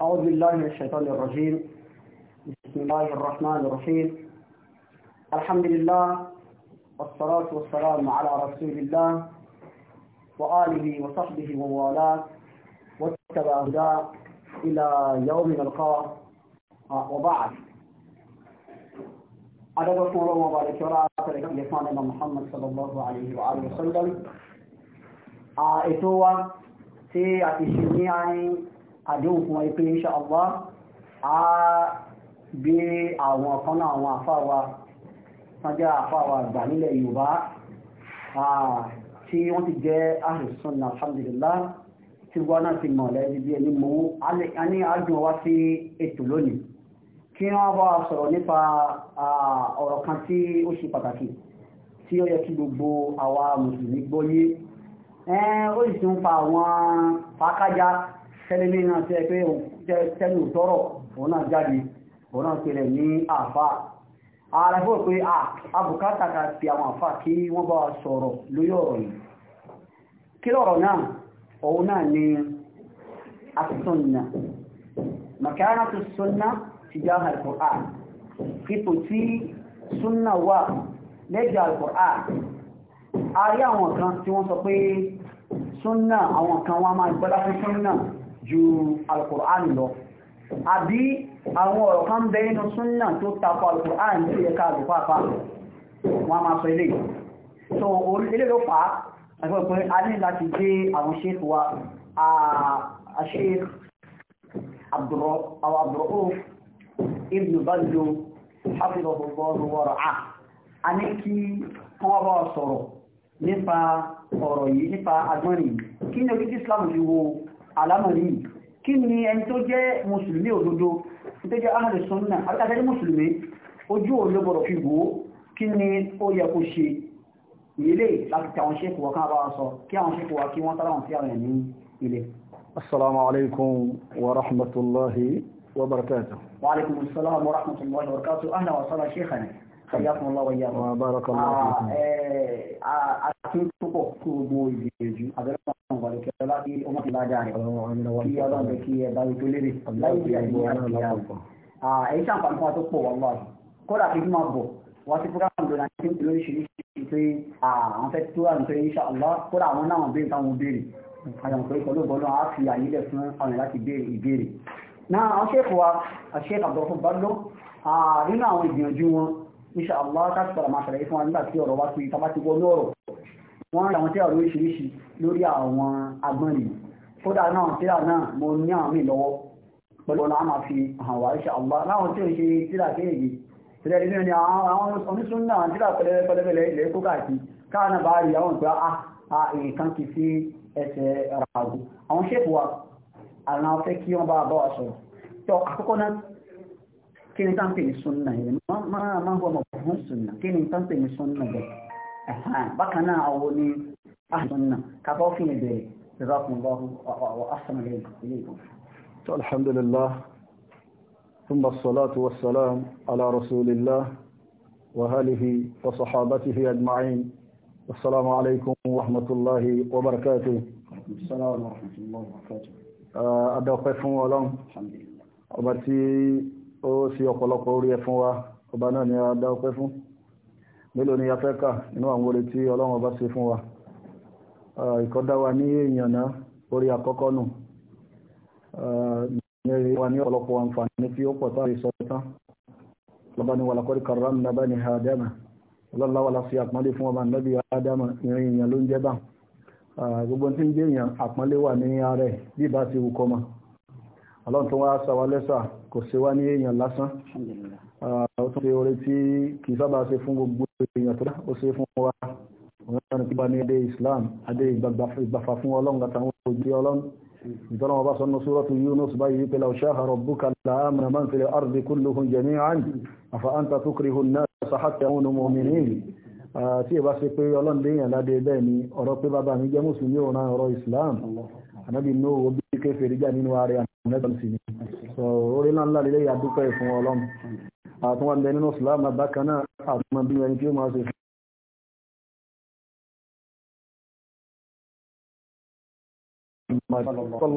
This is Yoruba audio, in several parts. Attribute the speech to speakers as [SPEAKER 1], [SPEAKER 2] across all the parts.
[SPEAKER 1] أعوذ بالله من الشيطان الرجيم بسم الله الرحمن الرحيم الحمد لله والصلاة والسلام على رسول الله وآله وصحبه ووالاه واتبع هداه إلى يوم نلقاه آه، وبعد على رسول الله وبارك وراء تركب محمد صلى الله عليه وآله وسلم آئتوا تي أتشنياني àdéhùn fún wọn pé insha Allah á gbé àwọn kan náà àwọn àfáwa wọ́n jẹ́ àfáwa àgbà nílẹ̀ Yorùbá tí wọ́n ti jẹ́ àrùsùn alhamdulillah tí wọ́n náà ti mọ̀ lẹ́yìn bí ẹni mú a ní àjùn wá sí ètò lónìí kí wọ́n bá sọ̀rọ̀ nípa ọ̀rọ̀ kan tí ó ṣe pàtàkì tí ó yẹ kí gbogbo àwa mùsùlùmí gbọ́yé ó sì tún fa àwọn fàákájá kẹ́lẹ́lé náà tẹ́ pé tẹ́lú tọ́rọ̀ òun náà jáde òun náà tẹ́lẹ̀ ní àfá ààrẹ fún pé àbùkátà ká fi àwọn àfá kí wọ́n bá sọ̀rọ̀ lórí ọ̀rọ̀ yìí kí lọ́rọ̀ náà òun náà ni asúnnà makana tó súnnà ti já alkùrán ipò tí súnnà wà lẹ́jọ́ alkùrán a rí àwọn kan tí wọ́n sọ pé súnnà àwọn kan wọ́n máa gbọ́lá fún súnnà ju alukur'ani lọ àbí àwọn ọ̀rọ̀ kan bẹ inú súnnà tó al alukur'ani tí yẹ ká àlùfáàfá wọ́n máa sọ ilé so ilé ló fà á àgbẹ̀ pé a ní láti gbé àwọn ṣéèkì wa àṣéèkì abdulrahman ibn balu hafidhahullahu wa ra'ah a ní kí wọ́n bá sọ̀rọ̀ nípa ọ̀rọ̀ yìí kí ni orí islam ti wo àlámọ̀rí kí ni ẹni tó jẹ́ mùsùlùmí òdodo tó jẹ́ ahàlẹ̀ sunna àtàkẹ́ ní mùsùlùmí ojú olóbọ̀rọ̀ fi wò ó kí ni ó yẹ kó ṣe ilé láti tí àwọn ṣékù wọ́n kan bá sọ kí àwọn ṣékù wá kí wọ́n tàbí sí àwọn ẹ̀mí ilé. assalamu alaikum wa rahmatullahi wa barakatuh. wa alaikum assalam wa rahmatullahi wa barakatuh Ìyáfún ọlọ́wọ́ ìyáfún. Wà bárakà lọ́wọ́. A ti ń púpọ̀ kí gbogbo ìgbìyànjú abẹ́rẹ́ àwọn ọ̀gbọ̀n kẹrẹ láti ọmọ ti lájà rẹ̀. Kí ọlọ́run bẹ kí ẹ bá mi tó lérè. Láyé ìyá ìyá ìyá. Ah, èyí ṣàǹfààní fún wa tó pọ̀ wọ́n lọ́wọ́. Kódà kí n máa bọ̀, wọ́n ti fúra àmì lọ́nà tí lóríṣiríṣi pé ah, àwọn fẹ́ tó àmì pé insha Allah kódà àwọn náà béèrè táwọn béèrè. Àwọn insha Allah ká sọ̀rọ̀ máa ṣàlàyé fún wa nígbà tí ọ̀rọ̀ wá sí ìta bá ti wọnú ọ̀rọ̀ wọ́n rí àwọn tíra lóríṣiríṣi lórí àwọn agbọ́n yìí kódà náà tíra náà mo ní àwọn míì lọ́wọ́ pẹ̀lú ọ̀nà àmà fi hàn wá insha Allah láwọn tí ò ṣe tíra kéèyè tíra ìdílé ni àwọn oníṣun náà tíra pẹlẹpẹlẹ ilẹ̀ kó káàkiri káàna bá rí àwọn ìgbà ah, a nǹkan kì í fi ẹsẹ̀ ràgùn àwọn ṣèpù wa àwọn afẹ́ kí wọ́n bá bá wa sọ̀rọ̀ tó àkọ́kọ́ náà كين انسان تيني سنة ما, ما, ما هو مبهوم سنة كين انسان تيني سنة ده أحا بقى أنا أعوني أحد سنة كفو فيني ده جزاكم الله وأحسن إليكم الحمد لله ثم الصلاة والسلام على رسول الله وهاله وصحابته أجمعين السلام عليكم ورحمة الله وبركاته السلام ورحمة الله وبركاته آه، أدوكي فون ولام الحمد لله أبرتي ó sí ọ̀pọ̀lọpọ̀ orí ẹ fún wa ọba náà ni a dá ọpẹ́ fún mélòó ni a fẹ́ kà nínú àwọn orí tí ọlọ́run ọba ṣe fún wa ìkọ́dá wa ní èèyàn náà orí àkọ́kọ́ nù ìyẹn wa ní ọ̀pọ̀lọpọ̀ àǹfààní tí ó pọ̀ tá àìsọ tán lọ́ba ni wàlàkọ́rí karam nàbá ni àdámà ọlọ́láwàlá sí àpọ́nlé fún ọba nàbí àdámà ìrìn èèyàn ló ń jẹ́ bá gbogbo tí ń jẹ́ èèyàn àpọ́nlé wà ní ara ẹ̀ bí ìbá ti wù kọ́ máa ọlọ́run tó wá sáwà lẹ́sà kò ṣe wá ní èèyàn lásán ó tún ṣe orí tí kì í sábà ṣe fún gbogbo èèyàn tó dá ó ṣe fún wa òun nípa ní adé Islam adé ìgbàfà fún ọlọ́run àtàwọn òjì ọlọ́run ìtọ́nà ọba sọ́nà súrọ́tù Yunus báyìí pé law sha'a rabbuka la'amana man fil ardi kulluhum jami'an afa anta tukrihu an-nasa hatta yakunu mu'minin tí ìbá ṣe pé náà mẹ́ta sí ni so orí náà ńlá lílé ìyàdúpẹ́ fún ọlọ́run àtúnwà ń bẹ nínú ìsìláàmù bákan náà àtúnwà bí ẹni tí ó máa ṣe fún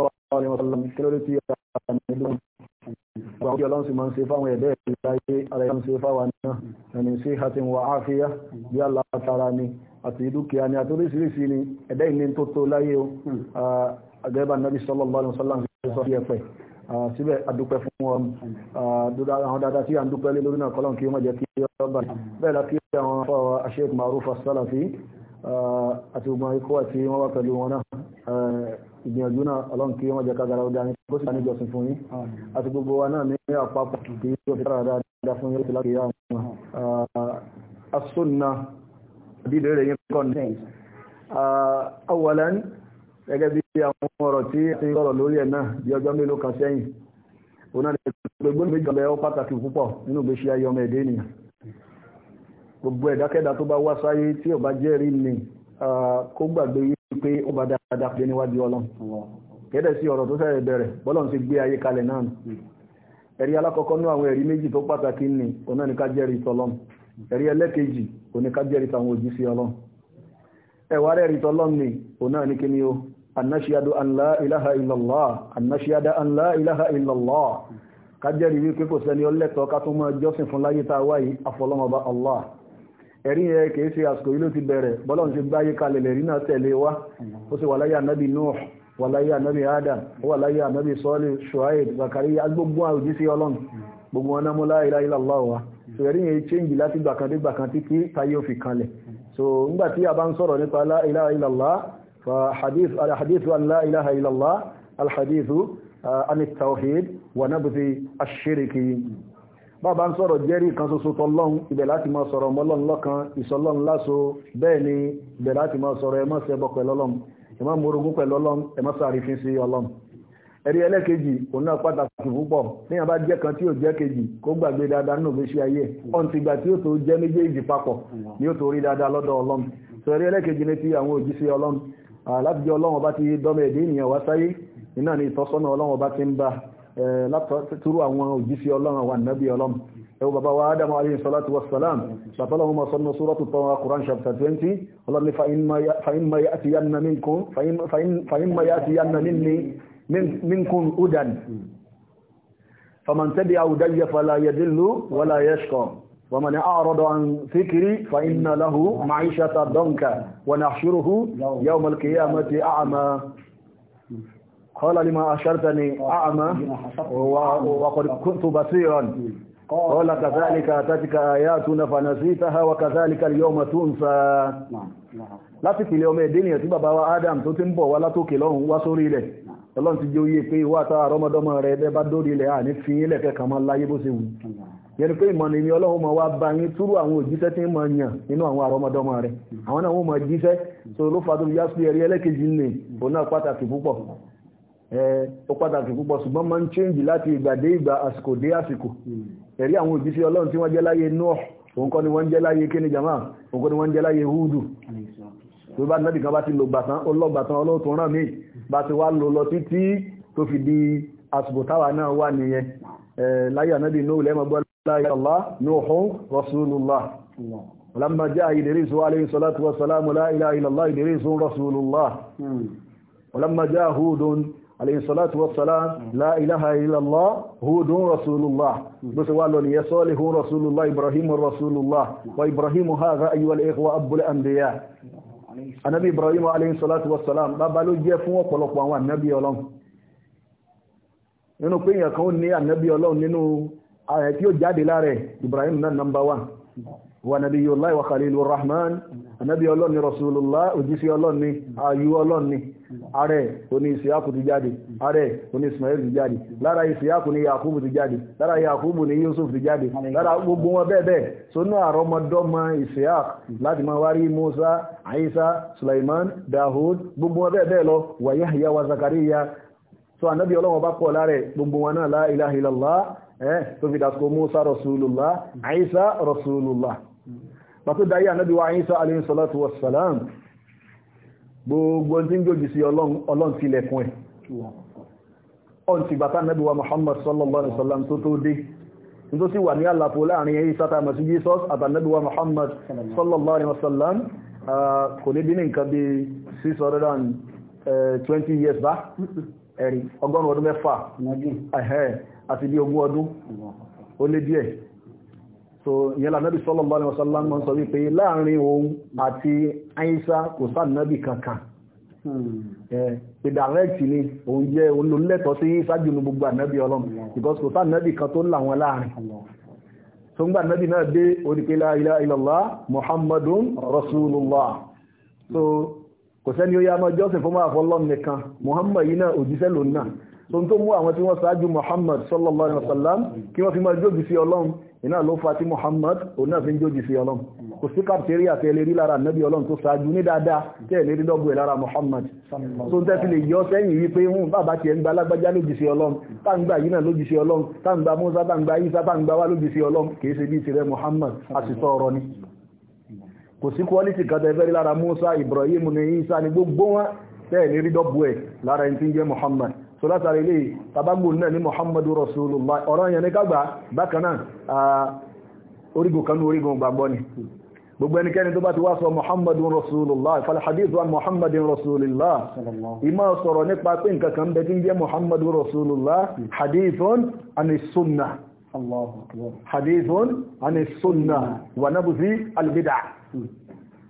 [SPEAKER 1] Ọjọ́ lọ́nà sí máa ń ṣe fáwọn ẹ̀dẹ́ ìdáyé ara ìyá ń ṣe fáwà náà, ẹni sí àti wà áfíyá bí aláàtara ni, àti dúkìá ni, àti oríṣiríṣi ni, ẹ̀dẹ́ ìní tó tó láyé o, àgẹ́bà náà bí sọ́lọ́lọ́ sọ bí ẹ̀pẹ̀ síbẹ̀ adúpẹ́ fún wọn àwọn dáadáa tí a ń dúpẹ́ lé lórí náà kọ́lọ̀ kí ó má jẹ́ kí ó bá bẹ́ẹ̀ la kí àwọn afọ́ Sheikh Maruf As-Salafi àti ogun ikú àti wọ́n wá pẹ̀lú wọn náà ìgbìyànjú náà ọlọ́run kí wọ́n jẹ́ kágara ọdá ní bó sì bá níjọsìn fún yín àti gbogbo wa náà ní àpapọ̀ kí yóò fi tára dáadáa fún yóò fi láti yá àwọn asúnà dídé rẹ̀ yín kọ́ ní. awalan gẹ́gẹ́ tí àwọn ọ̀rọ̀ tí a ti sọ̀rọ̀ lórí ẹ̀ náà bí ọjọ́ mélòó kan sẹ́yìn oná lè gbogbo ní ìjọba ẹ̀họ́ pàtàkì púpọ̀ nínú ìgbésí ayé ọmọ ẹ̀dẹ́ ènìyàn gbogbo ẹ̀dákẹ́dá tó bá wá sáyé tí ó jẹ́rìí ni kó gbàgbé yìí pé ó bá dáadáa pé níwájú ọlọ́run kẹ́dẹ̀ sí ọ̀rọ̀ tó fẹ́rẹ̀ bẹ̀rẹ̀ bọ́lọ́n ti gbé ayé kalẹ̀ náà ẹ̀rí alákọ̀ọ́kọ́ ní àwọn ẹ̀rí méjì tó pàtàkì ni oná ní ká jẹ́rìí tọlọ́run ẹ̀rí ẹlẹ́kejì oní ká jẹ́rìí tàwọn òjíṣẹ́ ọlọ́run ẹ̀wà rẹ̀ rí tọlọ́run ni oná ní kí ni أن نشهد لا إله إلا الله أن نشهد لا إله إلا الله kájẹ́rìí wípé kò sẹ́ni ọlẹ́tọ̀ ká tó máa jọ́sìn fún láyé tá a wáyé àfọlọ́mọba Allah ẹ̀rí yẹn kìí ṣe àsìkò yìí ló ti bẹ̀rẹ̀ bọ́lọ́n ṣe gbáyé kalẹ̀ lẹ̀rí náà tẹ̀lé wá ó sì wà láyé ànábì Nuh wà láyé ànábì Adam ó wà láyé ànábì sọ́ọ́lì Shuaib Zakariya gbogbo òjíṣẹ́ Ọlọ́run gbogbo wọn námú la ilaha illallah wa so ẹ̀rí yẹn change láti gbàkan dé gbàkan tí kí táyé òfin kalẹ̀ so nígbà tí a bá ń sọ̀rọ̀ la ilaha illallah فحديث الحديث أن لا إله إلا الله الحديث عن التوحيد ونبذ الشرك bàbá ń sọ̀rọ̀ jẹ́rí kan ṣoṣo tọ́lọ́hun ibẹ̀ láti máa sọ̀rọ̀ ọmọlọ́run lọ́kan ìsọlọ́run láso bẹ́ẹ̀ ni ibẹ̀ láti máa sọ̀rọ̀ ẹmọ́ ṣẹbọ pẹ̀lú Ọlọ́run ẹmọ́ morogún pẹ̀lú Ọlọ́run ẹmọ́ sàrífín sí Ọlọ́run ẹ̀rí ẹlẹ́kejì òun náà pàtàkì púpọ̀ níyàn bá jẹ́ kan tí ò jẹ́ kejì kó gbàgbé dáadáa nínú ìgbésí ayé ọ̀n ti gbà tí ó tó jẹ́ méjèèjì papọ̀ ni ó tó rí dáadáa lọ́dọ̀ Ọlọ́run sọ ẹ̀rí ẹlẹ́kejì ní ti àwọn òjíṣẹ́ Ọlọ́run alábìjọ ọlọ́run ọba ti dọ́mọ ẹ̀dẹ́ ènìyàn wá sáyé iná ni ìtọ́sọ́nà ọlọ́run ọba ti ń bá látọ̀túrú àwọn òjíṣẹ́ ọlọ́run àwọn ànábì ọlọ́run ẹwọ bàbá wa Adam alayhi salatu wa salam bàtọ́lọ́wọ́ ma sọ́nà suratu Taha Quran chapter 20 ọlọ́ni fa'imma ya'tiyanna minkum fa'imma ya'tiyanna minkum hudan faman tabi'a hudayya fala ومن أعرض عن ذكري فإن له معيشة ضنكا ونحشره يوم القيامة أعمى قال لما أشرتني أعمى وقد كنت بصيرا قال كذلك أتتك آياتنا فنسيتها وكذلك اليوم تنسى láti kìlẹ̀ ọmọ ẹ̀dẹ́ ni ẹ̀tí bàbá wa Adam tó ti ń bọ̀ wá látòkè lọ́hun wá sórí ilẹ̀ Ọlọ́run ti jẹ́ oyé pé wá tàà rọmọdọ́mọ rẹ̀ ẹgbẹ́ bá dórí ilẹ̀ à ní fi ilẹ̀ kẹkàmọ́ láyé bó ṣe wù yẹni pé ìmọ̀nà ìní ọlọ́run mọ̀ wá bá yín túrú àwọn òjíṣẹ́ tí ń mọ̀ yàn nínú àwọn àrọmọdọ́mọ rẹ̀ àwọn náà wọ́n mọ̀ jíṣẹ́ tó ló fa tó fi yásí ẹ̀rí ẹlẹ́kejì ní òun náà pàtàkì púpọ̀ ó pàtàkì púpọ̀ ṣùgbọ́n máa ń chẹ́ǹjì láti ìgbà dé ìgbà àsìkò dé àsìkò ẹ̀rí àwọn òjíṣẹ́ ọlọ́run tí wọ́n jẹ́ láyé Nuh òun kọ́ ni wọ́n jẹ́ láyé kíni jama òun kọ́ ni wọ́n jẹ́ láyé Húdù tó bá nábì kan bá ti lò gbàtán ọlọ́gbàtán ọlọ́tún ràn mí bá ti wá lò lọ títí tó fi di àsìkò لا إله الله نوح رسول الله ولما جاء إدريس عليه الصلاة والسلام لا إله إلا الله إدريس رسول الله ولما جاء هود عليه الصلاة والسلام لا إله إلا الله هود رسول الله بس قالوا لي صالح رسول الله إبراهيم رسول الله وإبراهيم هذا أيها الإخوة أبو الأنبياء النبي إبراهيم عليه الصلاة والسلام bàbá ló jẹ́ fún ọ̀pọ̀lọpọ̀ àwọn ànábì Ọlọ́run nínú pé èèyàn kan ààrẹ tí ó jáde láàrẹ Ibrahim náà nọmba wà wà nàbí yóò láì wà khalilur rahman anábí ọlọ́ni rasulullah òjísí ọlọ́ni ayú ọlọ́ni ààrẹ oní ìsìyàkù ti jáde ààrẹ oní Ismail ti jáde lára ìsìyàkù ni Yakubu ti jáde lára Yakubu ni Yusuf ti jáde lára gbogbo wọn bẹ́ẹ̀ bẹ́ẹ̀ sónú àrọmọdọ́mọ ìsìyàkù láti máa wárí Musa Aisa Sulaiman Dahud gbogbo wọn bẹ́ẹ̀ bẹ́ẹ̀ lọ wa wa Zakariya so anábí ọlọ́wọ́ bá kọ̀ lára gbogbo wọn náà la ilaha illallah Eh, tó fi dàsìkò Musa Rasulullah Isa Rasulullah pàtó dáyé ànábì wa Isa alayhi salatu wassalam gbogbo tí ń gbòjì sí ọlọ́n ti lẹ̀kùn ẹ̀ ọ̀n ti gbàtà ànábì wa Muhammad sallallahu alaihi wasallam tó tó dé tó sì wà ní àlàpò ni ẹ̀yí sáta àmàsí Jesus àtànábì wa Muhammad sallallahu alaihi wasallam kò ní bí ní nǹkan bí 620 eh, years back ẹ̀rí ọgọ́rùn ọdún mẹ́fà àti bí ogún ọdún ó lé díẹ̀ so ìyẹn lànàbí sallallahu alaihi wasallam ń sọ wípé láàrin òun àti àyíṣà kò sáànàbí kankan hmm. pé direct ni òun jẹ́ olólẹ́tọ̀ sí ṣáájú ní gbogbo ànábì ọlọ́run because kò sáànàbí kan tó làwọn láàrin tó ń gbà ànábì náà dé onípe la ilaha so kò sẹ́ni ó yá mọ́ jọ́sìn fún máa fọ́lọ́m nìkan muhammad yìí náà òjíṣẹ́ náà so n tó mú àwọn tí wọ́n ṣáájú Muhammad sallallahu alaihi wasallam kí wọ́n fi máa jógi sí ọlọ́run iná ló fa tí Muhammad òun náà fi ń jógi sí ọlọ́run kò sí kàpìtẹ́rí àti ẹlẹ́rí lára nàbí ọlọ́run tó ṣáájú ní dáadáa tí ẹ̀ lérí lọ́gbọ̀ lára Muhammad so n tẹ́sí lè yọ sẹ́yìn yìí pé ń bàbá tiẹ̀ ń gba alágbájá lójì sí ọlọ́run táǹgbà yìí náà lójì sí so látàrí ilé tabagbò náà ní muhammadu rasulullah ọ̀rọ̀ yẹn ní kágbà bákan náà orígun kanú orígun gbàgbọ́ ni gbogbo ẹnikẹ́ni tó bá ti wá sọ muhammadu rasulullah fal hadith wa muhammadu rasulullah ìmá sọ̀rọ̀ nípa pé nǹkan kan bẹ tí ń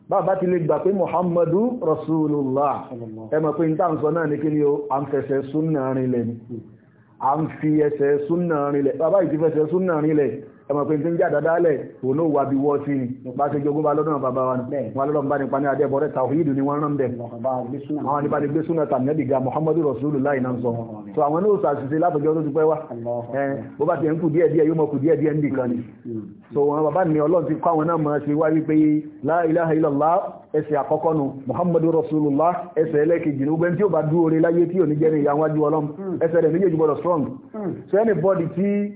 [SPEAKER 1] bàbá ti lè gbà pé muhammadu rasulullah ẹmọ̀ pé ìta ń sọ náà ní kí ni o a ń fẹsẹ̀ súnnà rinlẹ̀ ni a ń fi ẹsẹ̀ súnnà rinlẹ̀ bàbá ìti súnnà rinlẹ̀ ẹmọ pé tí ń jà dáadáa lẹ̀ òun náà wà bí wọ́ sí ni nípa ṣe jogún bá lọ́dún bàbá wa ni wọn lọ́dún bá nípa ní adébọ̀rẹ́ tàwíìdù ni wọ́n rán bẹ̀ àwọn nípa ní gbé súnà tàmínẹ́bì ga muhammadu rasulullahi náà sọ so àwọn náà sàṣìṣe látọjọ́ tó ti pẹ́ wá bó bá ti ń kù díẹ̀ díẹ̀ yóò mọ̀ kù díẹ̀ díẹ̀ ń dìkan ni hmm. so wọn bàbá ni ọlọ́run ti kọ́ hmm. hmm. anybody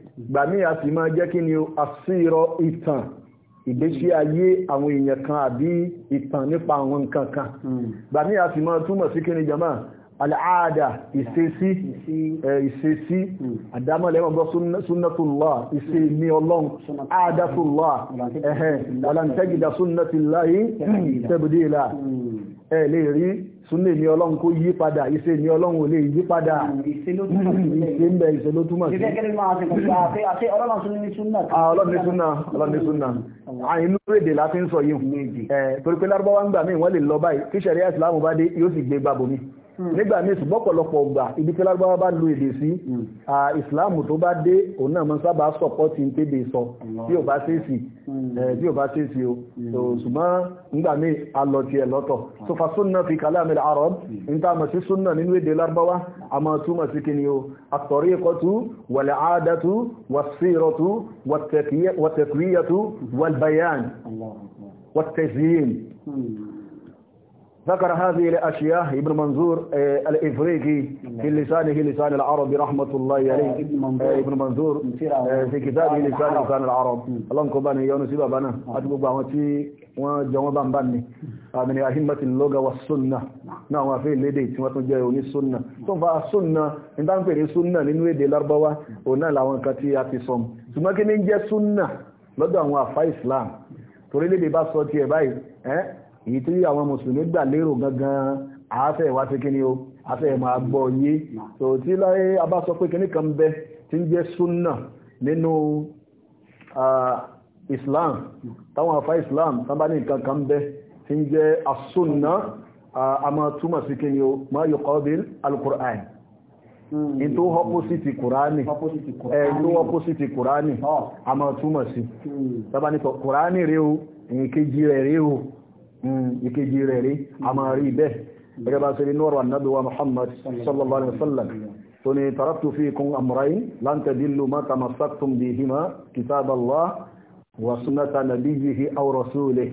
[SPEAKER 1] ìgbà míì a sì máa jẹ́ kí ni àṣírọ ìtàn ìgbésí ayé àwọn èèyàn kan àbí ìtàn nípa àwọn nǹkan kan hmm. ìgbà míì a sì máa túmọ̀ sí kí ni jama al'ada ìṣesí ìṣesí hmm. àdámọ̀lẹ́mọ̀gbọ́ sunnatullah ìṣe hmm. ní ọlọ́run àádáfullah ẹ̀hẹ̀n wàlàntẹ́gìdà sunnatullahi tabdila ẹ̀ lè rí súnlẹ̀ ní ọlọ́run kó yí padà ìṣe ní ọlọ́run ò lè yí padà ìṣe ń bẹ ìṣe ló túmọ̀ sí. ọlọ́run ní súnà ọlọ́run ní súnà àìnú èdè la fi ń sọ yìí torí pé lárúbáwá ń gbà míì wọ́n lè lọ báyìí kí sẹ̀ríà ìsìlámù bá dé yóò sì gbé gbàbọ̀ mi. Hmm. nígbà míì ṣùgbọ́n pọ̀lọpọ̀ gbà ibi tí lárúbáwá bá lo èdè sí hmm. ìsìláàmù tó bá dé òun náà mọ́ sábà sọ̀pọ̀ tí ń tébè sọ bí ò bá ṣe sí hmm. bí ò bá ṣe sí o ṣùgbọ́n nígbà míì a lọ tiẹ̀ lọ́tọ̀ so fa súnà fi kàlẹ́ àmì arab ń tá mọ̀ sí súnà nínú èdè lárúbáwá a máa túmọ̀ sí kí ni o àtọ̀ríkọ̀tù wàlẹ̀ àádátù wàsírọ̀tù wàtẹ̀kíyàtù wàlbàyàn wàtẹ̀zíyìn ذكر هذه الأشياء ابن منظور الإفريقي في لسانه لسان العرب رحمة الله عليه ابن منظور في كتابه لسان لسان العرب اللهم كباني يونس بابانا أتبو باوتي وجوابا باني من أهمة اللغة والسنة náà wọ́n fẹ́ lédè tí wọ́n tún jẹ́ oní súnnà tó ń fa súnnà ní tá ń pè ní súnnà nínú èdè lárúbáwá òun náà làwọn nǹkan tí a ti sọ ṣùgbọ́n kí ní jẹ́ súnnà lọ́dọ̀ àwọn àfá islam torílẹ̀-èdè bá sọ tiẹ̀ báyìí èyí tí àwọn mùsùlùmí gbà lérò gangan àáfẹ́ ìwá sí kíní o afẹ́ máa gbọ́ yé tó tí láyé abá pé kíní kan bẹ tí ń jẹ́ súnà nínú Islam táwọn afá Islam tábá nǹkan kan bẹ tí ń a túmọ̀ sí kíní o máa yọ al-Qur'an in hmm. tó opposite kùránì in tó kùránì ah. a túmọ̀ hmm. o èyí kejì rẹ̀ o Hmm, ìkejì rẹ̀ rí a máa rí bẹ́ẹ̀ gẹ́gẹ́ bá ṣe rí nọ́rọ̀ annabi wa muhammad sallallahu alaihi wasallam tó ní taraktu fikum amrayn lan tadillu ma tamassaktum bihima kitaballah wa sunnata nabiyyihi aw rasulihi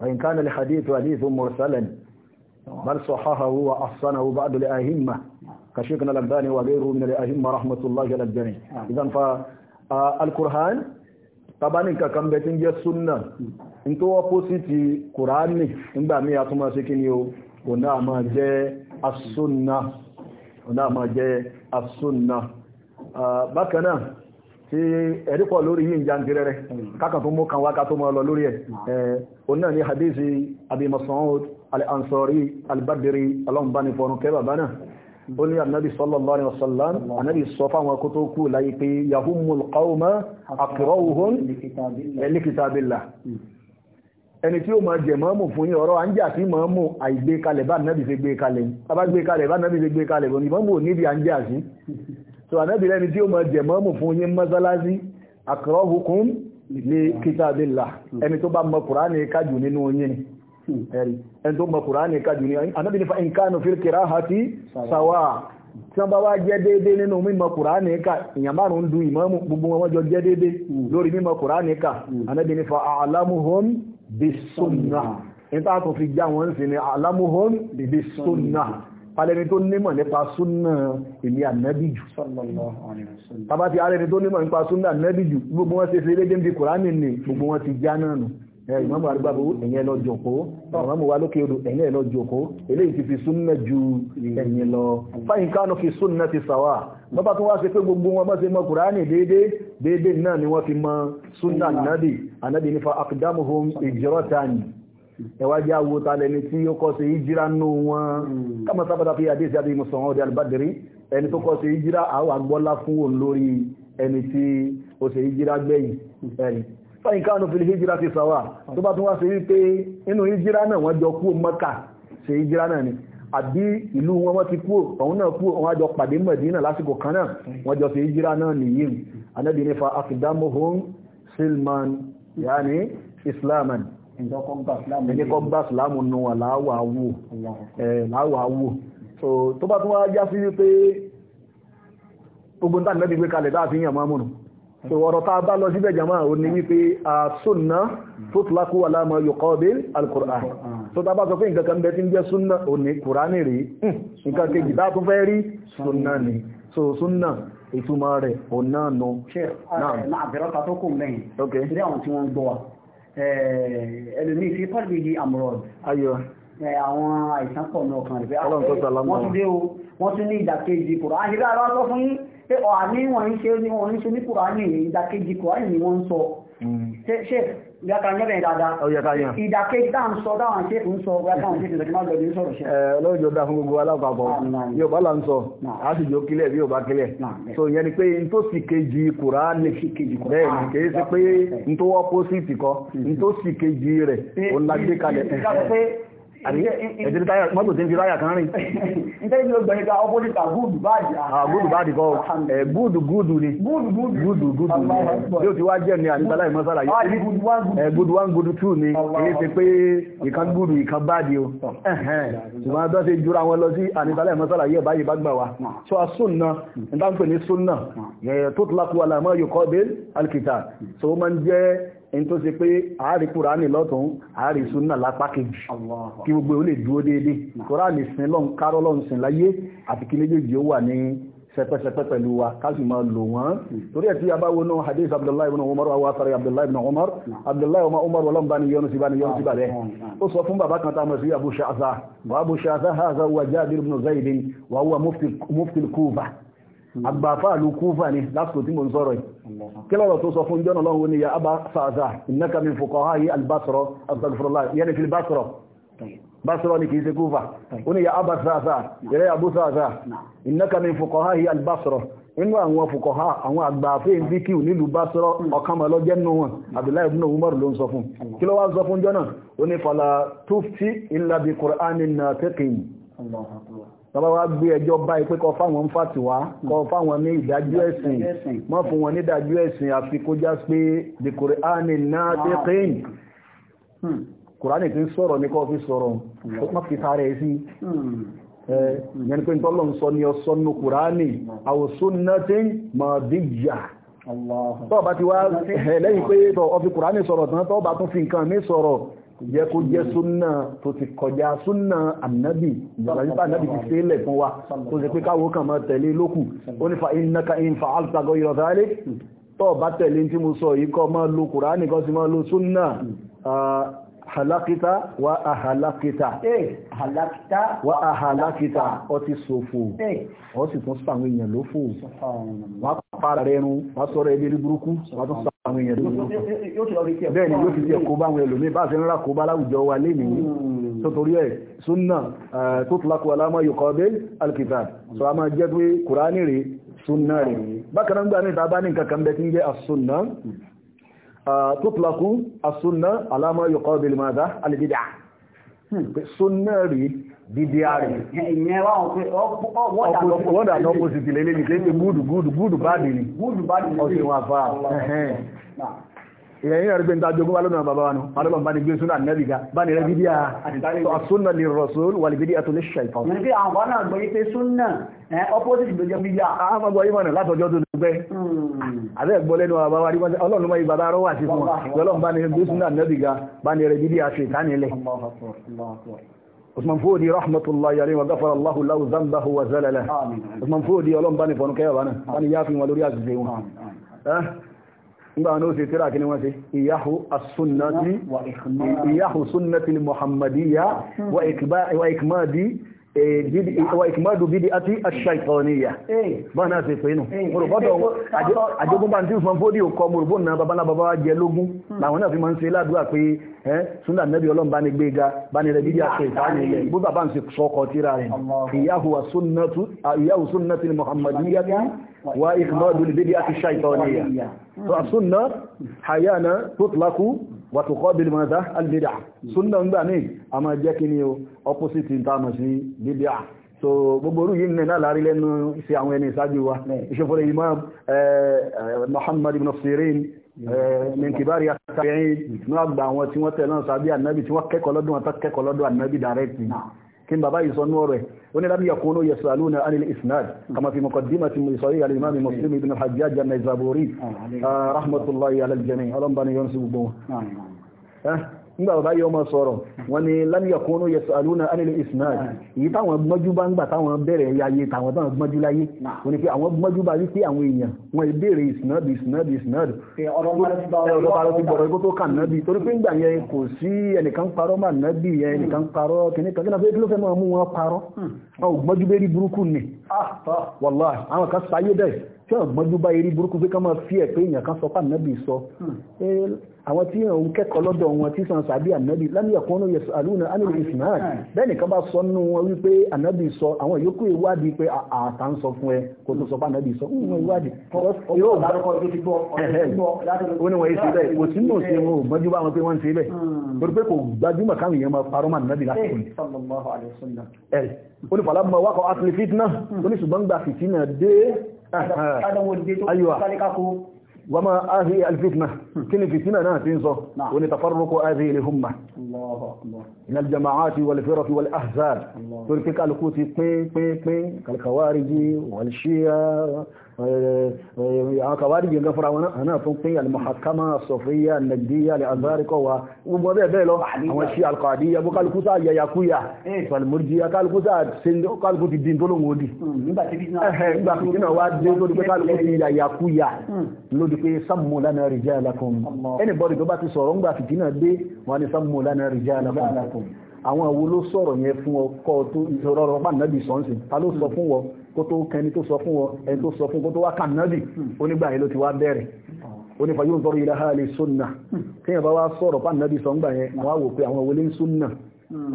[SPEAKER 1] wa in kana al-hadithu hadithun mursalan بل صححه وأحسنه بعض الأئمة كشيخنا الألباني وغيره من الأئمة رحمة الله على الجميع إذا فالقرآن طبعا كم بتنجي السنة ní tó ọpósìtì kùránì nígbà mí àtúmọ̀ sí kí ni o ọ̀nà àmà jẹ́ asúnnà ọ̀nà àmà jẹ́ asúnnà bákanáà tí ẹ̀rí pọ̀ lórí yìí ń jàǹtìrẹrẹ kákan tó mú kan wákà tó mọ́ lọ lórí ẹ̀ ọ̀nà ní hadisi Abi Mas'ud al-Ansari al-Badri alọ́mbánifọ̀rún kẹ́ bàbá náà ó ní ànábì sallallahu alaihi wasallam ànábì sọ ẹni tí ó máa jẹ mọ́mù fún yín ọ̀rọ̀ à ń jà sí mọ́mù àìgbé kalẹ̀ bá nábì fi gbé kalẹ̀ bá gbé kalẹ̀ bá nábì fi gbé kalẹ̀ bọ̀ ní mọ́mù ò níbi à sí so ànábì lẹ́ni tí ó máa jẹ mọ́mù fún yín mọ́sálásí akrahukum li kitabillah ẹni tó bá mọ kùránì kájù nínú yín ẹni tó mọ kùránì kájù nínú yín ànábì ní fa in kanu fil qira'ati sawa tí wọ́n bá wá jẹ́ déédé nínú mímọ̀ kùránì ká èèyàn márùn-ún du ìmámù gbogbo wọn jọ jẹ́ déédé lórí mímọ̀ kùránì ká ànábì ní fa bí sunna nípa tó fi já wọn sí ni alamuhun bí sunna alẹ́ni tó nímọ̀ nípa súnà èmi ànábì jù tàbá ti alẹ́ni tó nímọ̀ nípa súnà ànábì jù gbogbo wọn ti fi lédé bí kùránì ní gbogbo wọn ti já náà nù ìmọ̀mù àrígbàbò ẹ̀yìn ẹlọ jòkó wa lókè odò ẹ̀yìn ẹlọ eléyìí ti fi súnà ju ẹ̀yìn lọ fáyínká náà fi súnà bọ́bá tó wá ṣe pé gbogbo wọn bá ṣe mọ kùránì déédé déédé náà ni wọ́n fi mọ súnà náàbì anábì nífa akdamuhum ìjírọ́tàn ẹwàjá awo talẹni tí ó kọ́ sí ìjírá nù wọn hmm. kama fi àdéṣì albadiri ẹni tó kọ́ sí ìjírá àwọn agbọ́lá fún òun lórí ẹni tí ó sì ìjírá gbẹ̀yìn ẹni fáyín káànù fi ìjírá ti sàwà tó bá ni àbí ìlú wọn wọ́n ti kúrò ọ̀hún náà kúrò wọ́n àjọ pàdé mọ̀dínà lásìkò kan náà wọ́n jọ sí ìjírá náà nìyí anábì ní fa afidamuhun silman yaani islaman ẹnikọ́ gbá islamu nù wà
[SPEAKER 2] láwàáwò
[SPEAKER 1] tó bá tún wá já sí wípé gbogbo ń lẹ́bí gbé kalẹ̀ dáàfin yàmọ́ múnù so ọ̀rọ̀ tá a bá lọ síbẹ̀ jama ò ní wípé àsúnná tó tùlákú wà láàmà yuqabil al-Qur'an tó tá a bá sọ pé nǹkan kan bẹ tí ń jẹ́ súnná ò ní kùránì rí hmm. nǹkan kejì bá tún fẹ́ rí súnná ni so súnná ìtumọ̀ rẹ̀ ò náà nù. ṣe àwọn àìsàn pọ̀ ní ọkàn rẹ̀ wọ́n tún dé o wọ́n tún ní ìdàkejì kùrọ̀ àṣírí àwọn sọ fún yín pé ọ̀hà ní wọ́n ń ṣe ní wọ́n ń ṣe ní kùrọ̀ ní ìdàkejì kùrọ̀ ní wọ́n ń sọ ṣe yàtà ń yẹ́bẹ̀ẹ́ dáadáa ìdàkejì táà ń sọ dáwọn ṣe ń sọ gbẹ́gbẹ́ àwọn ṣe ìdàkejì máa lọ́dún sọ̀rọ̀ ṣe. ọlọ́jọ́ dá fún gbogbo alápapọ̀ yóò bá là ń sọ a sì jó kílẹ̀ bí yóò ni pé n tó sì kejì Kùránì bẹ́ẹ̀ ni kì í ṣe pé n tó opposite kọ́ n tó sì kejì àbí ẹ̀dẹ̀ táyà mọ́tò tí ń fi ráyà kan rìn ìtẹ́lẹ̀ ló gbẹ̀rẹ̀ ká ọpọ́lítà gúùdù báàdì gúùdù báàdì kọ́ gúùdù eh, gúùdù ni gúùdù gúùdù yóò ti wá jẹ́ ní àníbálá ìmọ́sára yìí ah, gúùdù one gúùdù eh, two ni èyí ti pé ìkan gúùdù ìkan báàdì o oh. ṣùgbọ́n tó ṣe jura wọn lọ sí àníbálá ìmọ́sára yìí ẹ̀bá yìí bá gbà wá tó oh. a súnà nígbà ń pè ní súnà tó tún lákùú alamọ́ yòókọ́ bẹ́ẹ̀ alkitab hmm. so ó máa ń ẹni tó ṣe pé àárí kúránì lọ́tún àárí súnà lápá kejì kí gbogbo ó lè dúró déédéé kúránì sin lọ́n kárọ́ lọ́n sin láyé àti kí méjèèjì ó wà ní sẹpẹsẹpẹ pẹ̀lú wa káàsì máa lò wọ́n torí ẹ̀tí abáwọnú hadith abdullahi ibn umar wa sari abdullahi ibn umar abdullahi ibn umar wọlọ́n bá ní yọnu sí bá ní yọnu sí bàbẹ́ ó sọ fún bàbá kan tá mọ̀ sí abu sha'za wa abu sha'za haza wa jabir ibn zaidin wa huwa mufti al Hmm. àgbàfà ló kúfà ní lásìkò tí mo ń sọ́rọ̀
[SPEAKER 2] hmm.
[SPEAKER 1] kí lọ́rọ̀ tó sọ fún jọ́nà lọ́wọ́ ni ya abá sáàzá innaka min fuqaha'i albasra astaghfirullah yẹni fi basra hmm. basra ni kìí ṣe kúfà ó ni ya abá sáàzá yẹrẹ abú sáàzá innaka min fuqaha'i albasra inú àwọn fuqaha àwọn àgbàfẹ́ ìdíkìw nílùú basra ọ̀kanmọ̀lọ́jẹ́ nù wọn abdullahi ibn umar ló ń sọ fún kí ló wá sọ fún jọ́nà ó ni fala tufti illa bi qur'anin natiqin tọ́bá wá gbé ẹjọ́ báyìí pé kọ fáwọn ń fàtíwá kọ hmm. fáwọn ní ìdájú ẹ̀sìn mọ́ fún wọn ní ìdájú ẹ̀sìn àfi kó já pé the Quran náà dé kéyìn Quran ti ń sọ̀rọ̀ ní kọ́ fi sọ̀rọ̀ hmm. má fi sáré sí hmm. yẹn pé tọ́lọ̀ ń sọ ní ọsọ nù Quran aw sunnatin madiyya tọ́ọ̀bá ti wá lẹ́yìn pé tọ́ ọ fi Quran sọ̀rọ̀ tán tọ́ọ̀bá tún fi nǹkan mi sọ̀rọ̀ jẹ́ kó jẹ́ súnà tó ti kọjá súnà ànábì ìjọba nípa ti ṣe lẹ̀ fún wa tó ṣe pé káwọ́ kàn máa tẹ̀lé lókù ó ní fa innaka in fa'alta ghayra dhalik tó bá tẹ̀lé tí mo sọ yìí kọ́ máa lo Kùránì sí máa lo halakita wa ahalakita eh halakita wa ahalakita ó ti ṣòfò eh ó sì tún sàwọn èèyàn lófò wá para rẹrun wá sọ̀rọ̀ ẹlẹ́rí burúkú wá tún sàwọn èèyàn lófò bẹ́ẹ̀ ni yóò fi tiẹ̀ kó bá àwọn ẹlòmíì bá ṣe ńlá kó bá láwùjọ wa lénìí tó hmm. torí ẹ̀ súnà tó tulakọ̀ alámọ̀ yóò kọ́ bẹ́ẹ̀ alkitab sọ a máa jẹ́ pé kùránì rè súnà rè hmm. bákan náà gbà ní ìta bá ní nǹkan kan bẹ́ẹ̀ Ah, tutlaqu as-sunnah ala ma yuqabil madha al-bid'ah hmm. sunna ri bid'ah ri ìyẹn wá o pé what are opposite lele ni ke good good good bad ni good bad ni o se wa fa eh ìyẹn yìí rẹ̀ ta jogún wa lọ́nà bàbá wa nù alọ́lọ́ bá ní gbé súnà nẹ́bì ga bá ní rẹ̀ bídíà súnà lè rasul wà lè bídíà tó lè ṣàìfà. ní pé àwọn náà gbọ́ yí pé súnà opposite ló jẹ́ bídíà. a máa gbọ́ yí mọ̀nà látọjọ́ tó gbẹ́. Hmm. àbẹ́ ẹ̀gbọ́ lẹ́nu bàbá wa rí wọn ọlọ́run mọ́ ibàbá rọ́wà sí fún wọn lọ́lọ́run bá ní gbé súnà nẹ́bì ga bá ní rẹ̀ Fodi rahmatullahi alayhi wa ghafara Allahu wa zalalahu. Usman Fodi ọlọ́run bá ní fọnù kẹ́yọ̀ bá náà. بانوسي تراك نواسي إياحو السنة المحمدية وإكبا... وإكمادي ìkìmọ́dù bídí àti aṣàìtọ̀níyà bọ́n náà ti pè nù eh. mọ̀rùbọ́dọ̀ eh, àjogúnbà tí ìfọn fódí ò kọ mọ̀rùbọ́n náà babalá bàbá jẹ lógún hmm. làwọn náà fi máa ń ṣe ládùúgbà pé ẹ́ eh, súnà nẹ́bí ọlọ́run bá ní gbé ga bá ní rẹ̀ bídí àṣẹ ìtàníyà bó bàbá ń ṣe sọkọ tíra rẹ̀ ìyáhù súnnàtì muhammadiyya wa ìkìmọ́dù bídí àti aṣàìtọ̀níyà wàtùkọ́bìlì mọ́ta albìdà súnnà ń gbà ní a máa jẹ́ kí ni o opposite ń tàà mọ̀ sí bídíà so gbogbo orú yìí náà láàrin lẹ́nu sí àwọn ẹni ìsájú wa ìṣòfòrò imam Muhammad ibn Sirin min kibari àtàrí ẹ̀yìn ní àgbà àwọn tí wọ́n tẹ̀lé náà sàbí ànábì tí wọ́n kẹ́kọ̀ọ́ lọ́dún àtàkẹ́kọ̀ọ́ lọ́dún ànábì direct kí n bàbá ìsọnú ọ̀rẹ̀ onílámi yakunu yasaluna anil isnad kama fi muqaddimati ìsọ̀rí al-imam muslim ibn al-hajjaj an-naysaburi ah, rahmatullahi ala al-jami' ọlọ́mbani yọ́n sí gbogbo nígbà bàbá yọ ọmọ sọ̀rọ̀ wọn ni lámìyàkónú yẹsọ alúna anilẹ̀ ismail èyí táwọn gbọ́njú bá ń gbà táwọn bẹ̀rẹ̀ ayé táwọn táwọn gbọ́njú láyé wọn ni pé àwọn gbọ́njú bá wípé àwọn èèyàn wọn ìbéèrè ismail ismail ismail ọ̀rọ̀ parọ́ ti gbọ̀rọ̀ ikú tó kà nábì torí pé ńgbà yẹn kò sí ẹnìkan parọ́ mà tí wọ́n gbọ́njú bá eré burúkú pé ká máa fi ẹ̀ pé èèyàn kan sọ pé ànábì sọ hmm. àwọn tí òun kẹ́kọ̀ọ́ lọ́dọ̀ wọn tí sàn sàbí ànábì lámìyà kan ló yẹ àlùna ánìlú ismail hmm. bẹ́ẹ̀ nìkan bá sọ nínú wọn wípé ànábì sọ àwọn ìyókù ìwádìí pé àtà ah, ah, ń sọ fún ẹ kó tó sọ pé ànábì sọ ń wọn ìwádìí. yóò bá lọ́kọ̀ tó ti gbọ́ ó ní wọ́n yé sí bẹ́ẹ̀ hmm. kò sí nù sí wọn ò gbọ́njú bá wọn pé wọ́n هذا هو أيوة وما هي الفتنة نعم. كن فتنة ناتنصه نعم نعم. ونتفرق هذه لهم الله أكبر من الجماعات والفرق والأحزاب تركك الكوتي بي بي بي كالخوارج والشيعة àkàwárí eh, eh, gbẹ̀ngàn fúnra wọn náà tún pín alìmọ̀hàkámà sọ̀fíyà nàìjíríà alìazárikọ̀ wa gbogbo bẹ́ẹ̀ bẹ́ẹ̀ lọ àwọn sí alkọ̀díyà bó kálukú sáà yẹyakúyà ìfàlìmọ̀rìjìyà eh. kálukú sáà kálukú ti dín tó lóhun òdì hmm, nígbà tí náà wá dé tó di pé kálukú ti yẹyakúyà hmm. lódi pé sammu lana rijalakum anybody tó bá ti sọ̀rọ̀ ńgbà fìtí náà dé wọn ni sammu lana rijalakum àwọn àwo ló sọ̀rọ̀ yẹn fún ọkọ̀ tó ìṣòro ọ̀rọ̀ pàdánù nàbì ta ló sọ fún wọn kó tó kẹni tó sọ fún wọn ẹni tó sọ fún kó tó wá kànáàbì onígbà yẹn ló ti wá bẹ̀rẹ̀ onífà yóò tọrọ ilẹ̀ ha lè súnà tí yẹn bá wá sọ̀rọ̀ pàǹdàbì sọ̀ngbà yẹn wọ́n á wò pé àwọn wọlé ń súnà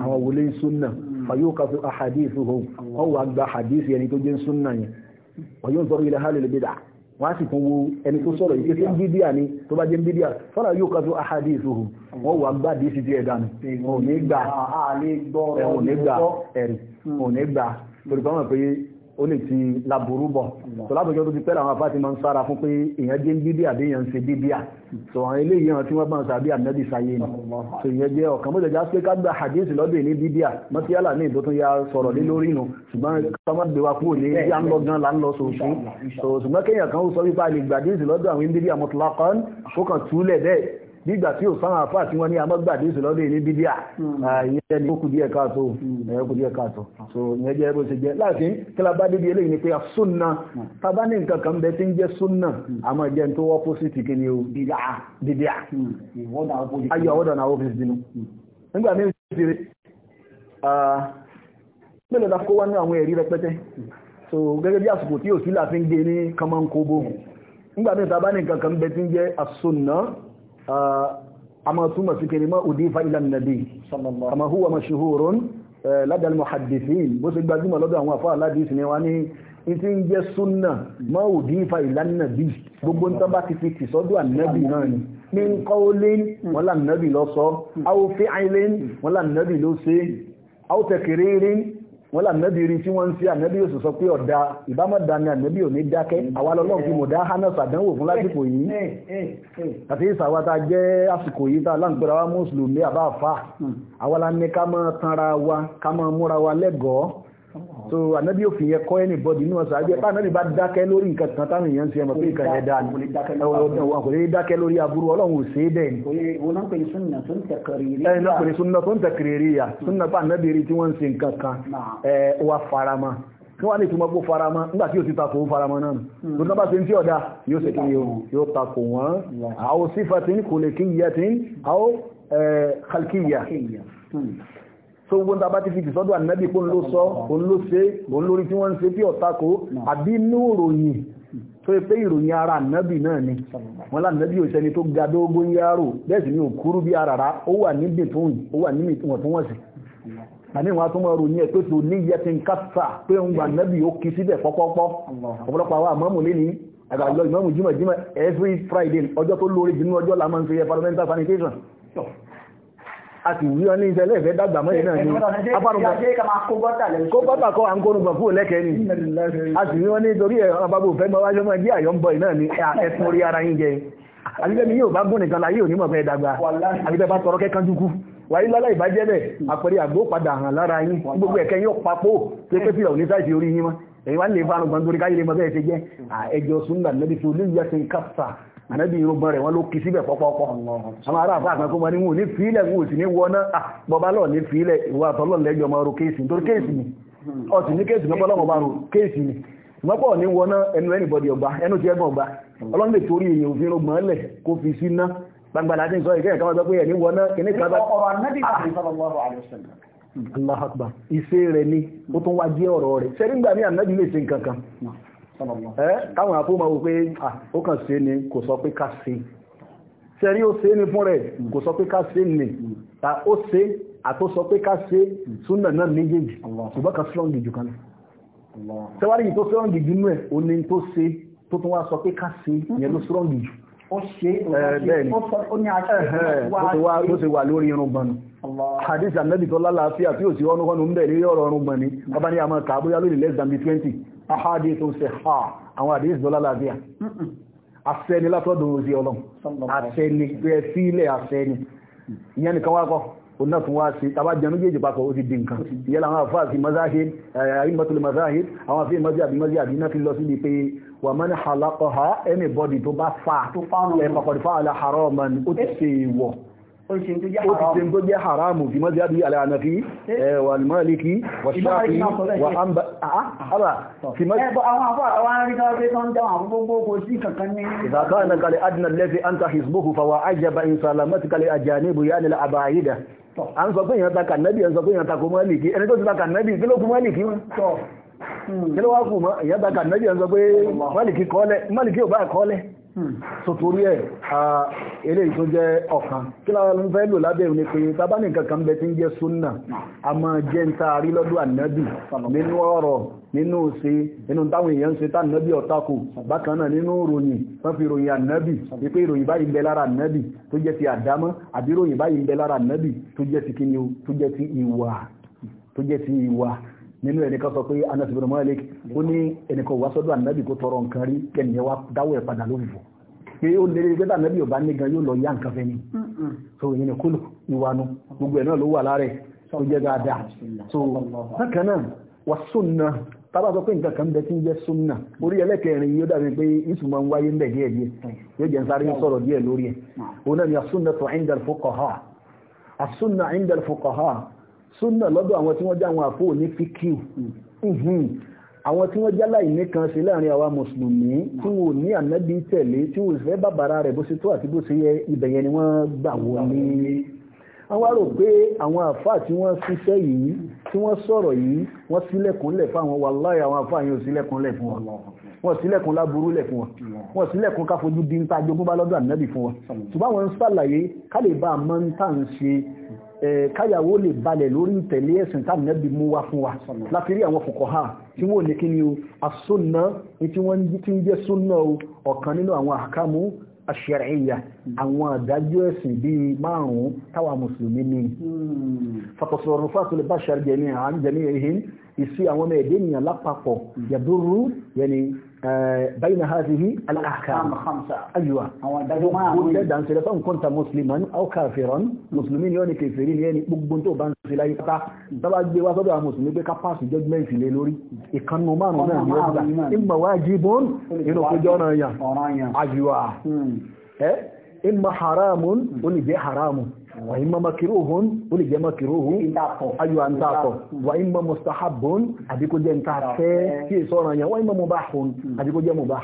[SPEAKER 1] àwọn wọlé ń súnà fàyókàtò àhàdíìsì hù wọ́n wà gba àhàdíìsì ẹni tó jẹ́ ń yẹn wọ́n yóò tọrọ ilẹ̀ ha lè wọ́n á sì tún wo ẹni tó sọ̀rọ̀ yìí pé bídíà ni tó bá jẹ́ bídíà fọ́nà yóò kájú àhádìí ìṣòro wọ́n wà gbá dìí sí ti ẹ̀dà nù òní gbà ẹ̀rùn ní gbà ẹ̀rùn pé ó lè ti laburú bọ̀ tó mm. lábòjọ́ tó ti pẹ́ làwọn afáàtì máa ń sára fún pé èèyàn jẹ́ ń bíbí àbí èèyàn ń ṣe bíbí à tó àwọn eléyìí hàn tí wọ́n bá ń sàbí ànábì sáyé ni tó ìyẹn jẹ́ ọ̀kan mọ́tò já pé ká gba hadith lọ́dọ̀ ní bíbí à mọ́tíyálà ní ìdótún ya sọ̀rọ̀ lé lórí nu ṣùgbọ́n ká má gbé wa kúrò ní bí à ń lọ gan là ń lọ sòṣù ṣùgbọ́n kéèyàn kan ó sọ wípé a lè gbàdéèsì lọ́dọ̀ àwọn bíbí à mọ́tò lákàn kó kàn túlẹ̀ nígbà tí ò sáwọn àfáà tí wọ́n ní amọ́gbàdé ìṣòlọ́dẹ̀ ní bídíà hmm. ah, ìyẹn ni ó kù díẹ̀ káàtó hmm. ẹ̀yọ́ kù díẹ̀ káàtó so ìyẹn jẹ́ bó ṣe jẹ́ láti kílábá débi eléyìí ni pé súnà hmm. tábá ní nǹkan kan bẹ tí ń jẹ́ súnà àmọ́ jẹ́ tó opposite kí ni o bídíà ayọ̀ ọ̀dọ̀ náà opposite nínú nígbà mí ti rí ah, mélòó la kó wá ní àwọn ẹ̀rí rẹpẹtẹ so gẹ́gẹ́ bí àsìkò tí òsì láti ń gbé ní kọmọ́nkóbó nígbà mí tábá ní nǹkan kan bẹ tí ń jẹ́ àsùnà àmọ́ túmọ̀ sí kiri mọ́ òdí fàílà nàbí àmọ́ húwa mashhurun ládà al-muhaddithin bó ṣe gbajúmọ̀ lọ́dọ̀ àwọn àfáà aládìsí ni wá ní ìtí ń jẹ́ súnà mọ́ òdí fàílà nàbí gbogbo ń tán bá ti fi tì sọ́dọ̀ ànábì ni ní ń kọ́ olén wọ́n lá nàbì lọ sọ áwọ́ fi àìlén wọ́n lá wọ́n là nẹ́bí rí tí wọ́n ń sí ànẹ́bí yóò sọ pé ọ̀dà ìbámọ̀dá ni ànẹ́bí ò ní dákẹ́ àwa lọ́lọ́run fi mọ̀dá hannes àdánwò fún lásìkò yìí àti ìsàwátà jẹ́ àsìkò yìí tá láǹpẹ̀rẹ̀ wa mùsùlùmí àbáfà hmm. àwa la ní tanra wa ká máa múra wa lẹ́gọ̀ọ́ so ànábì òfin yẹ kọ́ ẹni bọ́dì nínú ọ̀sán àjẹ́ pàánà lè bá dákẹ́ lórí nǹkan kan táwọn èèyàn ń ṣe ẹmọ pé nǹkan yẹn dáa ní ọ̀hún kò lè dákẹ́ lórí aburú ọlọ́run ò ṣe é bẹ́ẹ̀ ni. wọ́n náà pè ní súnà tó ń tẹ̀kẹ̀rẹ̀ rí ya súnà pàánà bèrè tí wọ́n ń ṣe nǹkan kan wà farama kí wọ́n á lè túnmọ́ pé farama nígbà tí yóò ti takò farama náà nù tó dábàá ṣe ń tí ọ̀dà yóò ṣe kí hmm. yóò takò wọ́n àwọn sífàtín kò lè kí yẹ tí àwọn kàlkìyà So gbogbo ta bá ti fi tìsọ́dọ̀ ànábì pé ló sọ òun ló ṣe òun lórí tí wọ́n ń ṣe tí ọ̀tako àbí inú ìròyìn tó pé ìròyìn ara ànábì náà ni wọ́n lànábì ò sẹ́ni tó ga dógún yárò bẹ́ẹ̀ sì ni òkúrú bí arara ó wà níbi tó ń ó wà níbi tí wọ́n tún wọ́n sí àní wọn tó mọ̀ ròyìn ẹ̀ pé tó ní yẹ ti ń kásà pé ń gbà ànábì ó kí síbẹ̀ pọ́pọ́pọ́ ọ̀pọ̀lọpọ̀ àwọn àmọ́mù lé ní àgbàlọ́ ìmọ̀mù jímọ̀ jímọ̀ every Friday ọjọ́ tó lóore jù nínú ọjọ́ làmọ́ ń ṣe yẹ parliamentary sanitation a sì wí ọ ní ìṣẹ̀lẹ̀ ìfẹ́ dàgbà mọ́yìn náà ni abárùnbọ̀ kó bọ́tà kọ́ à ń kórùnbọ̀ fún òlẹ́kẹ́ ni a sì wí ọ ní torí ẹ̀ ọ̀nàbàbò fẹ́ mọ́ wájú mọ́ bí àyọ̀ ń bọ̀ náà ni ẹ̀sùn orí ara yín jẹ àbíbẹ́mi yóò bá gún nìkan láyé òní mọ̀ fẹ́ dàgbà àbíbẹ́ bá tọrọ kẹ́kan dúkú wàyí lọ́lá ìbàjẹ́ bẹ̀ àpẹẹrẹ àgbó padà hàn lára yín gbogbo ẹ̀kẹ́ yóò papọ̀ pé pé fìlà òní sáìsì orí yín mọ́ èyí wá lè fa àrùn gbọ̀ngàn torí káyé lè mọ́ bẹ́ẹ̀ ṣe jẹ́ ẹjọ́ súnmọ́ lẹ́bi tí olóyè ṣe ń káfà ànábì irúgbọ́n rẹ̀ wọ́n ló kí síbẹ̀ pọ́pọ́pọ́ àwọn ará àfáà kan kó mọ́ ní wọn ò ní fílẹ̀ wọn ò sì ní wọná bọ́bá lọ ní fílẹ̀ ìwà àtọ́lọ́lẹ́jọ ọmọ ọrọ̀ kéèsì nítorí kéèsì ni ọ̀sìn ní kéèsì lọ́pọ̀ lọ́wọ́ bá ni ìmọ́pọ̀ ní wọná ẹnu ẹnìbọ̀dì ọgbà ẹnu ti ẹgbọ̀n ọgbà ọlọ́run lè torí èèyàn òfin rọgbọ̀n lẹ̀ kó fi sí ná gbangbala tí ń sọ ìkẹ́yìn káwọn sọ ẹni wọná kìíní kan bá Allah akbar ìṣe rẹ̀ ni ó tún wá jẹ́ ọ̀rọ̀ rẹ̀ ṣẹ́rí ní ànájú lè ṣe nǹkan kan káwọn àfóhùn àwọn pé ó kàn ṣe ni kò sọ pé ká ṣe sẹ́rí ó ṣe ni fún rẹ̀ hmm. kò sọ pé ká ṣe ni hmm. ó ṣe àtó sọ pé ká se hmm. súnà náà méjèèjì ṣùgbọ́n kan strong jù kan sẹ́wárí yìí tó strong jù nú ẹ̀ ó ní tó ṣe tó tún wá sọ pé ká ṣe ìyẹn ló strong jù ó ṣe eh, ó ní eh, eh, wà lórí irun gbọnù hadith anabi lálàáfíà tí ò sí ọ̀nùkọ́nù ń bẹ̀ lórí ọ̀rọ̀ irun ahadi tó ń se ha àwọn àdéhìí dọ́là làbíà àṣẹni látọ́dọ̀ òsì ọlọ́m àṣẹni pé sí ilẹ̀ àṣẹni ìyẹn nìkan wá kọ́ òun náà tún wá sí tàbá jẹun méjèèjì papọ̀ ó ti di nǹkan ìyẹn làwọn àfáà sí mazahid àyímọ́tòlè mazahid àwọn àfihàn mazahid àbí mazahid àbí náà fi lọ síbi pé wà mọ́ni halakọ̀ha anybody tó bá fa ẹ̀pàpọ̀ ó ti ṣe tó jẹ́ haramu fi mọ́sí àbí alànàfi wàlmọ́lìkì wàṣáfi wàhánbà àbà fi mọ́sí ẹgbọ́ eh, àwọn àfọ́ àwọn arìnrìn pé tán dáwọn àgbogbo kò sí kankan ní ìzàkọ́ ìnàkalẹ̀ adìnà lẹ́fẹ́ anta hisbuhu fawa ajaba insalamatikale ajanibu ya nila abayida a ń sọ pé èèyàn ta kànẹ́bì ń sọ pé èèyàn ta kò mọ́lìkì ẹni tó ti ta kànẹ́bì kí ló kú mọ́lìkì wọn Hmm. sotori ẹ̀ eléyìí tó jẹ́ ọ̀kan kí lára ló ń fẹ́ lò lábẹ́ ìwé pé tábà nìkan kan bẹ tí ń jẹ́ súnà a máa jẹ́ ń taari lọ́dọ̀ ànábì nínú ọ̀rọ̀ nínú ṣe nínú táwọn èèyàn ṣe tánàbí ọ̀tako bákan náà nínú ròyìn wọ́n fi ròyìn ànábì wípé ìròyìn báyìí ń bẹ lára ànábì tó jẹ́ ti àdámọ́ àbí ròyìn báyìí ń bẹ lára ànábì tó jẹ́ ti kíni o tó jẹ́ ti ìwà tó jẹ́ nínú ẹnìkan sọ pé Anas ibn Malik ó ní ẹnìkan wá sọ́dọ̀ ànábì kó tọrọ nǹkan rí kẹ́nìyàn wá dáwọ́ ẹ̀ padà lórí pé ó lè rí gbẹ́dà ànábì ọba nígan yóò lọ yá nǹkan fẹ́ ni so ìyẹn ni kúlù ìwanu gbogbo ẹ̀ náà ló wà lára tó jẹ́ dáadáa so bákan náà wà sunna tábà sọ pé nǹkan kan bẹ tí ń jẹ́ sunna orí ẹlẹ́kẹrin yóò dàbí pé ìtumọ̀ ń wáyé ń bẹ̀ díẹ̀ díẹ̀ yóò jẹ́ sáré sọ̀rọ̀ díẹ̀ lórí ẹ̀ ni as-sunnatu 'inda al-fuqaha as al-fuqaha súnà lọ́dọ̀ àwọn tí wọ́n já àwọn àfóò ní fíkíù mhm. àwọn tí wọ́n jálà ìní kan ṣe láàrin àwa mùsùlùmí tí wọ́n ní ànábì tẹ̀lé tí wọ́n fẹ́ bàbára rẹ̀ bó ṣe tó àti bó ṣe yẹ ibẹ̀yẹn ni wọ́n gbà wọ ní àwọn rò pé àwọn àfáà tí wọ́n ṣiṣẹ́ yìí tí wọ́n sọ̀rọ̀ yìí wọ́n sílẹ̀kùnlẹ̀ fáwọn wàláì àwọn àfáà yóò sílẹ̀kùnlẹ̀ fún wọn wọ́n sílẹ̀kùn láburú lẹ̀ fún wọn wọ́n sílẹ̀kùn káfojú bí ń ta bá lọ́dọ̀ ànábì fún wọn ṣùgbọ́n àwọn ń ṣàlàyé ká lè bá a máa ń tà ń ṣe káyàwó lè balẹ̀ lórí ìtẹ̀lé ẹ̀sìn táwọn ẹbí mú wá fún wa láti rí àwọn fòkọ̀ ha tí wọ́n ní kí ni o asúnà tí wọ́n ti ń jẹ́ súnà o ọ̀kan nínú àwọn àkámú aṣẹ̀rẹ̀yà hmm. àwọn àdájọ́ ẹ̀sìn bíi márùn-ún táwa mùsùlùmí ni fàtọ̀sọ̀rọ̀ fàtọ̀lẹ̀ bá ṣàrìjẹ̀ ní àwọn jẹ̀mí ẹ̀hìn ìsí àwọn ọmọ ẹ̀dẹ́ ènìyàn lápapọ̀ hmm. yàdúrú yẹni بين هذه الأحكام الخمسة أيوة وددان سلسان كنت مسلما أو كافرا مسلمين يعني كافرين يعني بقبنتو بان سلاي قطع طبعا دي واسدها مسلمين بي كفاس جدمين في ليلوري إقنو ما نونا يوزع واجبون. واجب إنو كجونا يا أيوة imma haramun ó lè jẹ́ haramun wà imma makiruhun ó lè jẹ́ makiruhun ayò àǹtàkọ̀ wà imma mustahabun àbíkó jẹ́ ntàfẹ́ tí èso ọ̀ràn yẹn wà imma mubahun àbíkó jẹ́ mubah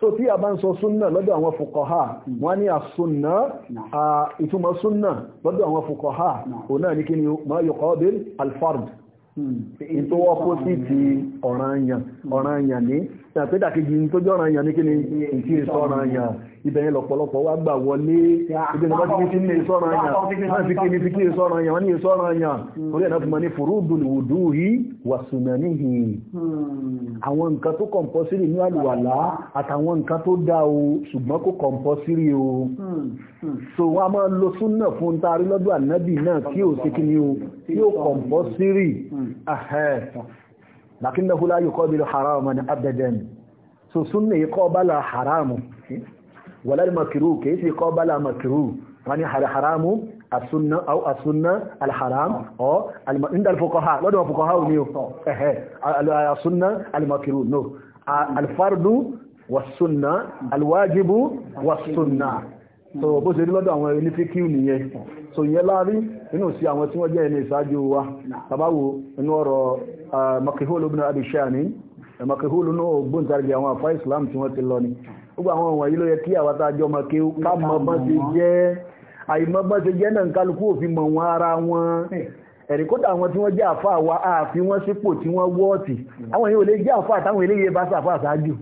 [SPEAKER 1] so tí a bá ń sọ súnnà lọ́dọ̀ àwọn fukọha wọ́n ní àsúnnà ìtumọ̀ súnnà lọ́dọ̀ àwọn fukọha òun náà ní ma yuqabil alfard tó wọ́pọ̀ sí ti ọ̀ranyàn ní ṣàpẹ́dàkejì tó ọ̀ranyàn ní kí ni ìtí ìsọ ọ̀ranyàn ibẹ̀yẹn lọ̀pọ̀lọpọ̀ wá gbà wọlé ìgbẹ̀rẹ̀ bá ti fi ní ìsọ́rọ̀ ẹ̀yàn wọ́n fi kí ní fi kí ìsọ́rọ̀ ẹ̀yàn wọ́n ní ìsọ́rọ̀ ẹ̀yàn hmm. orí ẹ̀nà fún mọ́ ní furudul wuduhi wa sunanihi hmm. àwọn nǹkan tó kọ̀m̀pọ́sírì ní àlùwàlá àtàwọn nǹkan tó dá o ṣùgbọ́n kò kọ̀m̀pọ́sírì o hmm. so wọ́n a máa lo súnà fún taari lọ́dọ̀ ànábì náà kí ò sí kí ni o kí ò kọ̀m̀pọ́sírì lakinnahu la yuqabilu haraman abadan so súnà yìí kọ́ bá la haramu wàlá makiru kìí sí qabala makiru wani haramu asunna au asunna alharam o inda alfukaha lọ́dọ̀ alfukaha ni o ehe asunna almakiru no alfardu wasunna alwajibu wasunna so bó ṣe rí lọ́dọ̀ àwọn onífíkíù nìyẹn so yẹn láàrin inú sí àwọn tí wọ́n jẹ́ ẹni ìsáájú wa tabawo inú ọ̀rọ̀ makihol ibn abi shani ẹ̀mọ̀kẹ́kúlù náà ògbóǹtarìgì àwọn àfá islam tí wọ́n ti lọ ni gbogbo àwọn ọ̀wọ̀n yìí ló yẹ kí àwátájọ́ mọ̀kẹ́ àìmọ́gbọ́n ti jẹ́ náà kálukú òfin mọ̀ wọn ara wọn ẹ̀ríkọ́tà àwọn tí wọ́n jẹ́ àfá wa àfi wọ́n sípò tí wọ́n wọ́ọ̀tì àwọn èyí ò lè jẹ́ àfá àtàwọn eléyìí bá sàfá àṣáájú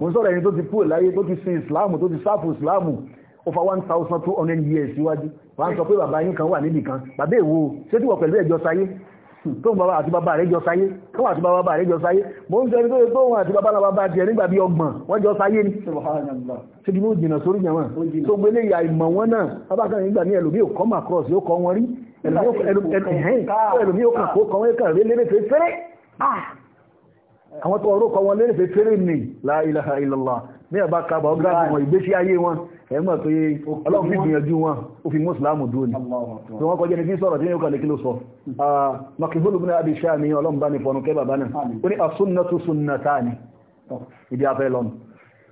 [SPEAKER 1] mo sọ̀rọ̀ ẹni tó ti kúrò láyé tó ti sin ìsìláàmù tó ti sáàfù ìsìláàmù ó 1200 years síwájú wọ́n sọ pé bàbá yín kan wà níbì kan bàbá èwo ṣé tí wọ́n pẹ̀lú ẹ̀jọ́ sayé tó ń bàbá àti bàbá rẹ̀ jọ sáyé tóun àti bàbá rẹ̀ jọ sáyé mo ń sẹ́ni tó yẹ tóun àti bàbá bàbá tiẹ̀ nígbà bí ọgbọ̀n wọ́n jọ sáyé ni ṣe kí ló jìnà sórí yẹn wọn tó gbélé ìyá ìmọ̀ wọn náà bàbá kan nígbà ní ẹlòmí ò come across yóò kọ́ wọn rí ẹlòmí ò kàn kó kọ́ wọn kàn rí lérè fẹ́fẹ́rẹ́ àwọn tó ọ̀rọ̀ kọ́ wọn lérè fẹ́fẹ́rẹ́ ẹgbẹ́ pé ọlọ́run fi gbìyànjú wọn ó fi mọ́sùlámù dúró ní tí wọ́n kọjẹ́ ní fi sọ̀rọ̀ tí yóò kọ̀lẹ̀ kí ló sọ hmm. makibolu bin abi shami ọlọ́run bá ní fọnù kẹ́ bàbá náà ó ní asúnnatu sunnatani oh. ìdí afẹ́ lọ́nà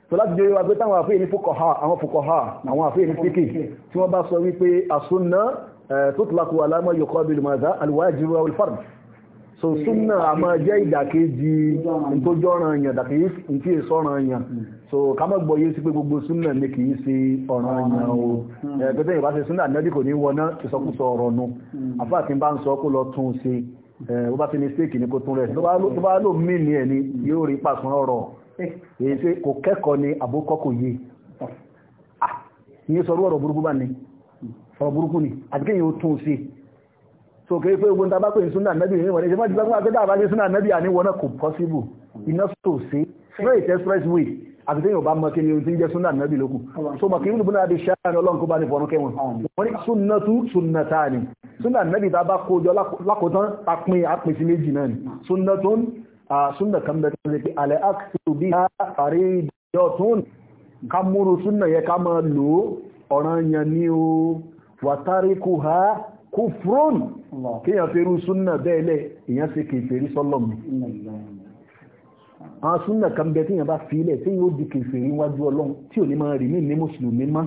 [SPEAKER 1] tó láti jẹ́ wípé táwọn àfẹ́ ní fúkọ̀há àwọn fúkọ̀há àwọn àfẹ́ ní fíkì tí wọ́n bá sọ wípé asúnna tó eh, tùlákù alámọ̀ yọkọ́ bí lùmọ̀dá alwájú alfard so súnà àmọ́ jẹ́ ìdàkejì ntójọ́ ọ̀ràn yàn dàkejì ntí èso ọ̀ràn yàn so ká má gbọ́ yé sí pé gbogbo súnà ni kì í ṣe ọ̀ràn yàn o ẹ̀ẹ́dẹ́gbẹ́sẹ̀ ìbá ṣe súnà nẹ́bí kò ní wọná ìsọkúsọ ọ̀rọ̀ nu àfáà tí n bá ń sọ kó lọ tún un ṣe ó bá ti ní stéèkì ní kó tún rẹ̀ tó bá lò mí ní ẹni yóò rí pàṣán ọ̀rọ̀ èyí ṣe kò kẹ́kọ̀ọ́ ni àbókọ́ kò yé ah, ìyẹn sọ ọ̀rọ̀ burúkú bá ní ọ̀rọ̀ burúkú ni àti kéèyàn ó tún un ṣe so kìí pé ogun tàbá pé ìsúnà nẹ́bì ní ìwọ̀n ìṣẹ́fẹ́ ìjọba pé tàbá ní ìsúnà nẹ́bì àníwọ̀n náà kò possible iná tó sí straight express way àti tí yóò bá mọ́ kí ni jẹ́ súnà nẹ́bì lókù so mọ̀ kí ní ìbúná àti ṣáàrin ọlọ́run kó bá ní fọ́nù kẹwọn wọ́n ní súnà tú súnà ni súnà nẹ́bì tá bá kójọ lákòótán apin apin sí méjì náà ni súnà tó súnà kan bẹ tó ṣe pé alẹ́ àkìtò bí àríjọ tó ń ká múru súnà yẹ ká máa lò ọ̀ràn yẹn kufrun kíyàn fi rú súnà bẹ́ẹ̀lẹ̀ èyàn fi kèfèrí sọ́lọ́m àwọn súnà kan bẹ tíyàn bá fílẹ̀ tí yóò di kèfèrí wájú ọlọ́run tí ò ní máa rí ní mùsùlùmí má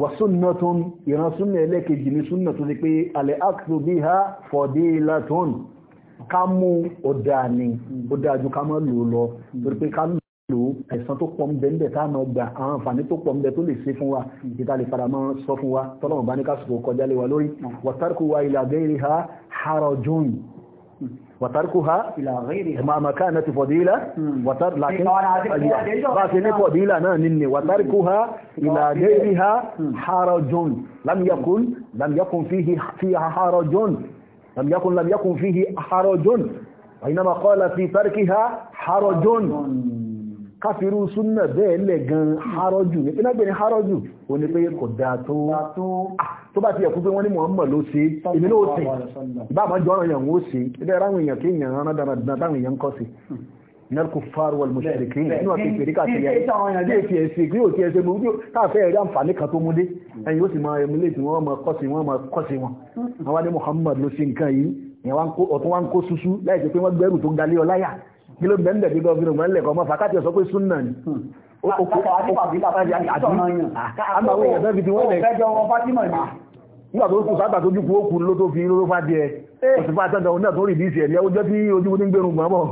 [SPEAKER 1] wà súnà tó ń ìran súnà ẹlẹ́kejì ní súnà tó ti pé alẹ́ àkùrù bí lò ó ẹ̀sán tó pọ̀ ń bẹ níbẹ̀ táà máa gbà àwọn àǹfààní tó pọ̀ ń bẹ tó lè ṣe fún wa ìta lè fara máa sọ fún wa tọ́lọ́mù bá ní ká sọ̀rọ̀ kọjá lé wa lórí wàtárkù wa ila ghairiha harajun wàtárkùhá ma makana ti fọ̀dílá bá ṣe ní fọ̀dílá náà nínú wàtárkùhá ila ghairiha harajun lam yakun lam yakun fiha harajun lam yakun lam yakun fihi harajun وإنما قال في káfírú súnà bẹ́ẹ̀ lẹ̀ gan harọ́jù ní pínlẹ̀ gbẹ̀rẹ̀ harọ́jù o ní pé kò dáa tó ah, tó bá ti ẹ̀kú pé wọ́n ní Muhammad ló ṣe èmi ló ṣe ìbáàmọ́ jọ ọ̀rọ̀ èèyàn ó ṣe ilé ráwọn èèyàn kí èèyàn rán dáadáa táwọn èèyàn kọ́ sí hmm. nínú kufar wal mushrikin nínú àti ìfèrí káàkiri ayé bí èsì ẹ̀sìn kí yóò ti ẹ̀sìn mú káàfẹ́ ẹ̀rí àǹfààní kan tó mú dé ẹ̀yìn ó sì máa ẹ̀mú léèsì wọn máa kọ́sí wọn máa kọ́sí wọn wọn wá ní Muhammad ló ṣe nǹkan yìí ọ̀tún wá ń kó susu láì jẹ́ pé wọ́n gbẹ́rù tó ga lé ọláyà kí ló bẹ́ẹ̀ ń dẹ̀bí gan fínú mọ́lẹ̀ kan mọ́ fàkàtì ọ̀sọ́ pé súnà ni. àmàwé èèyàn bẹ́ẹ̀ fi ti wọ́n lẹ̀. Ah, nígbà tó kù sábà tójú kú ó kú ló tó fi ló fà díẹ̀ òsì eh. fà tẹ́tàn òun náà tó rí bí ìsì ẹ̀rí ọjọ́ tí ojú ní gbẹ̀rún gbọ́n bọ̀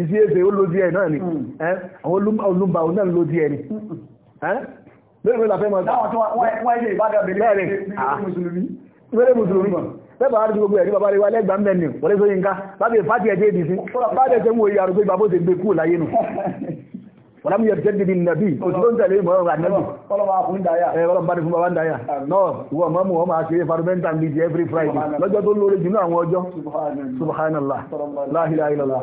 [SPEAKER 1] ìsì èsè ó lo díẹ̀ náà ni hmm. olùmbà òun náà lo díẹ̀ ni hmm, hmm. bẹ́ẹ̀ ni wọ́n la fẹ́ mọ́ bẹ́ẹ̀ bá rí gbogbo ẹ̀rí bàbá rí wa lẹ́gbàá mẹ́ni wọlé sóyí nǹkan bábí ìfàtí ẹ̀jẹ́ ìdí sí bábí ẹ̀jẹ́ wo ìyàrú pé bàbá ó ti gbé kú láyé nù wọ́n mú yẹ̀rù jẹ́dìdì nàbí òṣìṣẹ́ ń tẹ̀lé ìmọ̀ ọ̀rọ̀ ànábì ọlọ́run bá ní fún bàbá ń dáyà náà ìwọ mọ́mú ọmọ àṣẹ fàrúmẹ́ntà ń bíi every Friday lọ́jọ́ tó lóore jù ní àwọn ọjọ́ subhanallah la ilaha illallah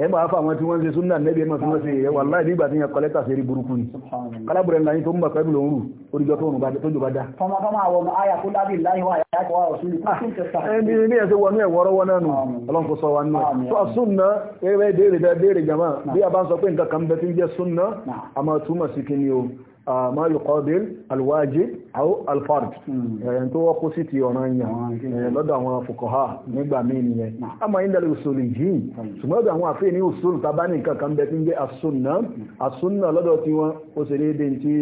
[SPEAKER 1] ẹ máa fà àwọn tí wọ́n ń ṣe súnà nẹ́bí ẹmọ̀ súnmọ́ sí ẹwà láì nígbà tí yẹn kọlẹ́tà sí rí burúkú ni kálábùrẹ̀ ńlá yín tó ń bà pẹ́bù lòun rù oríjọ tó rùn tó jọba dá. ẹni ah, ní ẹsẹ̀ wọnú ẹ̀wọ́rọ́wọ́ náà nù ọlọ́nkó sọ wa nù tó a súnà ẹ̀rẹ́ déèrè déèrè jama bí a bá ń sọ pé nǹkan kan bẹ tí ń jẹ́ súnà a máa túmọ̀ sí kí ni o ma yuqabil alwajib aw alfard ẹ̀yẹn tó wọ́pọ̀ sí ti ọ̀ràn yàn lọ́dọ̀ àwọn fuqaha nígbà míì nìyẹn a máa ń dalẹ̀ òṣòlì yìí ṣùgbọ́n lọ́dọ̀ àwọn àfihàn ní òṣòlù tàbá ní nǹkan kan bẹ tí ń jẹ́ àsùnà àsùnà lọ́dọ̀ tí wọ́n ó ṣe déédé tí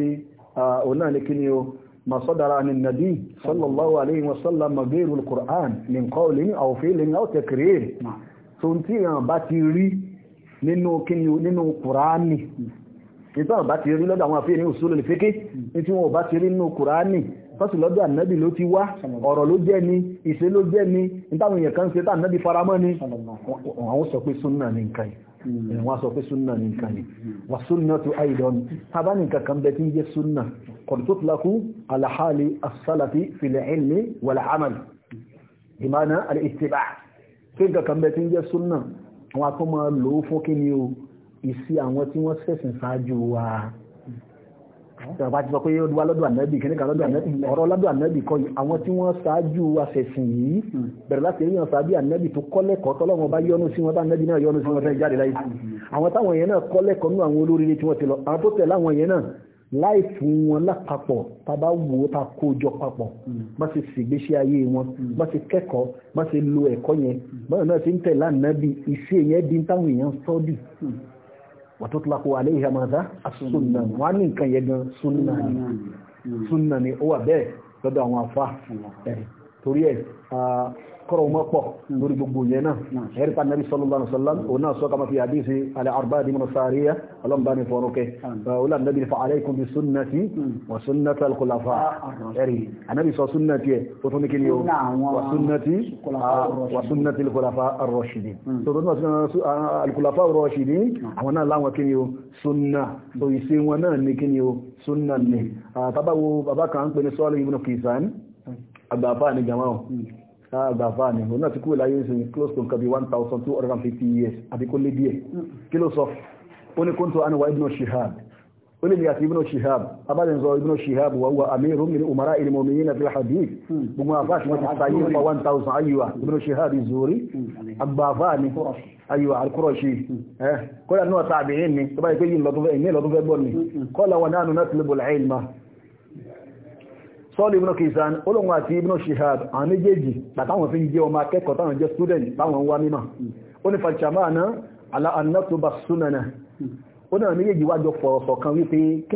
[SPEAKER 1] òun náà ní kí ni o masọ́dára ni nàbí sallallahu alayhi wa sallam magéèrú al-Qur'an min qawlin aw fi'lin aw takrir tó ń tí ti rí nínú kí ni Qur'ani nítorí àwọn bá ti rí lọ́dọ̀ àwọn àfihàn ní òṣèlú lè féké ní tí wọn ò bá ti rí nínú kùránì tọ́sí lọ́dọ̀ ànábì ló ti wá ọ̀rọ̀ ló jẹ́ ni ìṣe ló jẹ́ ni nítawọn èèyàn kan ṣe tá ànábì faramọ́ ni àwọn sọ pé súnà ní nǹkan yìí wọ́n sọ pé súnà ní ìsí àwọn tí wọ́n ṣẹ̀sìn ṣáájú wa ìjọba hmm. ti sọ pé wá lọ́dọ̀ ànábì kìnnìkan lọ́dọ̀ ànábì hmm. ọ̀rọ̀ lọ́dọ̀ ànábì kọ́ àwọn tí wọ́n ṣáájú wa ṣẹ̀sìn yìí hmm. bẹ̀rẹ̀ láti èèyàn ṣáájú ànábì tó kọ́lẹ́kọ̀ọ́ tọ́lọ́wọ́n bá yọ́nú sí wọn bá ànábì náà yọ́nú sí wọn fẹ́ jáde láyé àwọn táwọn yẹn náà kọ́lẹ́kọ̀ọ́ nú àwọn olóríire tí wọ́n ti lọ àwọn tó tẹ̀lé àwọn yẹn náà láì fún wọn lápapọ̀ tàbá wò ó ta kó jọ papọ̀ má ṣe ṣègbésí ayé wọn má ṣe kẹ́kọ̀ọ́ má ṣe lo ẹ̀kọ́ yẹn báyọ̀ náà ṣe ń tẹ̀lé ànábì ìṣe yẹn di táwọn èèyàn sọ́ọ́dì wàtútùlákò aléìhà mọ́ta súnà wọ́n ní nǹkan yẹ gan súnà ni súnà ni ó wà bẹ́ẹ̀ lọ́dọ̀ àwọn afá torí ẹ̀ kọ́rọ̀ wọn pọ̀ lórí gbogbo yẹn náà ẹ̀rí pa nàbí sallallahu alaihi wasallam òun náà sọ́kà máa fi hadisi alẹ́ àrùbá di mọ́nà sàárìyà ọlọ́mbà ní fọ́nù kẹ́ ọlá nàbí fa alaykum bi sunnati hmm. wa sunnati al-khulafa ah, ah, ah. ẹ̀rí ànábì sọ sunnati ẹ̀ ó tún ní kí ni o wa sunnati wa sunnati al-khulafa ar-rashidin hmm. tó tó náà al-khulafa ar-rashidin hmm. àwọn náà láwọn kí ni o sunna tó ni o sunna ni tàbá wo bàbá kan ń pè ní sọ́ọ̀lù ibn Ah, àgbàfà ni òun náà ti kúrò láyé ìsìn close to nǹkan 1250 years àti kó lé díẹ̀ mm. kí ló sọ ó ní kóńtò àníwá ibn shihab ó lè ní àti ibn shihab abájẹ́ sọ ibn shihab wà wà amiru min umara al-mu'minin fil hadith mm. gbogbo àfà tí wọ́n ti sáyé nípa 1000 ayuwa ibn shihab zuri mm. àgbàfà ni ayuwa al-qurashi kọ́lá ní wọ́n tàbí ní tó bá yẹ pé yìí lọ́tún fẹ́ gbọ́ ni kọ́lá wọn náà nù náà tilbul ilma sọ́ọ̀lù ibùnà kìsàn olóhun àti ibùnà shihab àwọn méjèèjì pàtàwọn fi ń jẹ́ ọmọ akẹ́kọ̀ọ́ táwọn jẹ́ student táwọn wá mímọ̀ ó ní fàṣàmáàná aláàánátòbà súnànà ó náà méjèèjì wájọ fọ̀rọ̀sọ̀ kan wípé kí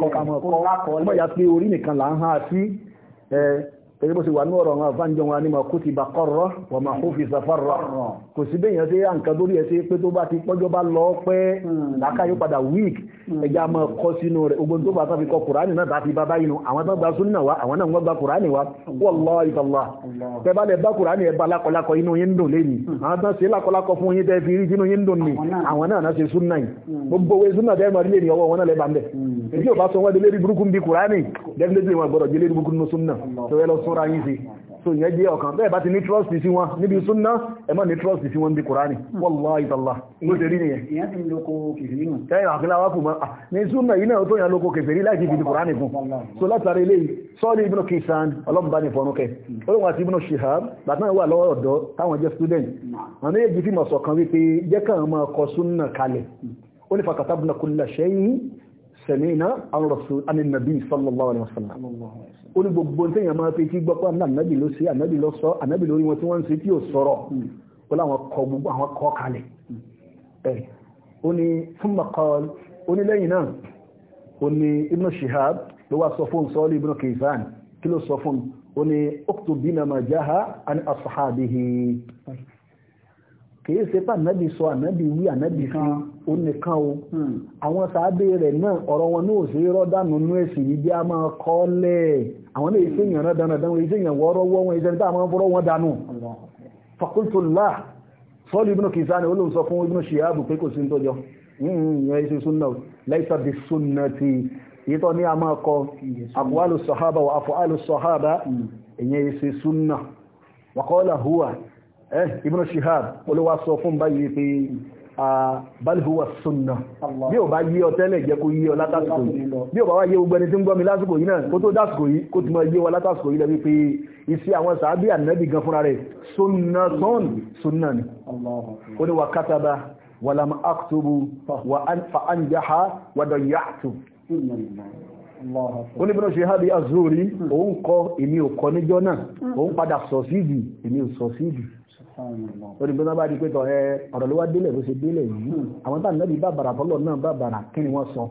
[SPEAKER 1] kọ kọ tẹ́lẹ̀ bó ṣe wà ní ọ̀rọ̀ àwọn àfáànjọ wọn ni ma kú ti bà kọ́rọ̀ wà máa kó fi sàfàrọ̀ kò sí bẹ́yàn sí àǹkan tó ẹ̀ sí pé tó bá ti pọ́jọ́ bá lọ pẹ́ hmm. làákàyọ́ padà week hmm. ẹja máa kọ́ sínú rẹ̀ ogun tó bá sáfi kọ kùránì náà tàbí bàbá inú àwọn tó gba súnà wa àwọn náà wọ́n gba kùránì wa wallahi tallahi tẹ́ bá lè bá kùránì ẹ̀ bá lákọlákọ inú yín dùn lẹ́ni hmm. àwọn tó ṣe lákọlákọ fún yín tẹ́ fi rí sínú yín dùn ni àwọn náà náà ṣe súnà yìí gbogbo owó súnà tẹ́ mọ̀ nílé ni ọwọ́ wọn náà lè bá ń bẹ̀ èyí ò bá sọ wọ́n délé rí burúkú bí kùránì definitely wọn gbọ́dọ̀ délé rí burúkú nínú súnà túnra yín sí so ìyẹn jẹ́ ọ̀kan bẹ́ẹ̀ bá ti ní trust sí wọn níbi súnná ẹ má ní trust sí wọn bí kùránì wallahi ta'ala ló ṣe rí nìyẹn ìyẹn ti ń lóko kèfèrí nù tẹ́yìn àfilà wákù mọ́ ní súnná yìí náà tó yàn lóko kèfèrí láì fi kùránì fún so látàrí eléyìí sọ́ọ́lì ibn Kaysan ọlọ́mbà ní fọnúkẹ́ olóhùn hmm. àti ibn Shihab bàtà wà lọ́wọ́ ọ̀dọ́ táwọn jẹ́ student hmm. àwọn méjì fi mọ̀ sọ̀kan wípé jẹ́ kàn máa kọ súnná kalẹ̀ hmm. ó ó ní gbogbo téèyàn máa fi kí gbọ́pọ̀ ànábì ló ṣe ànábì ló sọ ànábì lórí wọn tí wọ́n ń ṣe tí ò sọ̀rọ̀ ó láwọn kọ gbogbo àwọn kọ kalẹ̀ ẹ̀rì ó ní fún makọ́ọ̀lù ó ní lẹ́yìn náà ó ní ibn shihab ló wá sọ fún sọ́ọ́lù ibn kaysan kí ló sọ fún ó ní uktub bina ma jaha an ashabihi kìí ṣe pa ànábì sọ ànábì wí ànábì fi ó nìkan o hmm. àwọn sàábé rẹ̀ náà ọ̀rọ̀ wọn náà ṣe rọ́dànù nú ẹ̀sìn yìí bí a máa kọ́ lẹ̀ àwọn náà ṣe èèyàn náà dáná dáná ṣe èèyàn wọ́ọ́rọ́ wọ́ wọn ìṣẹ́ni tá a máa ń fọ́rọ́ wọn dànù fakultola sọ́ọ̀lù ibùnú kìsá ni olóhùn sọ fún ibùnú ṣìyàbù pé kò sí nítọ́jọ́ ìyẹn hmm, ìyẹn ṣe súnà Eh, Ibn Shihab olówá sọ fún báyìí pé balhuwa sunna bí o bá yé ọ tẹ́lẹ̀ jẹ́ kó yé ọ látàsìkò yìí bí o bá wá yé gbogbo ẹni tí ń gbọ́ mi lásìkò yìí náà kó tó dásìkò yìí kó ti mọ yé ọ látàsìkò yìí lẹ́bí pé iṣẹ́ àwọn sàábí ànábì gan fúnra rẹ̀ sunna sun sunna ni ó ní wa kataba wa lam aktubu fa anjaha wa dayatu ó ní bí wọ́n ṣe hábi azúrí òun kọ èmi ò kọ níjọ́ náà hmm. òun padà sọ̀sídì èmi ò sọ̀sídì orí gbọ́dọ̀ bá di pé tọ̀ ẹ ọ̀rọ̀ ló wá délẹ̀ bó ṣe délẹ̀ yìí hmm. àwọn táwọn náà bí bàbàrà bọ́lọ̀ náà bàbàrà kí ni wọ́n sọ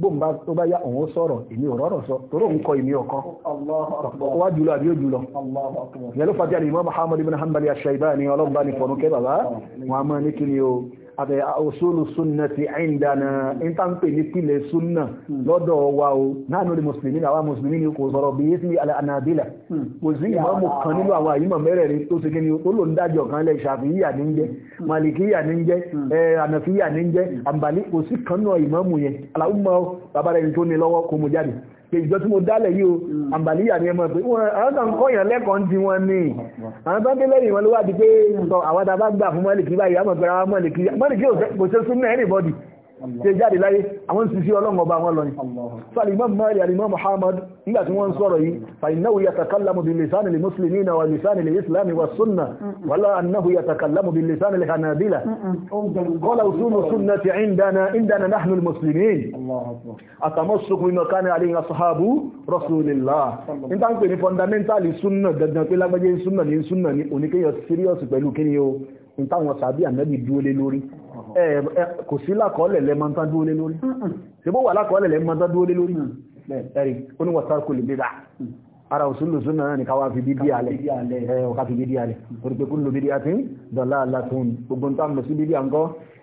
[SPEAKER 1] bóun bá tó bá yá òun sọ̀rọ̀ èmi ò rọ́rọ̀ sọ torí òun kọ èmi ọkọ wá jùlọ àbí ó jùlọ ìyẹn ló fàtí àlè Imam Muhammad ibn Hanbali ash-Shaybani ọlọ́gbà ní fọ̀nù kẹ́ bàbá wọn a máa ní kí ni o àbẹ̀ òṣòlù súnà ti àìndànà ìtànpè ní pílẹ̀ súnà lọ́dọ̀ wa o náà lórí mùsùlùmí náà wá mùsùlùmí ni kò sọ̀rọ̀ bí yéṣu ànàbílà kò sí ìmọ̀ọ́mù kan nínú àwọn àyímọ̀ mẹ́rẹ̀ẹ̀rin tó ṣe kíni tó lò ń dájọ́ kan lẹ̀ ṣàfihìyà ní jẹ́ hmm. màlìkíyà ní jẹ́ hmm. ànàfíyà ní jẹ́ àǹbàlí hmm. kò sí kan náà ìmọ̀ọ́mù yẹn aláwùmọ́ babalẹ́ni tó ní lọ́wọ́ kò mú jáde pé ìjọ tí mo dálẹ̀ yìí o hmm. àǹbàlíyà ni ẹ mọ̀ pé àwọn tó ń kọ́ yàn lẹ́kọ̀ọ́ ń di wọn ni hmm. àwọn tó ń dé lẹ́yìn wọn ló wà di pé àwọn tá a bá gbà fún mọ́lìkì báyìí àmọ̀ pé ara mọ́lìkì mọ́lìkì kò ṣe súnmọ́ anybody ṣe jáde láyé àwọn sì sí ọlọ́run ọba wọn lọ́yìn salimọ́ mari alimọ́ muhammad nígbà tí wọ́n sọ̀rọ̀ yìí fàìnáwó yàtàkàlámù bí lisani lè musulmi na wà lisani lè islami wà sunna wàlá annahu yàtàkàlámù bí lisani lè hanabila kọ́lá usulu sunna ti indana indana nahnu musulmi àtàmọ́ sukun iná kan alayhi asahabu rasulillah n ta n pè ní kò sí lákọọ́lẹ̀ lẹ́mọ́ntán dúó lé lórí ṣe bó wà lákọọ́lẹ̀ lẹ́mọ́ntán dúó lé lórí ẹ̀rí oníwọ̀sáàkò lè bídá ara òsúlù súnà náà ni káwà fi bídí alẹ́ ọ̀ká fi bídí alẹ́ orí pé kúlù bídí àti dọ̀lá alátún gbogbo ń tàbí sí bídí àǹkọ́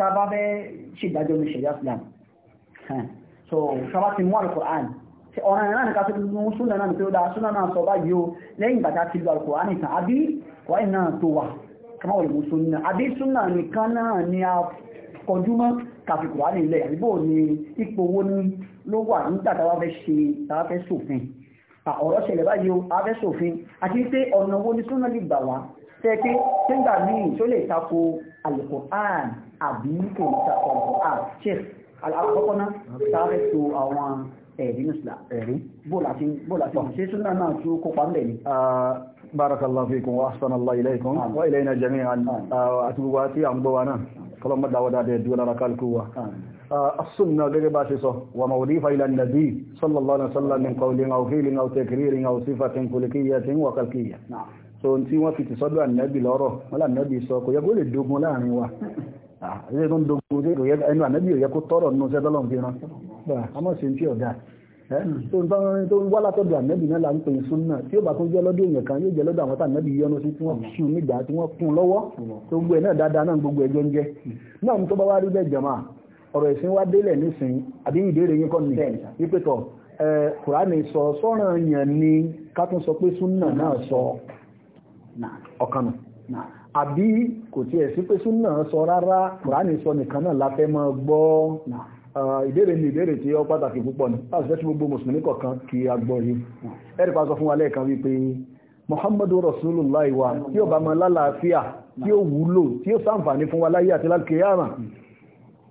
[SPEAKER 1] tábà bẹ́ ṣèdájọ́ ní ṣẹ̀dá islam so sábà ti mú alukur'an ọ̀ràn ìran nìkan tó mú súnà náà nítorí dáa súnà náà sọ báyìí o lẹ́yìn ìgbà tá a ti lu alukur'an nìkan àbí wáyé náà tó wà kama wọlé mú súnà àbí súnà nìkan náà ni a kọjú mọ́ kàfi kùránì ilẹ̀ àbíbò ni ipò owó ní ló wà nígbà tá a fẹ́ ṣe tá a fẹ́ ṣòfin ọ̀rọ̀ ṣẹlẹ̀ báyìí o a fẹ́ ṣòfin àti tẹ́kí tíńgbà míì tó lè tako alukur'an àbí kò ń tako alukur'an chef alákọ̀ọ́kọ́ náà sáré to àwọn ẹ̀rí nùsùlá ẹ̀rí bóòlà tí ṣe súnà náà tí ó kópa ńlẹ̀ ni. barakallahu fikum wa ahsanallahu ilaykum wa ilayna jami'an àti gbogbo àti àgbọ̀wà náà kọlọ́mọ́ dáwọ́dá dẹ̀ dúró lára kálukú wa السنة لقبا شيء وما أضيف إلى النبي صلى الله عليه وسلم من قول أو فعل أو تكرير أو صفة كلكية وكلكية نعم so tí wọ́n fi ti sọ́dọ̀ ànábì lọ́rọ̀ wọ́n lànábì sọ kò yẹ kó lè dogun láàrin wa àti tó ń dogun tí ẹnu ànábì ò yẹ kó tọrọ nínú iṣẹ́ tọ́lọ́ fi ran àmọ́ sí ti ọ̀dà tó ń wá látọ̀dọ̀ ànábì náà là ń pè ní súnà tí ó bá tún jẹ́ lọ́dọ̀ èèyàn kan yóò jẹ́ lọ́dọ̀ àwọn tànábì yọnu sí tí wọ́n ṣù nígbà tí wọ́n kún lọ́wọ́ tó gbé náà dáadáa náà gbogbo ẹjọ́ ń jẹ́ náà tó bá wá rí bẹ́ẹ̀ jàmá ọ̀rọ̀ ìsìn wá délẹ̀ nísìnyí àbí ìbéèrè yín kọ́ nìyẹn wípé tọ̀ Kùránì sọ sọ́ràn yẹn ni ká tún sọ pé súnà náà sọ ọ̀kanù àbí kò tiẹ̀ sí pé súnà sọ rárá kùránì sọ nìkan náà la fẹ́ máa gbọ́ ìbéèrè ni ìbéèrè tí ó pàtàkì púpọ̀ ní láti fẹ́ sí gbogbo mùsùlùmí kọ̀ọ̀kan kí a gbọ́ yìí ẹ̀rì pa sọ fún wa lẹ́ẹ̀kan wípé Muhammadu Rasulullah wa tí ó bá mọ lálàáfíà tí ó wúlò tí ó ṣàǹfààní fún wa láyé àti lálùkìyàmà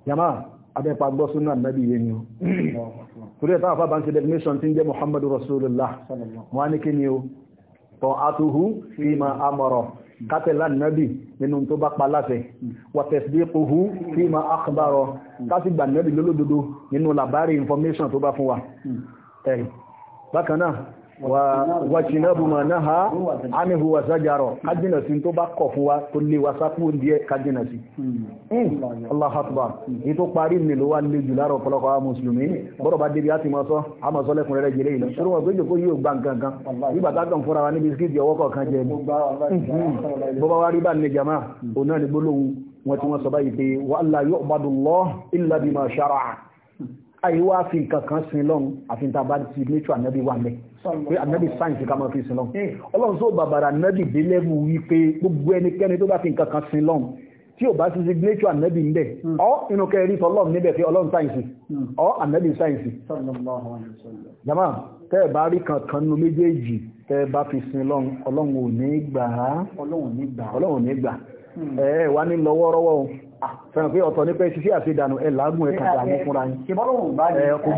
[SPEAKER 1] yàmá hmm. abẹ́pa gbọ́ súnà nàbí yẹn Muhammadu Rasulullah wọn ta'atuhu fima amara kátẹ̀lá nabi nínú tó bá pa láfẹ́ wa tasdiquhu fima akhbara kásìgbà nàbì lólódodo nínú làbárí information tó bá fún wa bákan náà wa jinabu ma naha anihu wa zajaro kájínà sí tó bá kọ̀ fún wa tó lé wa sápò díẹ̀ kájínà sí hmm. Allahu Akbar ní tó parí ní ló wá lé jù láàrọ̀ ọ̀pọ̀lọpọ̀ àwọn mùsùlùmí bọ́rọ̀ bá débi àti mọ́sọ́ àmọ́sọ́ lẹ́kùn rẹ̀ jẹ́lé ìlọ ṣúrù wọn pé jòkó yóò gbá nǹkan kan nígbà tágàn fúnra wa ní bisikíìtì ọwọ́ kọ̀ọ̀kan jẹ bọ́bá hmm. hmm. wa àyíwá fi nǹkan kan sin lọ́run àfi ní ta bá ti nature ànábì wà mẹ́ pé ànábì sáyẹ̀nsì ká máa fi sin lọ́n hmm. ọlọ́run tó bàbàrà ànábì dé lẹ́bù wípé gbogbo ẹnikẹ́ni tó bá fi nǹkan kan sin lọ́n tí ò bá ti ti gbéjọ ànábì ń bẹ̀ hmm. ọ́ inú kẹrin sọ ọlọ́run níbẹ̀ pé ọlọ́run sáyẹ̀nsì hmm. ọ́ ànábì sáyẹ̀nsì. jama tẹ́ ẹ bá rí kankan nínú méjèèjì tẹ́ ẹ bá fi sin lọ́n ọlọ́run ò ní gbà á ọlọ́run ò ní gbà ẹ wà ní lọ́wọ́rọ́wọ́ Ah, fẹ́ràn pé ọ̀tọ̀ ní pé ṣiṣẹ́ àṣedànù ẹ lágún ẹ̀kà àmú fúnra yín kò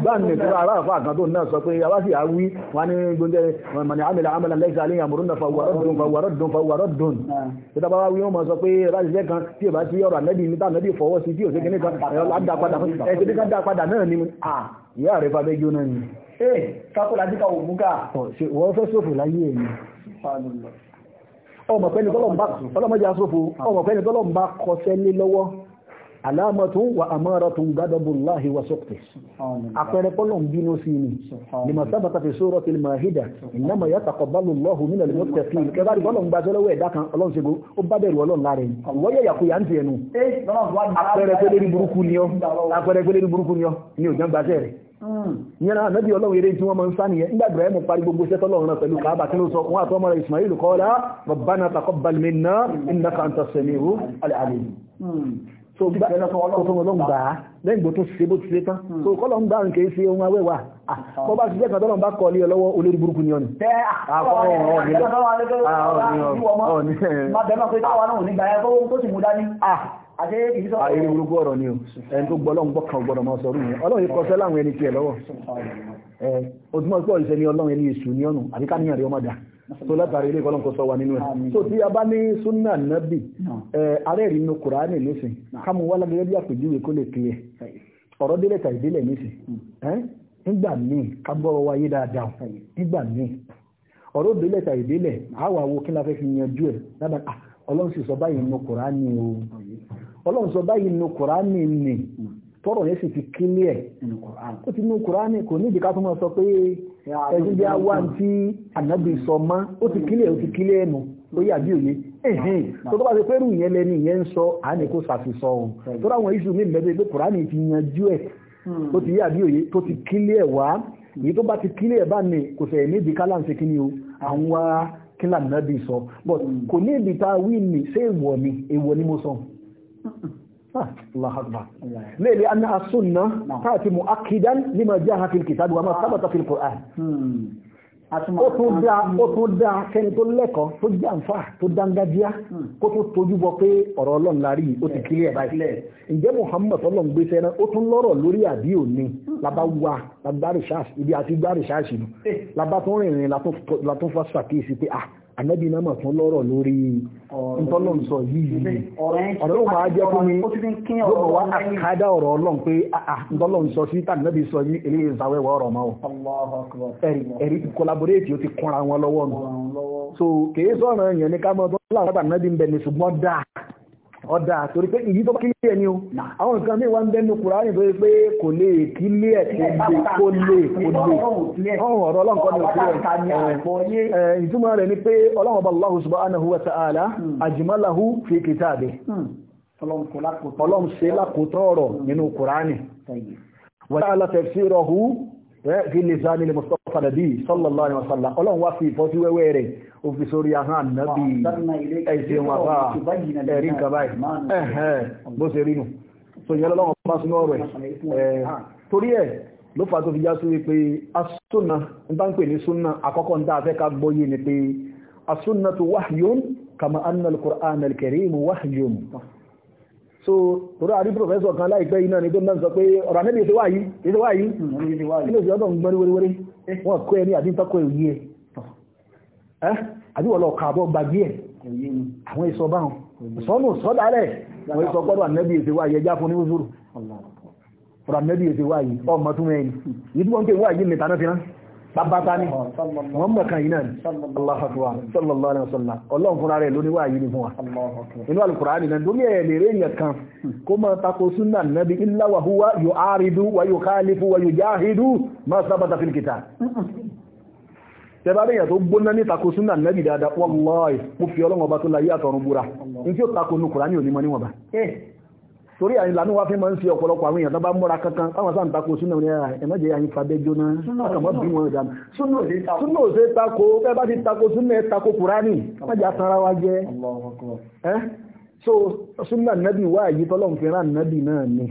[SPEAKER 1] gbá ní tó ara àfà kan tó náà sọ pé awásì àwí wá ní gbóúnjẹ mọ̀nà àmìlà àmìlà lẹ́sà àlẹ́yìn àmúrúnà fàwọ̀rọ̀dùn fàwọ̀rọ̀dùn fàwọ̀rọ̀dùn ìtàbá ah. wá wí wọ́n mọ̀ sọ pé ráṣiṣẹ́ kan tí ò bá sí ọ̀rọ̀ ànẹ́bì ní tà nẹ́bì fọwọ́ sí tí ò sí kíní kan àdápadà náà ni ìyá rẹ̀ fa méjì náà ni. ṣé eh, kákó ọmọ pẹ́ni tọ́lọ́mbà ọlọ́mọdé asòfò ọmọ pẹ́ni tọ́lọ́mbà kọsẹ́lé lọ́wọ́ alamatun wa amaratun gadabullahi wa sukti akwai kolon bino si ni ni masaba ta fi surati al-mahida inma yataqabbalu Allahu min al-muttaqin ke bari kolon gba jolo we da kan olon se go o ba bẹ̀rù olon lare ni wo ye yaku yẹn ànábì ọlọ́run eré tí wọ́n máa ń sáni yẹn nígbà Ibrahim parí gbogbo iṣẹ́ tọ́lọ́run náà pẹ̀lú Káàbà kí ló sọ wọn àtọ́mọ́ rẹ̀ Ismail qala rabbana taqabbal minna innaka anta sami'ul alim so gbá ọlọ́run gbà á lẹ́yìn gbò tó ṣe bó ti ṣe tán so kọ́lọ̀ ń gbà ń kèé ṣe ohun awẹ́wà bọ́ bá ṣiṣẹ́ kan tọ́lọ̀ ń bá kọ́ lé ọlọ́wọ́ olórí burúkú ni ọ̀nì àkọ́ ọ̀rọ̀ ọ̀nì ayé orúkú ọ̀rọ̀ ni o ẹni tó gbọ́ ọlọ́run gbọ́kàn gbọ́dọ̀ máa sọ rúyìn ọlọ́run yìí kọsẹ́ láwọn ẹni tiẹ̀ lọ́wọ́ o túnmọ̀ ni ọlọ́run ẹni èṣù ní ọ̀nà àbíká níyàn rẹ̀ ọmọ dà tó látàrí ilé sọ nínú ẹ̀ tó tí a bá ní súnà nábì arẹ́rìí kùránì nísìn kámú wá bí àpèjúwe kó lè ọ̀rọ̀ tà nísìn hmm. nígbà míì ká wo kí ọlọ́run sọ báyìí nínú kùránì nì tọ́rọ̀ yẹn sì fi kílé ẹ̀ ó ti nínú kùránì kò ní ìdíkà tó máa sọ pé ẹ̀sìn bí awá tí ànábì sọ mọ́ ó ti kílé ẹ̀ ó ti kílé ẹ̀ nù ó yà bí òye ẹ̀hìn tó tọ́ba ṣe pẹ́rù yẹn lẹ́ni ìyẹn ń sọ àánì kó ṣàfihàn òun tó ráwọn iṣu mi mẹ́tẹ́ pé kùránì ti yanjú ẹ̀ hmm. ó ti yà bí òye tó ti kílé ẹ̀ wá hmm. èyí tó bá ti kílé ẹ̀ bá kí ni o sọ but hmm. kò ní ìdíkà wí ni ṣé èèwọ̀ ni èèwọ̀ ni mo sọ. الله أكبر ليه لأن السنة تأتي مؤكدا لما جاء في الكتاب وما ثبت في القرآن ó tún dá ó tún dá kẹni tó lẹ́kọ̀ọ́ tó jẹ́ àǹfà tó dángájíá hmm. kó tó tójú bọ pé ọ̀rọ̀ ọlọ́run la rí yìí ó ti kiri ẹ̀ báyìí ǹjẹ́ muhammed ọlọ́run gbé sẹ́nà ó tún lọ́rọ̀ lórí àbí òní hmm. labá wa lagbárí ṣáàṣì ibi àti gbárí ṣáàṣì nù eh. labá tún rìnrìn la tún fa ṣàkíyèsí pé ah ànábì náà mà tún lọ́rọ̀ lórí ntọ́lọ́n sọ yìí ọ̀rọ̀ yóò máa jẹ́ fún mi yóò wá àkádá ọ̀rọ̀ ọlọ́run pé ah, ah, ntọ́lọ́n sọ sí tàbí sọ yìí èlé ìsàwẹ́wà ọ̀rọ̀ máa ọ̀ ẹ̀rí collaborate ó ti kúnra wọn lọ́wọ́ nù so kèé sọ̀rọ̀ yẹn ní ká mọ́ tọ́lọ́run sábà náà bí ń bẹ̀ ní ṣùgbọ́n dáa ọ̀dà torí pé ìyí tó bá kílé ẹ̀ ni o àwọn nǹkan mí wá ń bẹ́nu kùránì tó yẹ pé kò lè kílé ẹ̀ kó lè kó lè ọ̀hún ọ̀rọ̀ ọlọ́run kọ́ ni ò kílé ìtumọ̀ rẹ̀ ni pé ọlọ́run ọba Allahu subhanahu wa ta'ala hmm. ajmalahu fi kitabihi hmm. ọlọ́run ṣe lákòótọ́ ọ̀rọ̀ nínú kùránì wàtí alátẹ̀fẹ́ rọ̀hú fi lisani li mustafa nabi sallallahu alaihi wasallam ọlọ́run wá fi ìfọ́sí wẹ́wẹ́ rẹ̀ ó fi sórí ahán nábi ẹ̀sìn wọn bá ẹ̀rí nǹkan báyìí ẹ̀hẹ́n bó ṣe rí nù so ìyẹn lọ́wọ́ bá súnú ọ̀rọ̀ ẹ̀ eh, torí ẹ̀ ló fà tó fi já sí wípé asúnà ń bá so torí àrí pòfẹ́sọ̀ kan láìpẹ́ iná ni tó náà sọ pé ọ̀rọ̀ anẹ́bí ètò wáyí ètò wáyí nínú ìṣẹ́ ọ̀dọ̀ ń gbọ́n wéréwéré eh. wọ́n kọ́ ẹni àbí tọ́kọ̀ èyí ẹ̀ àbí wọ́n lọ kà bọ́ gbàgbé ẹ̀ àwọn èso báwọn sọ́nù sọ́dálẹ̀ wọ́n sọ pọ́dọ̀ anẹ́bí ètò wáyí ẹjá fún níwúzúrù ọ̀rọ̀ anẹ́bí ètò wáyí ọmọ tún mẹ́rin yìí hmm. tí wọ́n ń pè wáyí nìtaná fi rán bàbá ta ni wọ́n mọ̀ kan yìí náà sallallahu alaihi wasallam ọlọ́run fúnra rẹ̀ lóníwà yìí ni fún wa inú alukùránì náà lórí ẹ̀ lèrè yẹn kan kó mọ̀ tako súnà nàbí illa wa huwa yu'aridu wa yukhalifu wa yujahidu ma sabata fil kitab tẹbàrí èyàn tó gbóná ní tako súnà lẹ́bì dáadáa wallahi mo torí àyìn lànà wá fi máa ń fi ọ̀pọ̀lọpọ̀ àwọn èèyàn tó bá múra kankan táwọn sáà ń tako súnà ní ara ah, ẹ̀ mọ́jẹ́ àyìn fàbẹ́ jóná àkàmọ́ bí wọn ìdáná súnà òṣè tako bẹ́ẹ̀ bá ti tako súnà ẹ̀ tako kùránì mọ́jẹ́ àtàrà wa jẹ́ ẹ́ so súnà nàbì wá àyí tọ́lọ́ fi rán nàbì náà ni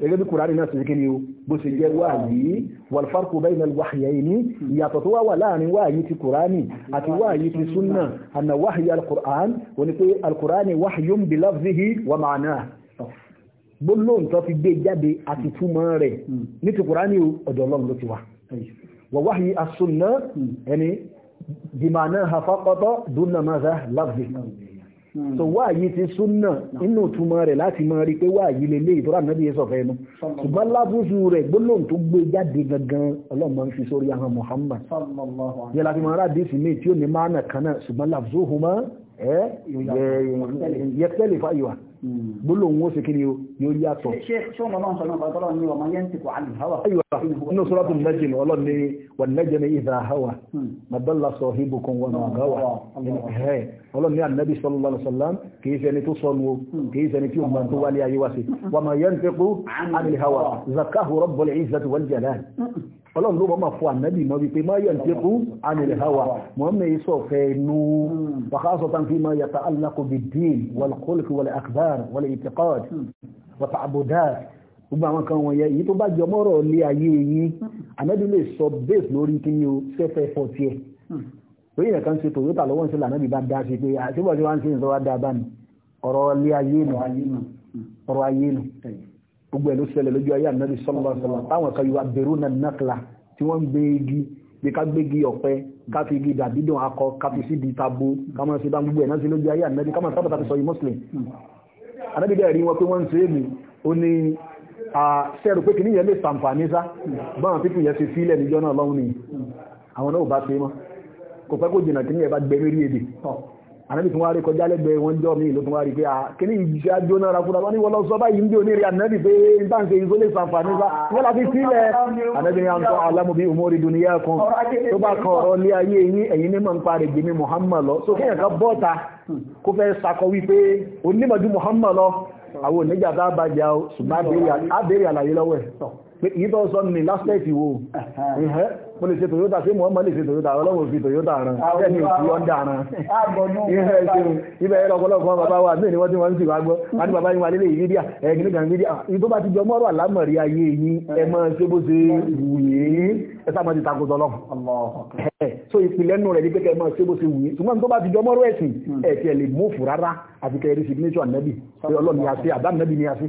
[SPEAKER 1] gẹ́gẹ́ bí kùránì náà sì kí ni o bó ṣe jẹ́ wá àyí wàlfàrkù bẹ́ẹ̀ náà wáhìyà yìí ni ìyàtọ̀ tó wá wà láàrin wá àyí ti kùránì gbólóhùn tó fi gbé jáde àti hmm. túmọ̀ rẹ̀ hmm. ní ti kùránì ọ̀dọ̀ ọlọ́run ló ti wà wa wahyi as-sunnah hmm. ẹni jìmọ̀nà àfọ́kọ́tọ́ dúnàmọ́sá lábùsí so wáàyí ti súnà inú túmọ̀ rẹ̀ láti mọ̀ rí pé wáàyí lélẹ̀ ìtura nàbí yẹn sọ̀fẹ́ nu ṣùgbọ́n lábùsù rẹ̀ gbólóhùn tó gbé jáde gangan ọlọ́run fi sórí ahọ́n Muhammad yẹ láti mọ̀ rádìsì mi tí ó ní máa nà kan náà ṣùgbọ́n lábùsù hùmọ́ yẹ yẹ tẹ́lẹ̀ gbólóhùn ó sì kí ni yóò yàtọ̀. inú sọ́rọ́tù nẹ́jìn ọlọ́run ni wọ́n nẹ́jìn ìdá hawa madalla sọ ibùkún wọn náà hawa ọlọ́run ni annabi hmm. sallallahu alaihi wasallam kìí ṣẹni tó sọnù o hmm. kìí ṣẹni tí òun tó wá ní ayé wá sí hmm. wọ́n ma yantiqu anil hawa ọlọ́run ló wọ́n máa fún ànábì mọ́ wípé máa yẹ̀ tí kú ànìlẹ̀ hawa mọ́mẹ́ iṣọ́ fẹ́ nú hmm. wàhásọ tánfí máa yàtà alákòbí dín wàlkólùkù wàlẹ̀ akbar wàlẹ̀ ìtẹ̀kọ́d wàtà àbúdá gbogbo àwọn kan wọ̀nyẹ èyí tó bá jọ mọ́rọ̀ lé ayé yín ànábì lè sọ bẹ́ẹ̀ lórí kí ni o fẹ́fẹ́ fọ́ tiẹ̀ lóyìn hmm. ẹ̀kan ṣe Toyota lọ́wọ́ ṣe lànàbì bá dá sí pé àṣìbọ̀ṣe wá ń ṣe ìṣọ́wá dá bá ní ọ̀rọ̀ lé ayé nù ọ̀rọ̀ ayé nù hmm gbogbo ẹ̀lú ṣẹlẹ̀ lójú ayé ànábì sallallahu alaihi wasallam táwọn ẹ̀ka yóò abẹ̀rù náà nàkìlà tí wọ́n ń gbé igi bí ká gbégi ọ̀pẹ ká fi igi dàbídùn akọ ká fi síbi tabo ká máa ṣe bá gbogbo ẹ̀ náà sí lójú ayé ànábì ká máa sábà tàbí sọ yìí muslim ànábì dẹ̀ rí wọn pé wọ́n ń ṣe èmi ó ní ṣẹ́rù pé kìnìyàn lè sàǹfààní sá báwọn pípì yẹn ṣe sílẹ̀ níjọ́ náà lọ́hùn ni àwọn náà ò bá ṣe mọ́ kò pẹ́ kó jìnnà kìnìyàn bá gbẹ́mí rí èdè ànábì tún wá rí kọjá lẹ́gbẹ̀ẹ́ wọn jọ mi ló tún wá rí pé kíní ìjìṣẹ́ àjò náà wọn ni wọ́n lọ sọ báyìí ń bí oníire ànábì pé n bá ń ṣe ìṣó lè ṣàǹfààní sá wọ́n la fi sílẹ̀ ànábì ni à ń tọ́ alámòbí umori duniya kan tó bá kan ọ̀rọ̀ ilé ayé yín ẹ̀yin ní mọ̀ ń parí gbèmí Muhammad lọ so kéèyàn kan bọ́ta kó fẹ́ sakọ wípé onímọ̀jú Muhammad lọ àwọn oníjà tá a bá jà ṣùgbọ́n á àlàyé lọ́wọ́ ẹ̀ pé ìyí sọ mo lè ṣe toyota ṣé mọ́mọ́ lè ṣe toyota ọlọ́run fi toyota ran ẹni òkú ọ́ndà ran ìhẹ́ ṣeun ibẹ̀ ẹ̀rọ ọ̀pọ̀lọpọ̀ bàbá wa mí ni wọ́n ti wọ́n ti wá gbọ́ wọ́n ní bàbá yín wa lélẹ̀ ìrírí ẹ̀gbìn nìkan ìrírí ibi tó bá ti jọ mọ́rọ̀ àlámọ̀rí ayé yín ẹ mọ́ ṣé bó ṣe wù yín ẹ sá mọ́ ti takò tọ́lọ́ so ìpìlẹ̀ nù rẹ̀ ní pé kẹ́ mọ́ ṣé bó ṣe wù yín ṣùgbọ́n tó bá ti jọ mọ́rọ̀ ẹ̀sìn ẹ̀ tiẹ̀ lè mú fù rárá àti kẹ́ resignation ànábì pé ọlọ́run yà sí àbá ànábì ni yà sí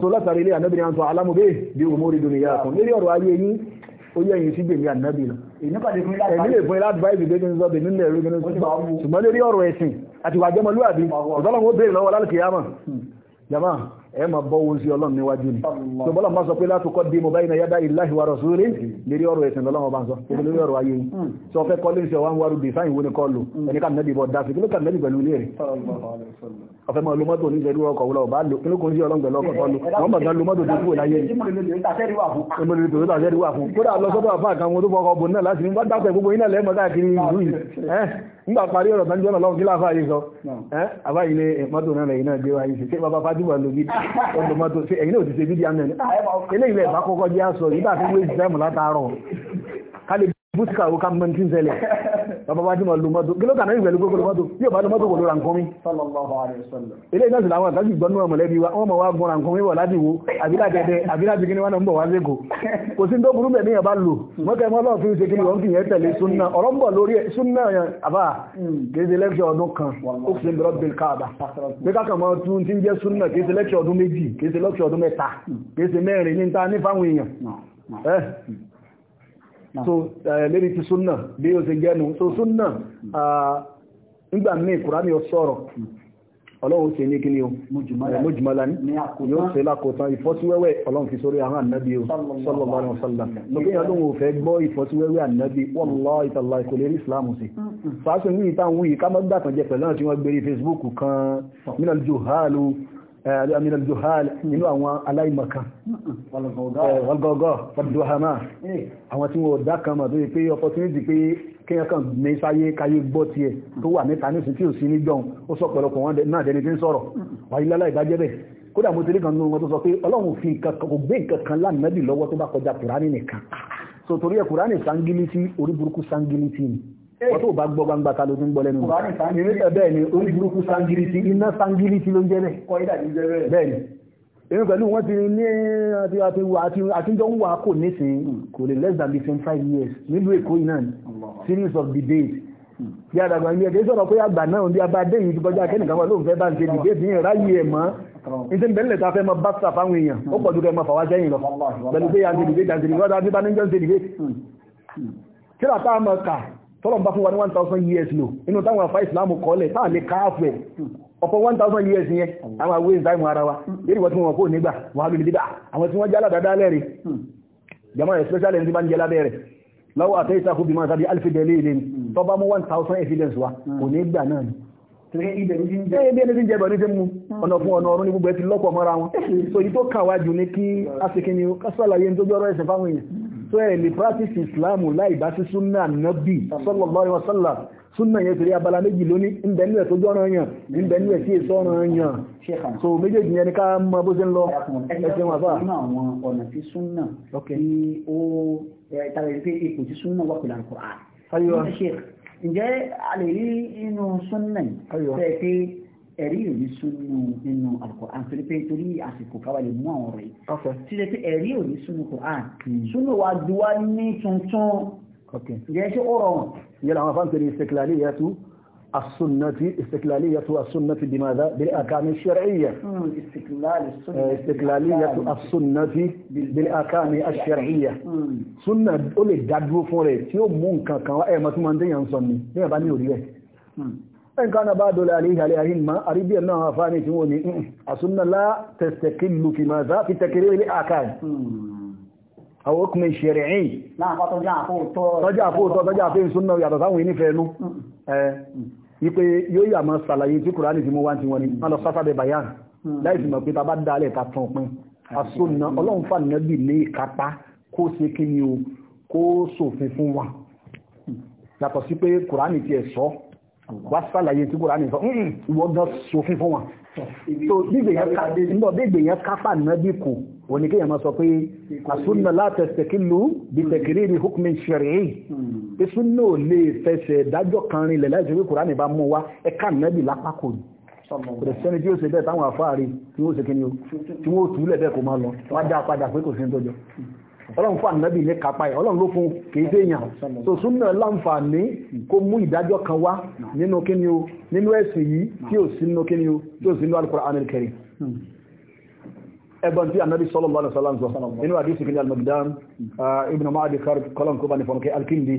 [SPEAKER 1] so látàrí ilé ànábì ni à ń sọ alámúbé bí òmórí dùn ìyá kan lérí ọ̀rọ̀ ayé yín ó yẹ yìí sí gbèmí ànábì lọ. èmi lè fún ilá advice ìgbé ní sọ́bẹ̀ nílẹ̀ ẹ̀rọ gẹ́gẹ́ ṣùgbọ́n lórí ọ̀rọ̀ ẹ̀sìn àti ìwà jọmọlúwàbí ìtọ́lọ́mù ó béèrè lọ́wọ́ lálùkì yámà hmm. jama ẹ ma bọ́ wọn sí ọlọ́run níwájú ni tó bọ́lá máa sọ pé láti kọ́ dé mo báyìí na yádá ìláhi wa rọ̀súrí hmm. lérí ọ̀rọ̀ ẹ̀sìn lọ́lọ́wọ́ bá ń sọ tó lórí ọ̀rọ̀ ayé yìí tí wọ́n fẹ́ kọ́ lé ń sọ wọn wárú dìsáìn wo ni kọ́ lò hmm. ẹni ká nẹ́bí bọ́ dáfi kí ló kà nẹ́bí pẹ̀lú ilé rẹ̀ ọ̀fẹ́ mọ́ olómọ́tò ní ìjẹ́rú ọkọ̀ wọlọ́ bá lò kínú kò ń sí ọlọ́gbẹ̀ lọ́kọ̀ tọ́lù wọ́n mọ̀ gan lómọ́tò tó kúrò láyé ní ìmọ̀lẹ̀ tó tàṣẹ́rí wà fún kódà lọ sọ́dọ̀ àfáà kan tó fọkọ̀ bò náà láti wọ́n dápẹ̀ gbogbo iná lẹ́mọ̀ káàkiri ìlú yìí nígbà parí ọ̀rọ̀ tán jọ́nà lọ́wọ́ kí láfà yìí sọ àfà yìí ní mọ́tò bàbá wa jí ma lo mọ́tò kí ló kà náà ìgbẹ̀lú gbogbo lo mọ́tò yóò bá lo mọ́tò kò lo ràǹkan mi. ilé ìjọsìn làwọn àgbà sì gbọ́nú ọmọlẹ́bí wa wọ́n ma wá gun ràǹkan mi wọ̀ láti wo àbí láti ẹ̀dẹ àbí láti kíni wọn ń bọ̀ wá lẹ́kọ̀ọ́ kò sí tó burú bẹ̀ níyàn bá lò mọ́kẹ́ mọ́ lọ́ọ̀ fi ṣe kí wọ́n kì í tẹ̀lé súnà ọ̀rọ̀ ń bọ̀ lórí súnà so eh, lérí ti súnà bí ó ṣe jẹ́nu so súnà ah, nígbà míì kùránì ó sọ̀rọ̀ ọlọ́run ṣe ní kíni o mọ́jùmọ́lá eh, ní yóò ṣe lákòótán ìfọ́síwẹ́wẹ́ ọlọ́run fi sórí àwọn ànábì o sallallahu alaihi wasallam lókè yàn lóhun ò fẹ́ gbọ́ ìfọ́síwẹ́wẹ́ ànábì wallahi tallahi kò lè rí islam sí fàásùn ní ìtàn wuyì ká mọ́ gbàtànjẹ pẹ̀lú àwọn tí wọ́n من eh, الجهال nínú àwọn aláìmọ̀kan walgọ́gọ́ eh, fọ́dúhàmá àwọn tí wọ́n dá kan mọ̀ tó yẹ pé opportunity pé kíyàn kan ní sáyé káyé gbọ́ tiẹ̀ tó wà níta ní sí tí ò sí ní jọun ó sọ pẹ̀lọpọ̀ wọn náà dẹni tí ń sọ̀rọ̀ wáyé lálá ìdájẹ́ bẹ̀ kódà mo ti rí kan nínú wọn tó sọ pé ọlọ́run fi kò gbé nǹkan kan lánàá lọ́wọ́ tó bá kọjá kùránì nìkan so torí ẹ kùránì sangilisi orí burúkú sangilisi ni wọ́n tó bá gbọ́ gbangba ta ló tún gbọ́ lẹ́nu ìrìnsẹ̀ bẹ́ẹ̀ ni orí burúkú sangiriti iná sangiriti ló ń jẹ́ bẹ́ẹ̀ bẹ́ẹ̀ ni èmi pẹ̀lú wọ́n ti ní àti àtijọ́ ń wà kò nísìn hmm. kò lè less than twenty five years nílùú èkó yìí series of debate hmm. bí àdàgbà ní ẹ̀kẹ́ sọ̀rọ̀ pé àgbà náà bí abá dé yìí ti kọjá akẹ́nìkan wà lóun fẹ́ bá ń ṣe dìbé bí ráyè ẹ̀ mọ́ ìṣe ń bẹ̀rẹ̀ ta fẹ́ mọ báṣà fáwọn èèyàn ó pọ̀ ju kẹ́ mọ fàwá sẹ́yìn lọ tọ́lọ̀n bá fún wa ní 1000 years lò inú táwọn àfá ìsìláàmù kọ́lẹ̀ táà lè káàfù ẹ̀ ọ̀pọ̀ 1000 years yẹn àwọn àwọn ìsìláàmù ìmú ara wa lérí wọ́n tí wọ́n kó nígbà wọ́n lórí dídá àwọn tí wọ́n jẹ́ aládàádá lẹ́rí jama especially ẹni tí bá ń jẹ lábẹ́rẹ̀ lọ́wọ́ àtẹ́ ìsàkó bí máa tàbí alfidẹ́lé ilé evidence wa kò ní gbà ni Ibẹ̀ ní ti ń jẹ́ ìbọn ní ti mú ọ̀nà fún ọ̀nà ọ̀run So, èyí tó kàwájú ní kí a sì ni so ẹ̀ lè practice islam láì bá sí súnà nàbì sallallahu alaihi wasallam súnà yẹn torí abala méjì lónìí ń bẹ nílẹ̀ tó jọ́ràn yàn ń bẹ nílẹ̀ tí èso ọ̀ràn yàn so méjèèjì yẹn ni ká mọ bó ṣe ń lọ ẹsẹ̀ wọn fà. nínú àwọn ọ̀nà tí súnà ní ó tàbí pé ẹ̀rí òní súnú nínú Al-Qur'an torí pé torí àsìkò káwà lè mú àwọn ọ̀rẹ́ sílẹ̀ pé ẹ̀rí òní súnú Qur'an hmm. súnú wa duwa ní tuntun yẹ ṣe ó rọrùn. yẹ́n àwọn afáǹtẹ̀ ní ìsẹ̀kìlálẹ̀ yẹ́ tú السنة استقلالية السنة بماذا؟ بالأحكام الشرعية
[SPEAKER 2] استقلال السنة استقلالية
[SPEAKER 1] السنة بالأحكام الشرعية سنة ó lè dádúró fún rẹ̀ tí ó mú nǹkan kan wá ẹ̀ mọ́ tí ń dẹ́yàn sọ in kana ba dole alaihi alaihin ma arabiyar nan hafa ne kin wani a sunna la tastaqillu fi ma za fi takrir li akan aw hukm shar'i na ko to ja ko to to ja ko to to ja fi sunna ya ta wani fe nu eh ipe yo ya ma ṣàlàyé tí qur'ani tí mo wà tí woni ala safa be bayan láì fi mọ̀ pé ta bá dálẹ̀ ta tán pin a sunna hmm. Ọlọ́hun fa nabi ní kápá kó ṣe kíni o kó ṣòfin fún wa hmm. yàtọ̀ sí pé qur'ani tí ẹ sọ wá sàlàyé tí kòránì sọ ìwọ gan sòfin fún wọn so gbígbè yẹn kápá nàbí kù òní kéèyàn máa sọ pé àsúnà látẹsẹkìlú bí tẹkìrí rí hukmin ṣẹ̀rẹ̀ ìsúnà mm. ò lè fẹsẹ̀ dájọ́ kan rinlẹ̀ láìsí pé kòránì bá mú wa ẹ̀ka nàbí lápá kò ọlọ́run fún ànábì ní kápá ẹ̀ ọlọ́run ló fún kìí sí èèyàn so súnmọ́ láǹfààní kó mú ìdájọ́ kan wá nínú kíni o nínú ẹ̀sìn yìí tí ò sí nínú kíni o tí ò sí nínú Al-Qur'an al-Karim ẹgbọ́n tí ànábì sallallahu alaihi wasallam sọ inú àdísì kìí al-Maghdam ibn Ma'adi kọlọ̀n kó bá ní fọ́nkẹ́ al-Kindi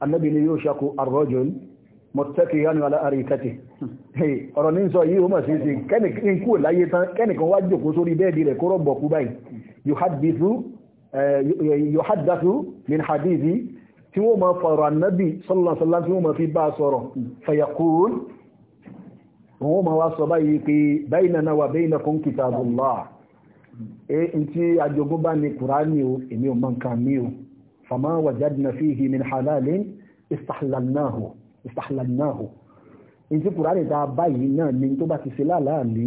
[SPEAKER 1] ànábì ni yóò ṣakú ar-rajul muttakiyan ala arikati ọ̀rọ̀ ní sọ yìí ó mọ̀ sí sí kẹ́nìkan wá jòkó sórí bẹ́ẹ̀dì rẹ̀ kó rọ̀gbọ̀kú báyìí yuhadithu yọ̀hádásù min hadithi tí wọ́n ma fọ̀rọ̀ annabi sallallahu alaihi wasallam tí wọ́n ma fi bá sọ̀rọ̀ fayakun wọ́n ma wá sọ báyìí pé baynana wa baynakum kitabullah in tí ajogun bá ní kùránì o èmi ò mọ̀ nǹkan mi o fama wajadna fihi min halalin istahlalnahu istahlalnahu ìtí kùránì ta báyìí náà ni tó bá ti ṣe láàláàlì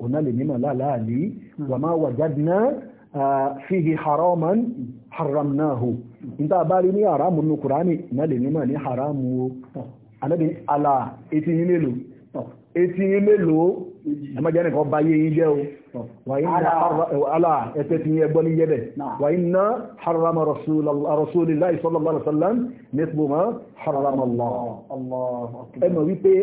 [SPEAKER 1] òun náà lè mímọ̀ láàláàlì hmm. wà máa wajadna fihi haraman haramnahu níta bá rí ní haramu nínú kùránì náà lè nímọ̀ ní haramu o anábì ala etí yín mélòó etí yín mélòó ẹmọ́jẹ́ nìkan bá yé yín jẹ́ o ala ẹ̀tẹ́ ti yẹ gbọ́n ní yẹ́bẹ̀ wà iná harama rasulillahi sallallahu alaihi wasallam mithlu ma harama Allah ẹmọ̀ wípé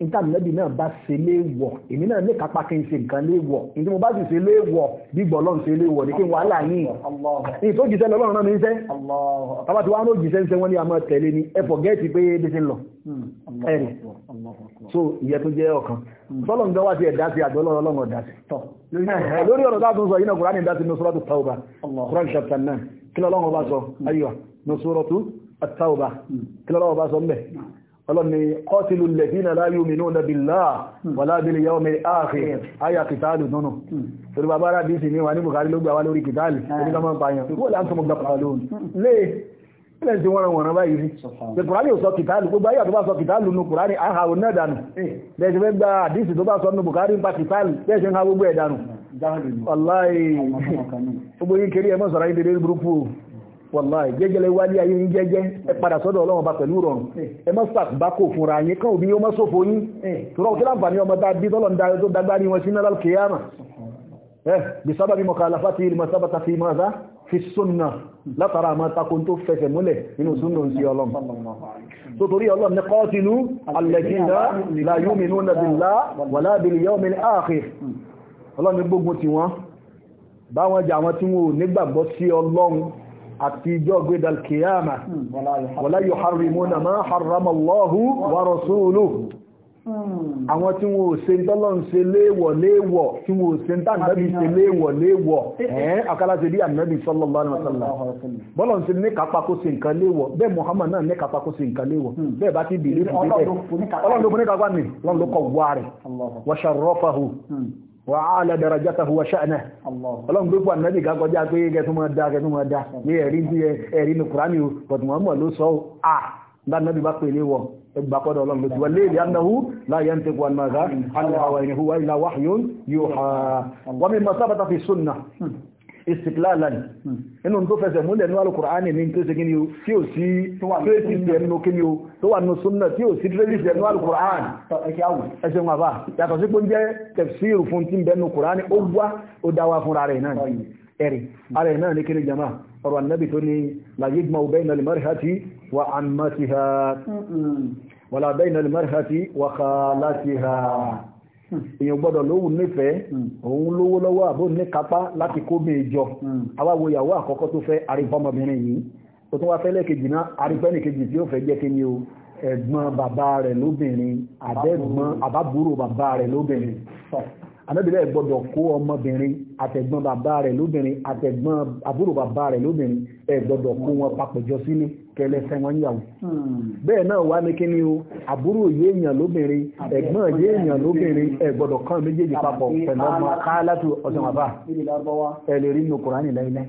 [SPEAKER 1] ìtànàbì náà bá ṣe léèwọ̀ èmi náà ní kápá kí n ṣe nǹkan léèwọ̀ ìdí mo bá sì ṣe léèwọ̀ gbígbọ́ lọ́n ṣe léèwọ̀ ní kí n wàhálà yìí ní tó jìṣẹ́ lọ́rọ̀ náà ní iṣẹ́ tàbá ti wá ní òjìṣẹ́ ń ṣe wọ́n ní àmọ́ tẹ̀lé ni ẹ fọ̀gẹ́ẹ̀tì pé bí ti ń lọ hmm, ẹ̀rì so ìyẹn tó jẹ́ ọ̀kan sọ́lọ̀ hmm. ń gbọ́ wá sí ẹ̀dá sí àjọ ọlọ́run ọlọ́run ọ̀dá sí lórí ọ̀rọ̀ tá a tún sọ yìí náà kúránì dá sí nusratu tauba Quran chapter nine kí lọ́lọ́run ọba sọ hmm. ayọ̀ nusratu tauba kí lọ́lọ́run ọba sọ mbẹ́ ọlọ́ni kọ́tílù lẹ̀dínà láyé òmìnà nàbìlá wàlábìlì yà ọmọ ààfẹ́ ayà kìtàlù nánà hmm. torí bàbá ara bí i sì ní wà ní bukari ló gbà wá lórí kìtàlù ah. oníkàmọ́ pààyàn wọ́n láti mọ́ gbà pààlù ilẹ̀ tí wọ́n wọ̀nà báyìí rí ṣe kùránì ò sọ kìtàlù gbogbo ayé àtúbà sọ kìtàlù nù wàláì jẹ́jẹ́lẹ̀ wálé ayé yín jẹ́jẹ́ ẹ padà sọ́dọ̀ ọlọ́run ọba pẹ̀lú rọrùn ẹ mọ́ sàbákò fúnra yín kán òbí yóò mọ́ sófo yín tọ́rọ kí láǹfààní ọmọ tá a bí tọ́lọ̀ ń darí tó dágbárí wọn sí náà lálùkìyàmà ẹ bisaba bí mọ̀kàlàfà ti ilmọ̀ sábàtà fi máa zá fi súnà látara àmà takò tó fẹsẹ̀ múlẹ̀ nínú súnà sí ọlọ́m tó bá wọn jà wọn tí wọn ò nígbàgbọ́ sí ọlọ́run àti ìjọ gbédal kìyàmà wala yuharrimuna ma harrama Allahu wa rasuluhu
[SPEAKER 2] hmm.
[SPEAKER 1] àwọn tí wọ́n ò ṣe tọ́lọ́n ṣe léèwọ̀ léèwọ̀ tí wọ́n ò ṣe tàbí ṣe léèwọ̀ léèwọ̀ ẹ̀ẹ́ akálàṣe bí ànábì sallallahu alaihi wasallam bọ́lọ̀ ṣe ní kápá kó ṣe hmm. ti bìlí fún bíbẹ̀ wà á lẹ́ dẹ̀rẹ̀ jẹ́ta fún wọ́ṣẹ́ ẹ̀nẹ́ ọlọ́run gbé pọ̀ nẹ́bì kákọjá pé kẹtùmọ̀ dá kẹtùmọ̀ dá ní ẹ̀rí tí ẹ̀rí ní kùránì pọ̀tùmọ̀ mọ̀ ló sọ à bá nẹ́bì bá pèlé wọ ẹgbàkọ́dọ̀ ọlọ́run ló ti wọlé ìlú annahu la yantiqu an maza an huwa in huwa illa wahyun yuha wa mimma sabata fi sunnah hmm istiklalan hmm. inú tó fẹsẹ̀ múlẹ̀ ní alukur'ani ní tó ṣe kíni o tí ó sí tírẹ́sì ẹnu kíni o tó wà nínú súnà tí ó sí tírẹ́sì ẹnu alukur'ani ẹsẹ̀ wọn bá yàtọ̀ sí pé ń jẹ́ tafsir fún tí ń bẹ nínú kur'ani ó wá ó dá wa fúnra rẹ̀ náà ẹ̀rì ara ẹ̀ náà ní kíni jama ọ̀rọ̀ ànábì tó ní la yajma'u bayna al-marhati wa èèyàn gbọ́dọ̀ lówù nífẹ̀ẹ́ hmm. òun lówó lọ́wọ́ àbó ní kápá láti kó bí ìjọ hmm. awáwo ìyàwó àkọ́kọ́ tó fẹ́ arìfọ́mọbìnrin yìí ó tún wá fẹ́ lẹ́ẹ̀kejì náà arìfẹ́nìkejì tí ó fẹ́ jẹ́ kí ni o ẹ̀gbọ́n bàbá rẹ̀ lóbìnrin àbẹ́gbọ́n àbábúrò bàbá rẹ̀ lóbìnrin anábìlẹ̀ gbọ́dọ̀ kó ọmọbìnrin àtẹ̀gbọ́n bàbá rẹ̀ lóbìnrin àtẹ̀gbọ́n àbúrò bàbá rẹ̀ lóbìnrin ẹ gbọ́dọ̀ kó wọn papọ̀jọ sílé kẹlẹ́fẹ́ wọn yàwó. Hmm. bẹ́ẹ̀ náà wá ní kí ni o àbúrò yé èèyàn lóbìnrin ẹ̀gbọ́n yé èèyàn lóbìnrin ẹ gbọ́dọ̀ kán méjèèjì papọ̀ pẹ̀lú ọmọ káálátù ọ̀sán bàbá ẹ lè rí inú kùránì láíláí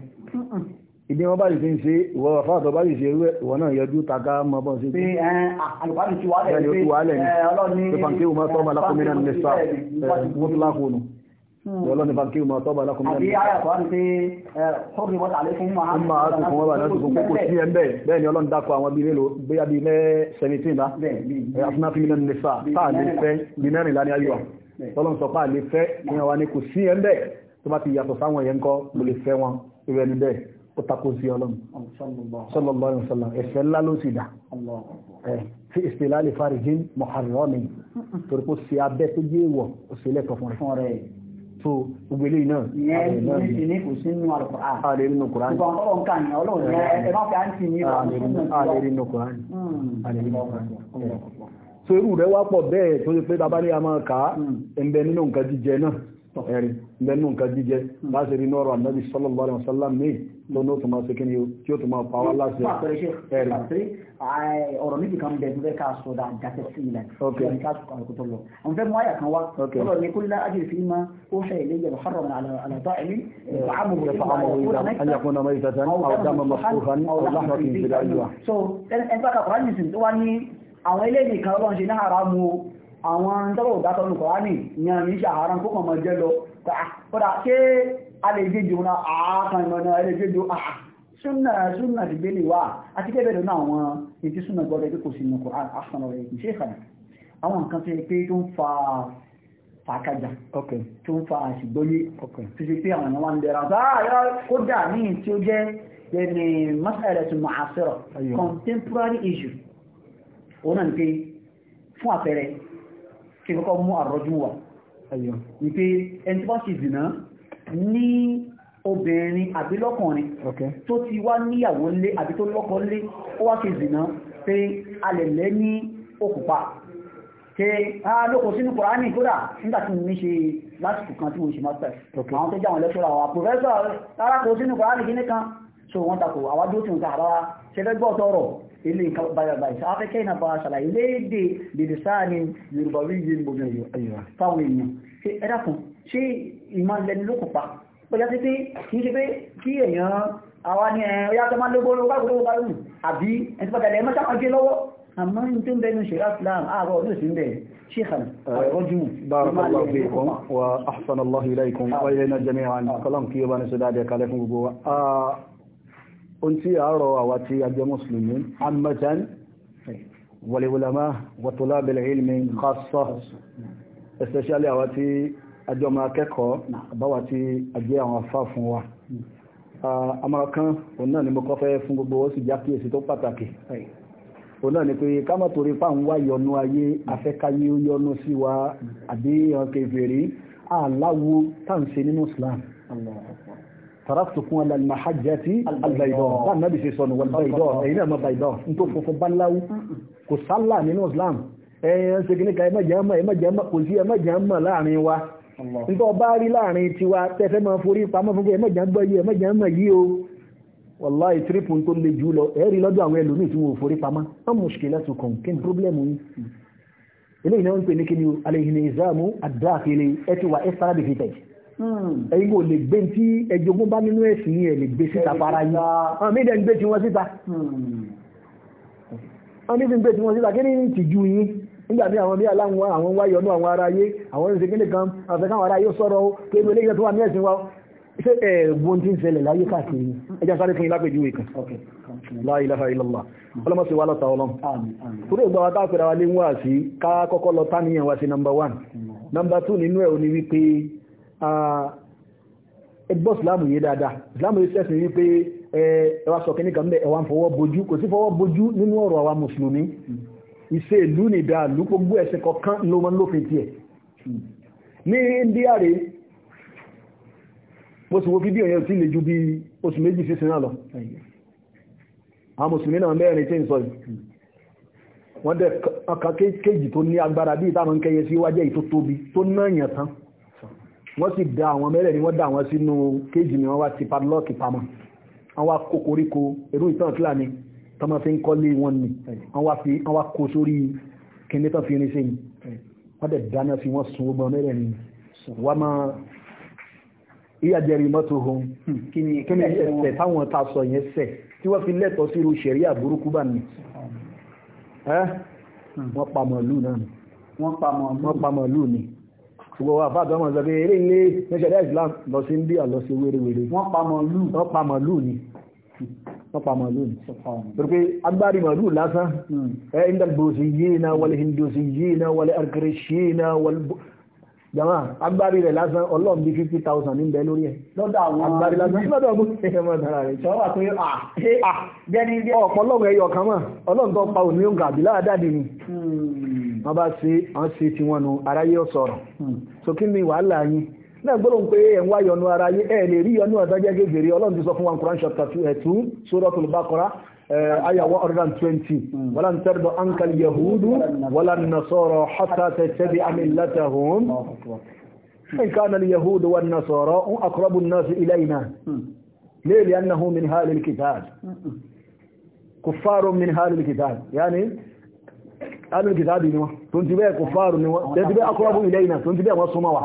[SPEAKER 1] ìdí wọn bá lè fi ń ṣe ìwọ ọ̀fà àtọ̀ bá lè ṣe ìwọ náà yọjú taka mọ bọ́n sí. pé àlùbáàdì ti wálẹ̀ ní ọlọ́ni pàǹkì òun máa tọ́ ọmọ alákùnrin náà nìsa wọ́n fi láàkó nù. ọlọ́ni pàǹkì òun máa tọ́ ọmọ alákùnrin náà nìsa. àbí àyàtọ̀ á ní pé ọ̀rẹ́ wọ́n tàlẹ́ fún máa. ọmọ àtùkùn wọn bá náà tùkùn kókò sí ẹ̀ ń bẹ̀ bẹ́ẹ̀ ni ọlọ́ni dákọ̀ àwọn bíi mélòó bóyá bíi mẹ́ seventeen ó takò sí ọlọ́run sallallahu alaihi wasallam ẹ̀fẹ́ ńlá ló sì dà fi istilali farijin muharrami torí kó sí abẹ́ tó jẹ́ ìwọ̀ ó sì lẹ́kọ̀ọ́ fún fún rẹ̀ tó gbogbo eléyìí náà ìyẹn ní ti ní kò sí nínú Al-Qur'an a lè rí nínú Qur'an ìgbà ọlọ́run kà ní ọlọ́run ẹ má fi àǹtí ní ìrọ̀lẹ́ a lè rí nínú Qur'an a lè rí nínú Qur'an hmm. so irú rẹ̀ wá pọ̀ bẹ́ẹ̀ tó ṣe pé babalẹ́ a máa kà á hmm. ẹ̀ńbẹ nínú nǹkan jíjẹ náà ẹ̀rin lẹ́nu nǹkan jíjẹ láti hmm. rí nọ́rọ̀ ànábì sallallahu alaihi wasallam ní tó ní ó tún máa ṣe kíni tí ó tún máa pa wá láti ẹ̀rin. ọ̀rọ̀ méjì kan bẹ̀ bẹ́ẹ̀ ká sọ dáa jáde sí ilẹ̀ ọ̀rọ̀ ká sọ àlùkò tó lọ. àwọn fẹ́ mú àyà kan wá ọ̀rọ̀ ní kó lílá ajé fi máa ó fẹ́ ilé yẹ̀rọ haram àlàtọ́ ẹ̀mí àwọn eléyìí kan ọlọ́run ṣe ní haramu àwọn tọ́lọ̀ ìdátọ́ ní ni, yàn ní ṣàhárán kó kọmọ jẹ́ lọ kọ́dá ṣe alẹ́gbẹ́jọ náà ààkan ìmọ̀nà alẹ́gbẹ́jọ àà súnà súnà ti gbé lè wà àti kẹ́bẹ̀rẹ̀ náà àwọn ètí súnà gbọ́dọ̀ pé kò sí ní kọ̀rán àṣànà rẹ̀ ìṣe ìkànnì àwọn nǹkan tó fa fàákàjà tó ń fa àṣìgbọ́yé tó ṣe pé àwọn ènìyàn ń dẹ̀ra báyọ̀ kódà ní tí ó jẹ́ contemporary issue òun náà ni pé fún àpẹẹrẹ kí n kọ́kọ́ mú àrọ́jú wà wípé ẹni tí wọ́n ṣe zìnà ní obìnrin àbí lọ́kùnrin tó ti wá níyàwó lé àbí tó lọ́kọ lé ó wá ṣe zìnà pé alẹ̀lẹ́ ní òkùpa ṣe alókò sínú kòránì kódà nígbà tí mo ní ṣe lásìkò kan tí mo ṣe masters àwọn tó jáwọn lẹ́ṣọ́ra wa professor lára kò sínú kòránì kíní kan so wọ́n takò àwájú tí mo ta àbára ṣẹlẹ́gbọ́ tọrọ ilé nǹkan báyà báyìí sọ afẹ́kẹ́ iná bá ṣàlàyé léèdè dèdè sáà ni yorùbá wí yé gbogbo ẹ̀yọ̀ fáwọn èèyàn ṣe ẹ̀dá kan ṣé ìmọ̀ lẹni ló kópa pẹ̀lú pé kì í ṣe pé kí èèyàn àwa ni ẹ̀yàn ọ̀yà tó máa lógbó lówó bá gbogbo bá lónìí àbí ẹni tó bá tẹ̀lé ẹ̀mọ́ta kan gé lọ́wọ́ àmọ́ ní tó ń bẹnu islam àárọ̀ ọdún sí ń bẹ̀ ṣíkàn ọ̀rọ̀jú barakallahu fiikum wa ahsanallahu ilaykum wa ah. ilayna jami'an kọlọ́m kí ó bá ní sọ́dá ohun tí àárọ̀ àwa tí a jẹ́ mùsùlùmí amẹ́tẹ́n wàlèwòlàmá wàtòlá bẹ̀rẹ̀ ilmi kásọ̀ especially àwa tí a jọ máa kẹ́kọ̀ọ́ àbáwà tí a jẹ́ àwọn afá fún wa amarakan òun náà ni mo kọ́ fún gbogbo ó sì já kíyèsí tó pàtàkì òun náà ni pé ká torí pa wá yọnu ayé afẹ́káyé ó yọnu sí wa àbí ọkẹ̀ ìfèrí aláwo táǹṣe nínú Islam taraktukun alalmahajjati albaidọ bá nábi ṣe sọnù walbaidọ ẹ̀yìn náà ma baidọ n tó funfun báláwú kò sálà nínú islam ẹ̀yìn ṣe gíníkà ẹmọ́jẹ́mọ́ kò sí ẹmọ́jẹ́mọ́ láàrin wa nítọ́ bá rí láàrin tiwa tẹ́fẹ́ ma forí pamọ́ fún ẹmọ́jẹ́mọ́ yìí ẹmọ́jẹ́mọ́ yìí o wàláì tírípù tó le jù lọ ẹ̀rí lọ́dọ̀ àwọn ẹlòmíì tí wọ́n forí pamọ́ wọ́n mú ṣìkìlẹ̀ tó kàn kí n pírọ́blẹ́mù yìí eléyìí náà ń pè ní ni o alẹ́ ìhìnà ìzáàmù àdáàkiri ẹ ti wà ẹ́ sára ẹ̀yin kò lè gbé tí ẹjọ́gún bá nínú ẹ̀sìn yìí ẹ̀ lè gbé síta fara yìí ọ̀n mí dẹ̀ ń gbé tí wọ́n síta wọ́n ní fi ń gbé tí wọ́n síta kí ní tìjú yín nígbà tí àwọn bí aláwọn àwọn wáyọ̀ ní àwọn aráyé àwọn ìṣe kíní kan àfẹ́ káwọn aráyé sọ̀rọ̀ ó pé ibi eléyìí tó wà ní ẹ̀sìn wa ṣé ẹ̀gbọ́n tí ń ṣẹlẹ̀ láyé káàkiri ẹja sáré fún yín lápèjúwe kan la ilaha illallah ọlọ́mọ sí wa lọ́ta ọlọ́m torí ìgbà wa táàpẹ̀rẹ̀ wa lé wá sí ká kọ́kọ́ lọ táníyàn wa sí number one number nínú ẹ̀ ò ní wípé ẹgbọ́ ìsìláàmù yé dáadáa ìsìláàmù yé sẹ́sìn wípé ẹwà sọ kìíní kan ẹwà ń fọwọ́ bojú kò sí fọwọ́ bojú nínú ọ̀rọ̀ àwa mùsùlùmí ìṣe ìlú nìdá ìlú gbogbo ẹ̀sìn kọ̀ọ̀kan ló wọn lófin tiẹ̀ ní India rè mo sì wo fídíò yẹn ò tí ì le ju bí oṣù méjì sísìn náà lọ àwọn mùsùlùmí náà mẹ́rin tí ń sọ yìí wọ́n dẹ̀ ọkà kéjì tó ní agbára bí ìtàwọn kẹyẹ sí wọ́n sì da àwọn mẹ́rẹ̀ ni wọ́n da àwọn sínú kéjì ni wọ́n wá ti padlock pamọ́ wọ́n wá kó koríko irú ìtàn kílà ni tọ́mọ fi ń kọ́lé wọn ni wọ́n wá kó sórí kíní tán fi rin sí ni wọ́n dẹ̀ dáná sí wọ́n sun ọgbọ́n mẹ́rẹ̀ ni wọ́n máa ìyàjẹrì mọ́tò hàn kí ni ẹsẹ̀ táwọn ta sọ yẹn sẹ̀ tí wọ́n fi lẹ́tọ̀ọ́ sí irú ṣẹ̀ríà burúkú bá ni hmm. wọ́n pa màálù náà ni wọ́n pa màálù ni ṣùgbọ́n wà fàtọ́ ọmọ ìsọ̀kẹ́ eré ilé mẹ́ṣẹ̀dá islam lọ sí india lọ sí wérewère wọ́n pa màálù wọ́n pa màálù ni wọ́n pa màálù ni pẹ̀lú agbárí màálù lásán hmm. ẹ̀ ìdàgbòsí yìí náà wọlé hindosi yìí náà wọlé arkirishi náà wọlé jama agbárí rẹ̀ lásán ọlọ́run bí 50,000 níbẹ̀ lórí ẹ̀ lọ́dọ̀ àwọn agbárí lásán lọ́dọ̀ ọgbọ́n ṣe ẹmọ ìdára rẹ̀ ṣọ́wà pé àà jẹ́ ní ọ̀pọ̀lọ́run ẹyọ kan mọ́ ọlọ́run tó pa òní òǹkà àbíláàdádì ni hmm wọ́n bá sí wọ́n sí tí wọ́n nu aráyé sọ̀rọ̀ so kí ni wàhálà yín náà gbọ́dọ̀ pé ẹ̀ ń wá yọnu aráyé ẹ̀ lè rí yọnu àtàjẹ́ gègèrè ọlọ́run ti sọ fún wa Quran chapter two Suratul Baqarah aya 120 wala tardo ankal yahudu wala nasara hatta tattabi'a millatahum إن كان اليهود والنصارى أقرب الناس إلينا ليه لأنه من هال الكتاب كفار من هال الكتاب يعني alóòkè tàbí ni wọ́n tó ti bẹ́ẹ̀ kò fáàrù ni wọ́n tẹ́ ti bẹ́ẹ̀ akọ́rọ̀bù ilẹ̀ ìnà tó ti bẹ́ẹ̀ wọ́n súnmọ́ wà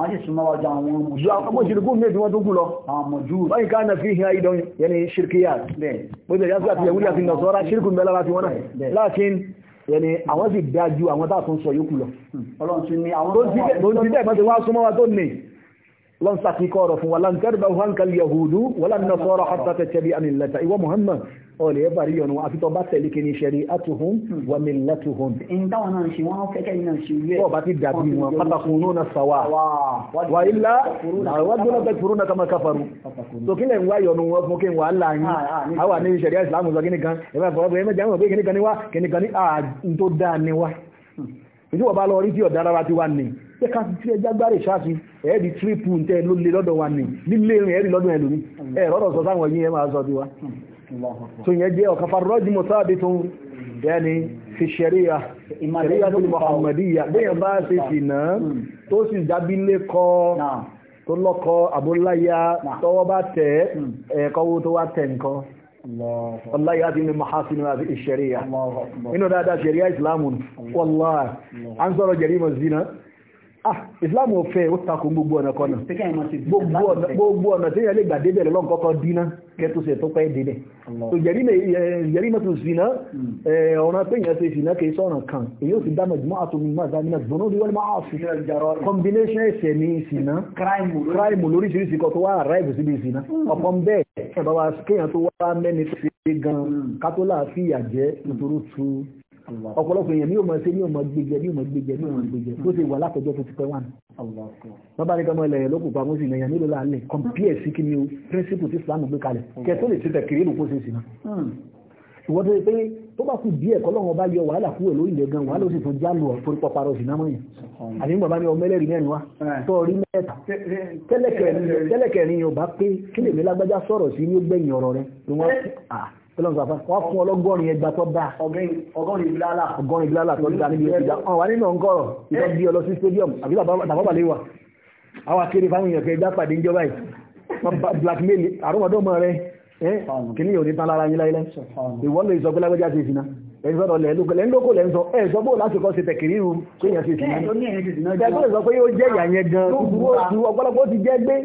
[SPEAKER 1] àwọn ṣìrìkú méjì wọ́n tó kú lọ wọ́n ká na fi hìá ìdán yẹni ṣirkiya bóyá yásí àti yẹ̀wúlì àti nàṣọ́rá ṣirkun bẹ́ẹ̀ lára ti wọ́n náà láàkín yẹni hmm. àwọn tó ń sọ yókù lọ tó wá súnmọ́ wa tó ní lọ́n sàkíkọ́ ọ̀rọ̀ fún wa lan tarba ọ̀lẹ́ ẹ̀bà rí ọ̀nà àfitọ́ bá tẹ̀lé kí ni ṣẹ̀rí àtúhùn hmm. wa millatuhum. ìdáwọn náà ṣe wọ́n fẹ́kẹ́ iná ṣe rẹ̀. ọba ti dàbí wọn fatakununa sawa wa illa wa dúró bẹ turu náà kama kafaru. tó kílẹ̀ ń wá ìyọnu wọn fún kí n wà á láàyè àwa ah, ah, ní ṣẹ̀rí islam sọ kíni kan ẹ̀fẹ̀ fọwọ́ bẹ̀rẹ̀ mẹ́jọ àwọn òbí kíni kan ní wa kíni kan ní ààrùn ah, tó dáa ní wa. Hmm. ìdí wọ́n bá lọ rí tí ọ̀dà rárá ti wà ẹ̀ẹ́dì tírípù ń tẹ́ ló lọ́dọ̀ wa ní nílé hmm. ẹ̀rí lọ́dún ẹlòmí ẹ̀rọ̀rọ̀ sọ sáwọn yìí ẹ máa sọ tó yẹn jẹ́ ọ̀kan farọ́jì mọ̀sáàbí tó yẹni fi ṣẹ̀ríyà ṣẹ̀ríyà tó Muhammadiyya bẹ́yàn bá ṣe sì náà tó sì dábí lé kọ tó lọ́kọ àbúláyà tọwọ́ bá tẹ̀ hmm. ẹ̀kọ́wó tó wá tẹ̀ nǹkan wallahi hadi min mahasin hadhihi ash-sharia inú dáadáa sharia islamun wallahi an sọ̀rọ̀ jarima zina ah islam ò fẹ́ ó takò gbogbo ọ̀nà kọ́nà gbogbo ọ̀nà tí yẹ lè gbà débẹ̀ lọ́n kọ́kọ́ dínà kẹtù sẹ̀ tó pẹ́ débẹ̀ tó jẹ̀rí mẹ́tò sínà ọ̀ràn pé yẹn ṣe sínà kìí sọ̀rọ̀ kan èyí ò sì dámẹ̀ jùmọ́ àtòmí máa dámínà gbọ́nà bí wọ́n máa fi combination ẹ̀sẹ̀ ní sínà crime lóríṣiríṣi kan tó wá arrive síbi sínà hmm. ọ̀kan bẹ́ẹ̀ ẹ̀bá wa kéèyàn tó wá mẹ́ni tó ṣe gan hmm. kátólà fìyà jẹ́ nítorí tu ọ̀pọ̀lọpọ̀ èèyàn ní o máa ṣe ní o máa gbẹjẹ ní o máa gbẹjẹ ní o máa gbẹjẹ tó ṣe wà látọjọ́ tó ti pẹ́ wàn. bàbá rẹ̀ gbọ́mọ ilẹ̀ lókùn pa mọ́sí ìyẹn nílò láàlẹ̀ compare sí kí ni o principle ti Islam gbé kalẹ̀ kẹ tó lè ṣe tẹ̀ kiri lóko ṣe sí na. Hmm. ìwọ́n tó ṣe pé tó bá kú díẹ̀ kọ́lọ́wọ́n bá yọ wàhálà kúrò lórí ilẹ̀ gan wàhálà ó sì tún já lu ọ̀fọ̀ pàparọ̀ sí námọ̀ yẹn àní bàbá ni ọmọ ẹlẹ́rìí mẹ́rin wá tó rí mẹ́ta tẹ́lẹ̀kẹ̀rin yóò bá pé kí lèmi lágbájá sọ̀rọ̀ sí ní ó gbẹ̀yìn ọ̀rọ̀ rẹ̀ ọlọ́gbàfà wọ́n fún ọlọ́gọ́rin ẹgbà tó dáa ọgọ́rin ìbílálà ọgọ́rin ìbílálà tó dáa níbi ìjà wọn wà nínú ọgọ́rọ̀ ìjọ bí ọ lọ sí stadium àbí tàbábàlẹ̀ wà àwọn akéré fáwọn èèyàn kẹjá pàdé ń jọba yìí blackmail àrùmọ̀dọ́mọ rẹ kìíní yóò ní tán lára yín láyé ìwọ́n lè sọ pé lágbẹ́já ti ìsìná ẹni sọ́dọ̀ lẹ́ńdókò lẹ́ ń sọ ẹ̀ sọ bó láti kọ́ sí tẹ̀kìrí irú kéèyàn sí ìsìná tẹ̀kọ́ sọ pé yóò jẹ́ ìyà yẹn gan ọ̀pọ̀lọpọ̀ ti jẹ́ gbé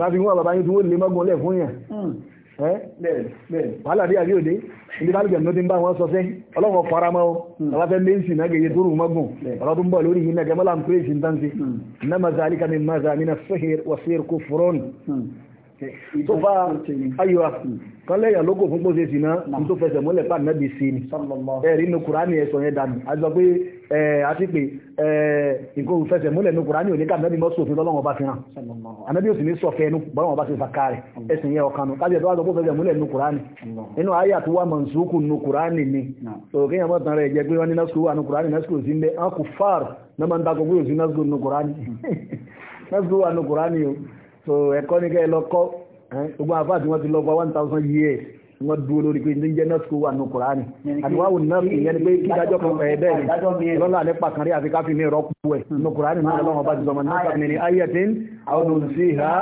[SPEAKER 1] láti hmm. hmm. wọ́n bàbá yín tí wọ́n lè mọ́gbọ́n lẹ̀ fún yàn hmm wàhálà bí àbí òde ilé bálùgbẹ̀ ló ti ń bá wọn sọ sẹ́ ọlọ́wọ́ fara mọ́ ọ lọ́wọ́ fẹ́ méjì náà gẹ̀yẹ tó rùn mọ́gùn ọ̀rọ̀ tó ń bọ̀ lórí yìí náà gẹ́mọ́lá ń pè é sí ń tán sí hmm. náà mazalika min mazamina sihir wa sihir kufrun hmm tó bá ayọ̀ kọ́lẹ́yà lókò fún pọ́sẹ̀ sí náà tó fẹsẹ̀ mọ́lẹ̀ pàdé náà bí sí ni ẹ̀rí inú kùránì ẹ̀sọ̀ yẹn dànù àjọ pé àti pé nǹkan fẹsẹ̀ mọ́lẹ̀ inú kùránì òní kàbí mọ́ sófin lọ́lọ́wọ́ bá fi hàn anábí ò sì ní sọfẹ́ inú bọ́lọ́wọ́ bá ti fa káàrẹ̀ ẹ̀sìn yẹn ọ̀kan nù kábíyà tó wá sọ pé fẹsẹ̀ mọ́lẹ̀ inú kùránì inú ayé àti wá mọ̀nsúkù inú kùránì ni òkè yẹn mọ́tàn rẹ̀ jẹ́ pé wọ́n ní násùkù wà nù kùránì násùkù sí ń bẹ́ wọn kò fáàrù náà máa ń dákọ̀ pé òsì násùkù nù kùránì násùkù wà nù kùránì o so ẹ̀kọ́ ní kẹ́ ẹ lọ́kọ́ gbogbo àfáà tí wọ́n ti lọ́gbà one thousand years wọ́n dúró lórí pé ní jẹ́ nọ́ọ̀sì kó wà ní kùránì àdìwáwò nọ́ọ̀sì ìyẹn ni pé kí dájọ́ kan pẹ̀lẹ́ bẹ́ẹ̀ ni lọ́la àlẹ́ pàkàrí àfi káfí ní ìrọ́pù ẹ̀ ní kùránì náà lọ́wọ́ bá ti sọmọ náà kàmì ní ayatin àwọn olùsí ha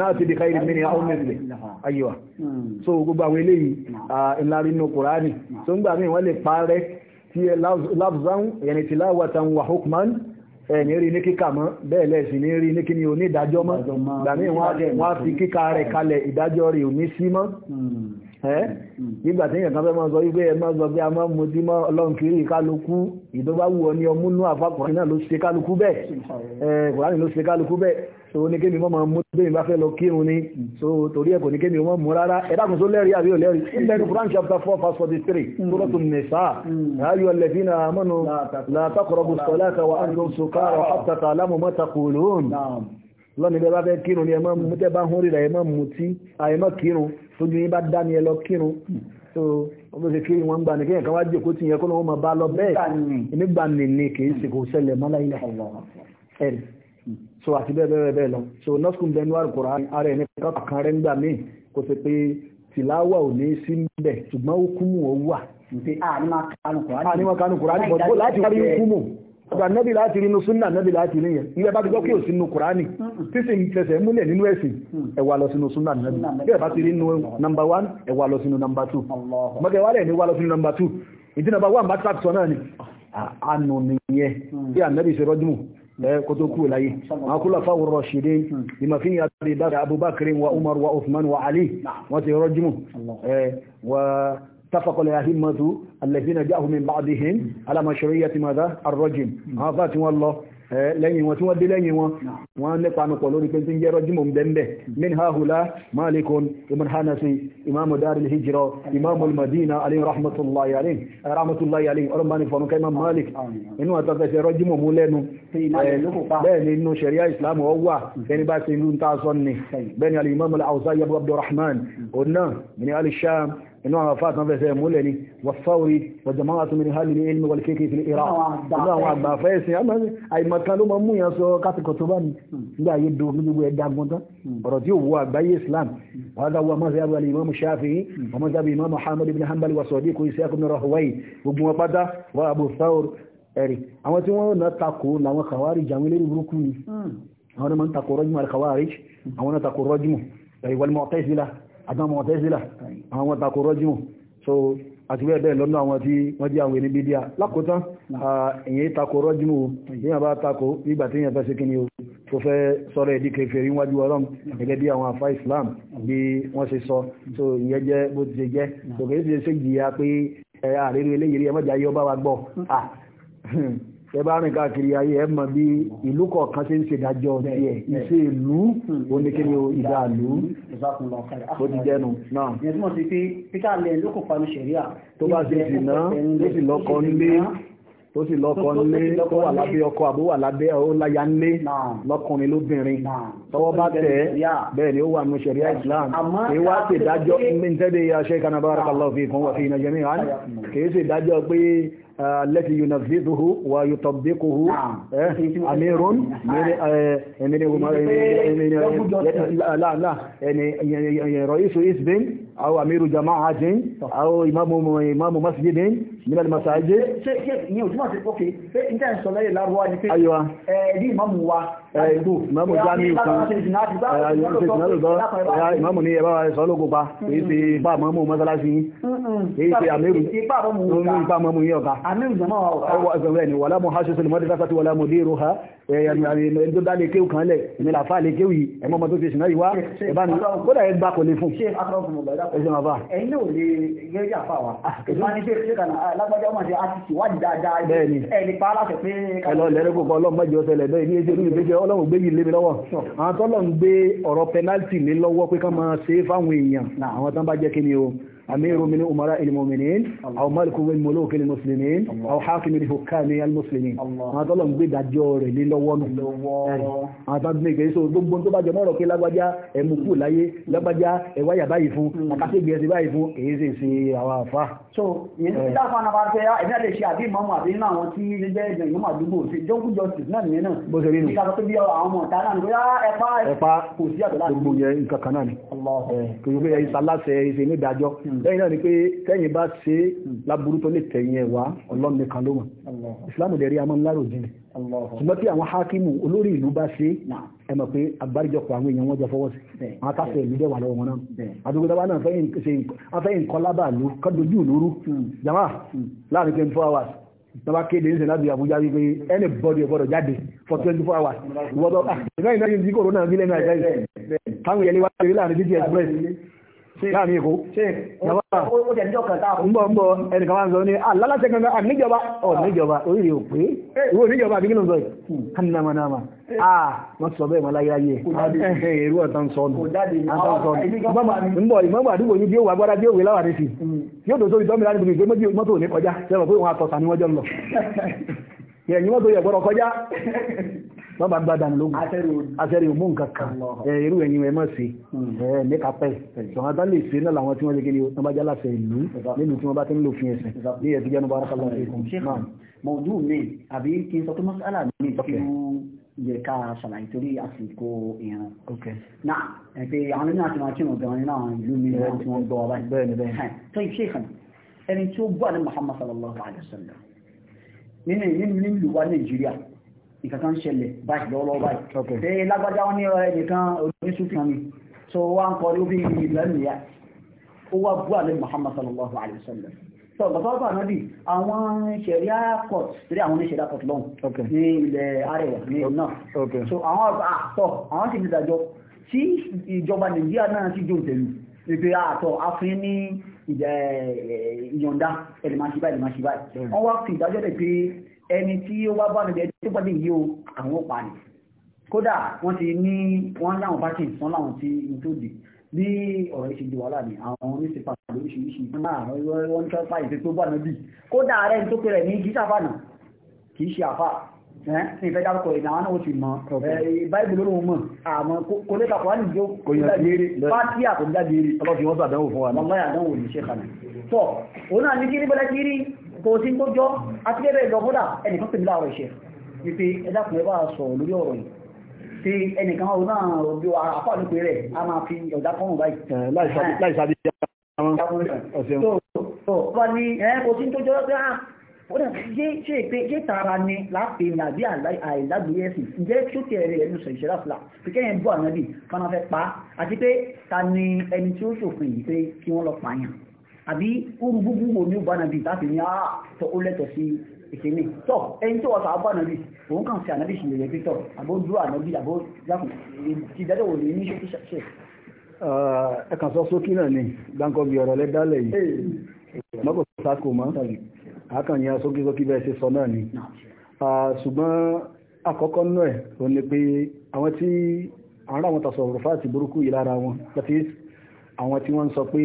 [SPEAKER 1] náà ti di káyìrì mìíràn àwọn mẹ́sìlẹ̀ ayíwa so gbogbo àwọn eléyìí ìlàrí ní kùránì tó ń gbà mí wọ́n lè parẹ́ tí láwùzán yẹn ti láwàtàn wà hukman ẹni rí ní kíkà mọ́ bẹ́ẹ̀ lẹ́sìn ní rí ní kí ni onídàájọ́ mọ́ ìgbàmí wọ́n á fi kíkà rẹ̀ kalẹ̀ ìdájọ́ rẹ̀ ò ní sí mọ́ hmm. Hmm. nígbà tí fẹ́ máa sọ wípé ẹ sọ pé a máa mú tí mọ́ ọlọ́run kiri kálukú ìdọ́bá wù ọ ní ọmúnú àfàkùnrin náà ló ṣe kálukú
[SPEAKER 2] bẹ́ẹ̀
[SPEAKER 1] kùránì ló ṣe kálukú bẹ́ẹ̀ so ní kémi mọ́ máa mú bẹ́ẹ̀ bá fẹ́ lọ kírun ni so torí ẹ̀kọ́ ní kémi mọ́ mú rárá ẹ̀dàkùn tó lẹ́rìí àbí òlẹ́rìí lẹ́nu Quran chapter four verse forty three suratul nisa ayọ̀ lẹ́fínà amanu la taqrabu salata wa antum sukara hatta ta'lamu ma taqulun lọ́ni bẹ́ẹ̀ bá fẹ́ kírun ni ẹ máa mú tẹ́ bá hún rírà ẹ máa mú tí ẹ máa kírun tójú yín bá dá ni ẹ lọ kírun so ọmọ ṣe kí wọn gbani kéèyàn kan wá jòkó tí yẹn kó ló máa bá lọ bẹ́ẹ̀ nígbà nìní kì í ṣe kò ṣẹlẹ̀ mọ́ so àti bẹ́ẹ̀ bẹ́ẹ̀ lọ so nọ́ọ̀sùn bẹ́ẹ̀ nínú Al-Qur'an ara ẹni kankan rẹ̀ ńgbà míì kò sì pé tìláwà ò ní sí níbẹ̀ ṣùgbọ́n hukumu ò wà. àníwọ̀n kanu Kùránì bọ̀ láti wá rí hukumu ọ̀gbà nẹ́bí láti rí inú súnà nẹ́bí láti rí yẹn ilẹ̀ bá ti gbọ́ kí o sí inú Kùránì tí sì ń fẹsẹ̀ múlẹ̀ nínú ẹ̀sìn mm. ẹ wá lọ sínú súnà nẹ́bí bí ẹ bá ti rí inú nọmba one ẹ lọ sínú nọmba two mọ́kẹ́wálẹ̀ ní wá lọ sínú nọmba two ìdí nọmba one bá tíráàtì sọ náà ni ah, àánú nìyẹn mm. bí ànẹ́bí ṣe rọ́júmù kutoku laye akula fawur rashidin bima fi abi bakr abu bakr wa umar wa uthman wa ali wa tirajmu wa اتفق الأئمة الذين جاءوا من بعدهم على مشروعية ماذا الرجم هذا والله lẹ́yìn wọn tí wọ́n dé lẹ́yìn wọn wọ́n nípa nùpọ̀ lórí pé tí ń jẹ́rọ jímọ̀ bẹ́ẹ̀ hmm. min hahula malikun ibn hanasi imamu dar al-hijra imamu al-madina alayhi rahmatullahi alayhi rahmatullahi alayhi ọ̀rọ̀ bá ní fọ̀nù kẹ́ imam malik inú àtàkẹ́sẹ̀ rọ jímọ̀ mú lẹ́nu bẹ́ẹ̀ ni inú sharia islam ọ wà hmm. ẹni bá ti ìlú ń ta sọ ni bẹ́ẹ̀ inú àwọn afá tán fẹ́sẹ̀ múlẹ̀ ni wàfáwí wàjàmáwà tó mìí hálì ní ilmi wal kéèkéè fi Iraq inú àwọn àgbàfẹ́ ẹ̀sìn àìmọ̀kan ló mọ̀ mú yàn sọ kásìkọ̀ tó bá ní hmm. nígbà ayé do gbogbo ẹ̀dá gbọ́ntán hmm. ọ̀rọ̀ tí ó wọ àgbáyé Islam wàhálà hmm. wà mọ́sí abu alì imamu Shafi'i wà mọ́sí abu imamu Muhammad ibn Hanbal wa sadiqu Ishaq ibn Rahawayh gbogbo wọn pátá wà Abu Thawr ẹ̀rì àwọn tí wọ́n na takò làwọn kàwárí jàwọn ilé burúkú ni àwọn náà máa ń takò rọ́jùmọ̀ àkàwárí àwọn náà takò rọ́jùmọ̀ ẹ̀rì wal Mu'tazila àtàwọn ọ̀tẹ́sílà àwọn tako rọ́jùmọ̀ so àti bẹ́ẹ̀ bẹ́ẹ̀ lọ́nà àwọn tí wọ́n jẹ́ àwọn ènìyàn bídíà lákòótán èyàn tako rọ́jùmọ̀ èyàn bá tako nígbà tí èyàn fẹ́ ṣe kíni o tó fẹ́ sọ̀rọ̀ ẹ̀dí kèfèrí wájú ọlọ́run gẹ́gẹ́ bí àwọn àfá Islam bí wọ́n so ìyẹn jẹ́ so kèé ṣe ṣe jìyà pé àrèrè eléyìí ẹmọ́jà yọ tẹ́bá rìn káàkiri ayé ẹ mọ̀ bí ìlú kọ̀ọ̀kan ṣe ń ṣe ìdájọ́ ọ̀dẹ́ ẹ̀ ìṣe ìlú oníkíní ìdá ìlú ó ti jẹ́nu náà. ìyẹn túmọ̀ sí pé peter lẹ ló kò fanu sẹ̀ríà. tó bá ṣe sì ná tó sì lọ́kọ nílé tó sì lọ́kọ nílé tó wà lábẹ́ ọkọ àbó wà lábẹ́ ọláyà nílé lọ́kùnrin lóbìnrin tọwọ́ bá tẹ̀ bẹ́ẹ̀ ni ó wà nù sẹ̀ríà Islam kì í wá ṣèdájọ́ ní tẹ́lẹ̀ yà ṣe kanabara kàlọ́ọ̀fì kan wà fi ìnàjẹ́mí hàn kì í ṣèdájọ́ pé التي ينفذه ويطبقه أمير لا لا رئيس حزب أو أمير جماعة أو إمام إمام مسجد من المساجد. أيوه ìlú ìmọ̀mù jámí kan ìmọ̀mù eh, eh, ní ẹbá ìsọ́lógún pa èyí ti ipá mọ́mù mọ́sálásí èyí ti àmẹ́rù ipá mọ́mù yí ọ̀gá ẹgbẹ̀rẹ̀ ni wọ́lá mọ́ hásùsùn mọ́dílásátí wọ́lá mọ́ lérò ha ẹ̀yàn tó dálé kéwù kan lẹ̀ ìmìlà fà lè kéwù yìí ẹmọ́ ọmọ tó ti ṣìnà ìwá ẹ̀bá ni kódà ẹ gbà kò lè fún ah, ah, ṣe akọ́rọ̀kùnmọ̀ ọlọ́run gbé yìí lé mi lọ́wọ́ àwọn tọ́lọ̀ ń gbé ọ̀rọ̀ penalty lé lọ́wọ́ pé ká máa ṣe fáwọn èèyàn àwọn tán bá jẹ́ kí ni o أمير من أمراء المؤمنين أو ملك من ملوك المسلمين أو حاكم من حكام المسلمين هذا الله gbé dájọ́ rẹ̀ lé lọ́wọ́ nù àtàdé ní ìgbésò gbogbo tó bá jẹ mọ́rọ̀ pé lágbájá ẹ̀mùkú láyé lágbájá ẹ̀wáyà báyìí fún hmm. àkásẹ́gbẹ̀ẹ́sẹ̀ báyìí fún èyí sì ṣe àwọn àfáà so ìyẹn tí dáfà náà bá fẹ́ ẹ̀mí àti ìṣe àbí ìmọ̀ọ́mọ̀ àbí nínú àwọn tí ń jẹ́ ìjọ ìmọ̀ àdúgbò ṣe jókòó justice náà nìyẹn náà bó ṣe rí nù ìkàtọ̀ tó bí àwọn ọmọ ọ̀tá náà nígbà ẹ̀pá ẹ̀pá kò sí àtọ̀ láti gbogbo yẹn nǹkan kan náà ni kò yẹ pé ìsàlásẹ̀ ìṣe ní ìdájọ́ hmm. lẹ́yìn náà ni pé tẹ́yìn bá ṣe hmm. láburú tó lè tẹ̀yìn ẹ̀wá ọlọ́run nìkan ló mọ̀ ìsìlámù dẹ̀rí amọ́ ńlá rò jìnnì ṣùgbọ́n tí àwọn hákímù olórí ìlú bá ṣe ẹ mọ̀ pé agbáríjọpọ̀ àwọn èèyàn wọ́n jọ fọwọ́ sí wọn akáfẹ́ ìlú dẹ̀ wà lọ́wọ́ wọn náà àdúgbò dábàá náà afẹ́ ìkọlábà ló kọ́dọ̀jú lóru jama láàrin twenty four hours tọ́ba kéde ń sẹ́ láti wípé ẹni bọ́dì ọ̀gbọ́dọ̀ jáde for twenty four hours ìwọ́dọ̀ ah, ìgbà ìnáyẹ̀ ní kòrónà bí lẹ́nu àìsàn táwọn yẹlé wá láàrin dt express láàrin èkó ńbọ̀ ńbọ̀ ẹnìkan wá ń sọ ní alálàṣẹ kankan àníjọba ọ̀níjọba ah. oríire ò pé ìwò oníjọba àbí kí ló ń sọ yìí hmm. kánínámanáma àà wọ́n sọ bẹ́ẹ̀ mọ́láyáyé èrú ọ̀tán sọnù ńbọ̀ ìmọ̀gbà àdúgbò yìí bí ó wà gbọ́dá bí ó wé láwà ní sí hmm. yóò tó sórí tọ́mìlá níbi ìgbé mọ́tò ò ní kọjá sẹ́wọ̀n pé òun àtọ̀sà ni wọ́n jọ ń lọ yẹ̀yìn mọ́tò yẹ̀ gbọ́dọ̀ kọjá bọ́bá gbádàn lógún àṣẹ́rì òmú nǹkan kan irú ẹ̀yìn ẹ̀mọ́ sí hmm. mẹ́kàpẹ́ ṣọ̀nà tán lè ṣe náà làwọn tí wọ́n lè gẹ́lẹ́ wọ́n bá jálàṣẹ ìlú nínú tí wọ́n bá tí ń lò fi ẹ̀sìn ní ẹ̀sìn jẹ́nu bá sallallahu alayhi wa sallam nínú ìlú wa Nàìjíríà ìkàkà ń ṣẹlẹ̀ báyìí lọ́wọ́lọ́wọ́ báyìí ṣe lágbájá wọn ní ọ̀rẹ́ nìkan oníṣùfì kan ni so wá ń kọ ní orí ìlànà ìyá ó wá bú àlẹ́ Muhammad sallallahu alayhi wa sallam so bàbá ànábì àwọn ṣẹ̀ríà court torí àwọn ní ṣẹ̀ríà court lọ́hùn ní ilẹ̀ àríwá ní náà so àwọn àtọ̀ àwọn sì ní ìdájọ́ tí ìjọba Nàìjíríà náà sì jò tẹ̀lú ìpè àtọ̀ àfin ní ìyọ̀ǹda ẹ̀lẹ́màṣíbáì ẹ̀lẹ́màṣíbáì wọ́n wá fi ìdájọ́ rẹ̀ pé ẹni tí ó wá bá ní ẹjọ́ tó pàdé yìí o àwọn pa ni kódà wọ́n ti ní wọ́n láwọn bá ṣe ìsán láwọn tí n tó dì bí ọ̀rọ̀ ìṣe di wàhálà ni àwọn oníṣẹ́pà lóríṣiríṣi wọ́n ń tọ́pá ìṣe tó bá níbi kódà rẹ̀ ń tó pèrè ní gíṣà fànà kì í ṣe àfà ní ìfẹ́ dárúkọ ìdá àwọn oṣù mọ́ báyìí lórí wọn mọ̀ àmọ́ kò lè kàkọ́ ní yóò kò yàn léèrè pàtí àkọ́jáde ọlọ́fin wọ́n sàdánwò fún wa náà lọ́yà àdánwò ní ṣe kànà tọ́ òun náà ní kí ní bẹ́lẹ́ kò tó jọ àti gẹ́gẹ́ lọ fúdà ẹnìkan pèmí ìṣẹ́ wípé ẹ̀dàkùn ẹbá lórí ọ̀rọ̀ yìí tí ẹnìkan ọ̀rọ̀ náà bí rẹ̀ a máa fi ọ̀dá kọ́rùn báyìí láìsàbí ó dà ṣe ṣe pé ah, ṣe tààrà ni láàpẹ ní àbí àìlágbèé ẹ̀sìn ǹjẹ́ tí ó ti ẹ̀rẹ̀ ẹ̀nu sọ̀rọ̀ ìṣẹ́lá fìlà fi kẹ́yìn bú ànábì fana fẹ́ pa àti pé àbí orú gbogbo wo ní bánàbí láti ní àà tó ó lẹ́tọ̀ sí ìkíní tọ́ ẹni tó wọ́sà ah, bánàbí òun kàn sí ànábì sí ìrẹ̀lẹ̀ pítọ̀ àbó dúró ànábì àbó lákùn ìdájọ́ wò ní ní ṣe ṣe. Eh, ẹ kàn sọ sókí náà ni gbáǹkọ́ bí ọ̀rọ̀ lẹ́dálẹ̀ yìí mọ́kò sákò mọ́ àákànyà sókí sókí bẹ́ẹ̀ ṣe sọ náà ni ṣùgbọ́n àkọ́kọ́ náà ẹ̀ o ní pé àwọn tí àwọn àwọn tàṣọ̀rọ̀ fáàtì burúkú pé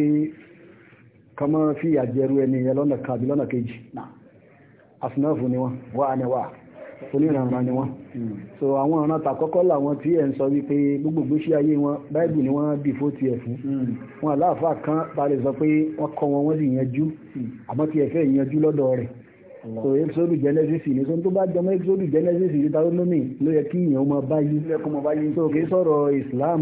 [SPEAKER 1] kama fi àjẹrú ẹni na lọ́nà na lọ́nà kejì wa ni wọ́n wà ní wà hmm. onírànra ni wọ́n hmm. so àwọn ọ̀ràn tàkọ́kọ́ làwọn tí ẹ̀ ń sọ wípé gbogbo gbésí ayé wọn báìbù ni wọ́n dì fó tiẹ̀ fún hmm. wọn aláàfáà kan parí sọ pé wọ́n kọ́ wọn wọ́n sì yanjú àmọ́ tiẹ̀ fẹ́ yanjú lọ́dọ̀ rẹ̀ so exodus genesis ni so tó bá jọmọ́ exodus genesis ní taronomy ló yẹ kí ìyẹn máa báyìí so kì í sọ̀rọ̀ islam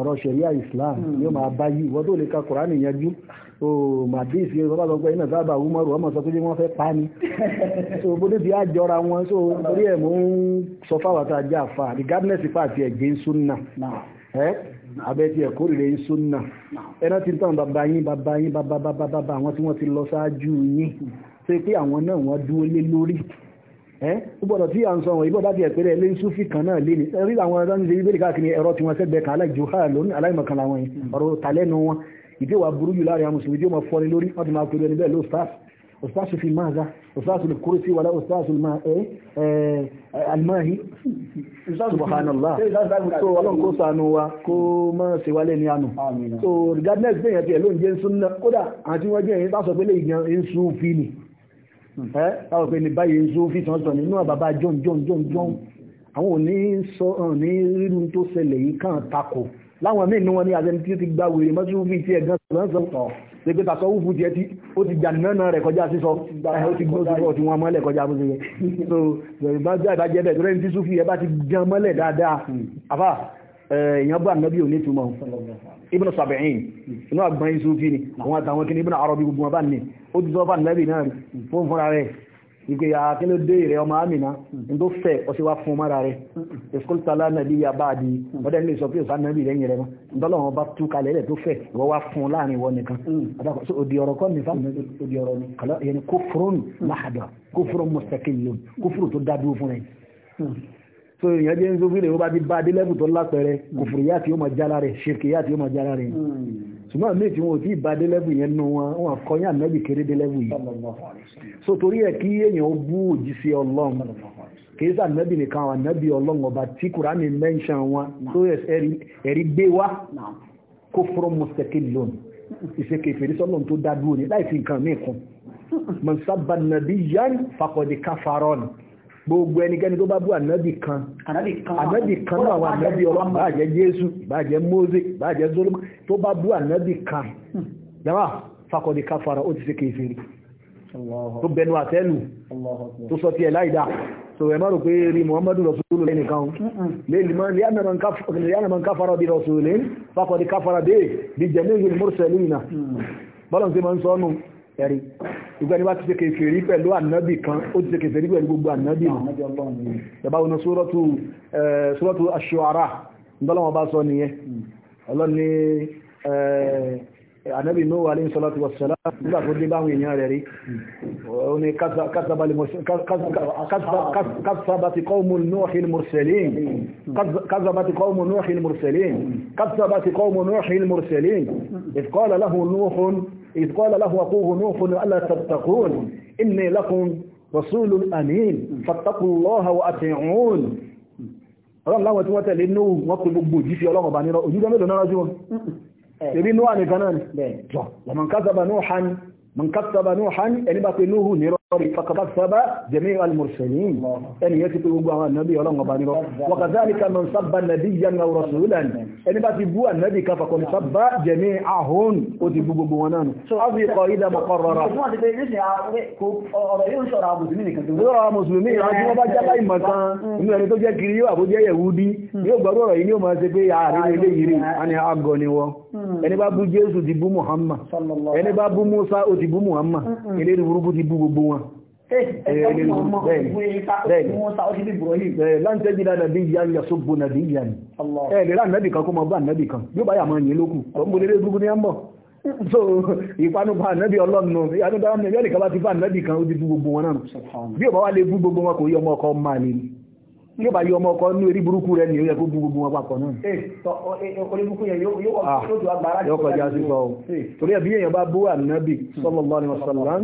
[SPEAKER 1] ọ̀rọ̀ ṣẹ̀ríà islam yóò máa báyìí wọ́n tó lè ka kùránì yanjú so màdí ìsìn ọba sọ pé iná sábà wúmọ́rù ọmọ sọ pé wọ́n fẹ́ pa ni so bóde bí àjọra wọn so orí ẹ̀ mú ń sọ fáwọn tá a jẹ́ àfa regardless ipa àti ẹ̀gbẹ́ ń súnà ẹ́ abẹ́ ti ẹ̀kọ́ rèé ń súnà ẹ̀rọ ti ń tàn bàbá yín bàbá yín bàbá bàbá bàbá àwọn tí wọ́n ti lọ ṣáájú yín so pé àwọn náà wọ́n dúró lé lórí ẹ́ gbọ́dọ̀ tí à ń sọ wọ̀nyí bọ́ bá ti ẹ̀pẹ́rẹ́ lé ń súfì kan náà lé ní rí àwọn ẹ̀rọ ń ṣe bíbélì káàkiri ẹ̀rọ tí wọ́n sẹ́gbẹ̀ẹ́ kan aláìjò hàn lónìí aláìmọ̀kan làwọn yìí ọ̀rọ̀ tàlẹ́nu wọn ìdí wa burú jù láàrin àwọn mùsùlùmí tí ó máa fọ́ni lórí wọ́n ti máa pèrè ẹni bẹ́ẹ̀ ló stars ustaz fi maza ustaz lè kúrò sí wàlá ustaz eh, eh, almahi subhanallah eh, so wọ́n kó sànú wa kó mọ́ sí wálé ní ànú so regardless bẹ́ẹ̀ yẹn ti ẹ̀ ló ń jẹ́ súnà kódà àti wọ́n jẹ́ yẹn bá sọ pé lè yan ń fi ni ẹ́ hmm. báwo pé ní báyìí ń sún fi tán sọ nínú àbàbà jọ̀ǹjọ̀ǹjọ̀ǹjọ̀ǹ àwọn ò ní sọ ní rírun tó ṣẹlẹ̀ yìí kàn takò láwọn míì ní wọn ní àjẹni tí ó ti gba wèrè mọ́sùlùmí tí ẹ̀gán sọ̀rọ̀ sọ̀ ṣe pé tàṣọ wùfú tiẹ̀ tí ó ti jà nínú rẹ̀ kọjá sísọ ó ti gbọ́ sísọ tí wọ́n mọ́lẹ̀ kọjá bó ṣe yẹ so ìbájá ìbájẹ́ bẹ̀ tó rẹ́ni tí súfì ẹ bá ti gan mọ́lẹ̀ dáadáa àfà èèyàn bá nàbí òní túmọ̀ ibùn sàbẹ̀yìn inú àgbọ̀n yìí súfì ni àwọn àtàwọn kìnnìún ibùn àrọ̀bí gbogbo wọn bá ní ó ti sọ fà nàbí ìgbé àkílò dé ìrẹ ọmọ àmìna hmm. tó fẹ́ ọsíwá fún mara rẹ̀ hmm. ìskúltàlá nàbí ya bá di hmm. ọdẹ́ ilé ìsọ̀fí òsá nàbí rẹ̀ yìnrẹ̀ wọn ìdọ́lọ́wọ́n bá tú kalẹ̀ ilẹ̀ tó fẹ́ ìwọ́ wá fún láàrin wọn nìkan òdì ọ̀rọ̀ kọ́ ní fáwọn òdì ọ̀rọ̀ ni kàlọ́ yẹn kófúrún láhàdà kófúrún mọ̀sẹ̀kìlì so èèyàn jẹ́ ń sófin lè wọ́n bá ti bá adélẹ́bù tó lápẹẹrẹ kòfòrò yá tí ó mọ̀ jára rẹ̀ ṣèkè yá tí ó mọ̀ jára rẹ̀ ṣùgbọ́n àmì tí wọ́n ti bá délẹ́bù yẹn nú wọn wọn kọyán ànábì kéré délẹ́bù yìí so torí ẹ̀ kí èèyàn ó bú òjíṣẹ́ ọlọ́run kìí sá ànábì nìkan àwọn ànábì ọlọ́run ọba tí kùránì mẹ́ńṣán wọn tó ẹ̀rí gbé wá kó fúrọ́ mọ́sẹ̀kì lónìí ìṣèkè ìfèrísọ́lọ́run tó dá dúró ní láì nǹkan mí kún mọ̀nsábà nàbí yan fàkọ̀dé káfárọ́ọ̀nù gbogbo ẹnikẹ́ni tó bá bú ànábì kan ànábì kan náà àwọn ànábì ọlọ́run bá jẹ́ jésù bá jẹ́ mósè bá jẹ́ solomon tó bá bú ànábì kan dáwà fakọ̀dé káfàrà ó ti ṣe kèfèrè
[SPEAKER 2] tó bẹnu àtẹ́lù tó sọ tí ẹ̀ láìdá
[SPEAKER 1] so ẹ má rò pé rí muhammadu rasulu lẹ́yìn kan lẹ́yìn man káfàrà bí rasulin fakọ̀dé káfàrà dé bí jẹ́mí ẹ̀rí ìgbẹ́ni bá ti ṣe kèfèrí pẹ̀lú ànábì kan ó ti ṣe kèfèrí pẹ̀lú gbogbo ànábì mọ̀ ìjọba wọn sórọ́tù ànábì ní wà alayhi salatu wassalam nígbà tó dé báwọn èèyàn rẹ̀ rí o ní kásàbàtí qawmu nuuhil mursalin kásàbàtí qawmu nuuhil mursalin kásàbàtí qawmu nuuhil mursalin idh qala lahu nuuhun idh qala lahu aquhu nuuhun ala tattaqun inni lakum rasulun amin fattaqullaha wa ati'un ọlọ́run láwọn tí wọ́n tẹ̀lé nóòhùn wọ́n pe gbogbo òjíṣẹ́ ọlọ́run ọba nírọ̀ òjíṣẹ́ mélòó náà rájú wọn ṣebí eh. níwà nìkan náà ni jọ wọ́n mọ̀ ń kásaba núhàn ẹni bá pe núhù nírọ́ فقد سب جميع المرسلين ان يكتب غوا النبي ولا غباني وكذلك من سب نبيا او رسولا ان باتي بو النبي كفى كن سب جميعهم ودي بو بو ونان هذه قاعده مقرره ọ̀rọ̀ mùsùlùmí ìrántí wọ́n bá jábá ìmọ̀kan inú ẹni tó jẹ́ kiri yóò àbójẹ́ yẹ̀wúdí yóò gbọ́rọ̀ ọ̀rọ̀ yìí ni ó máa ṣe pé ààrẹ ilé yìí rí àni àgọ̀ ni wọ́n ẹni bá bú Jésù ti bú Muhammad ẹni bá bú Musa ó ti bú Muhammad ilé ìrúurú ti bú gbogbo wọn Eh, láńtẹ́jìdá eh, nàbí ìyá ń yàsó bó nàbí ìyá ni ẹ̀lẹ́ rán nàbì kan kó mọ bá nàbì kan yóò bá yà máa yìn lókù ọmọ lérè gúgú ní àmọ́ so ìpanúpa nàbì ọlọ́nà adúgbà nàbì ọlẹ́kà bá ti bá nàbì kan ó ti bú gbogbo wọn náà bí ó bá wá lè bú gbogbo wọn kò yí ọmọ ọkọ máa lè ní yóò bá yí ọmọ ọkọ ní orí burúkú rẹ nìyó yẹ kó bú gbogbo wọn papọ̀ náà. Eh, yóò ah, kọjá sí sọ torí ẹbí èèyàn bá bú ànábì hmm. sallallahu alaihi wasallam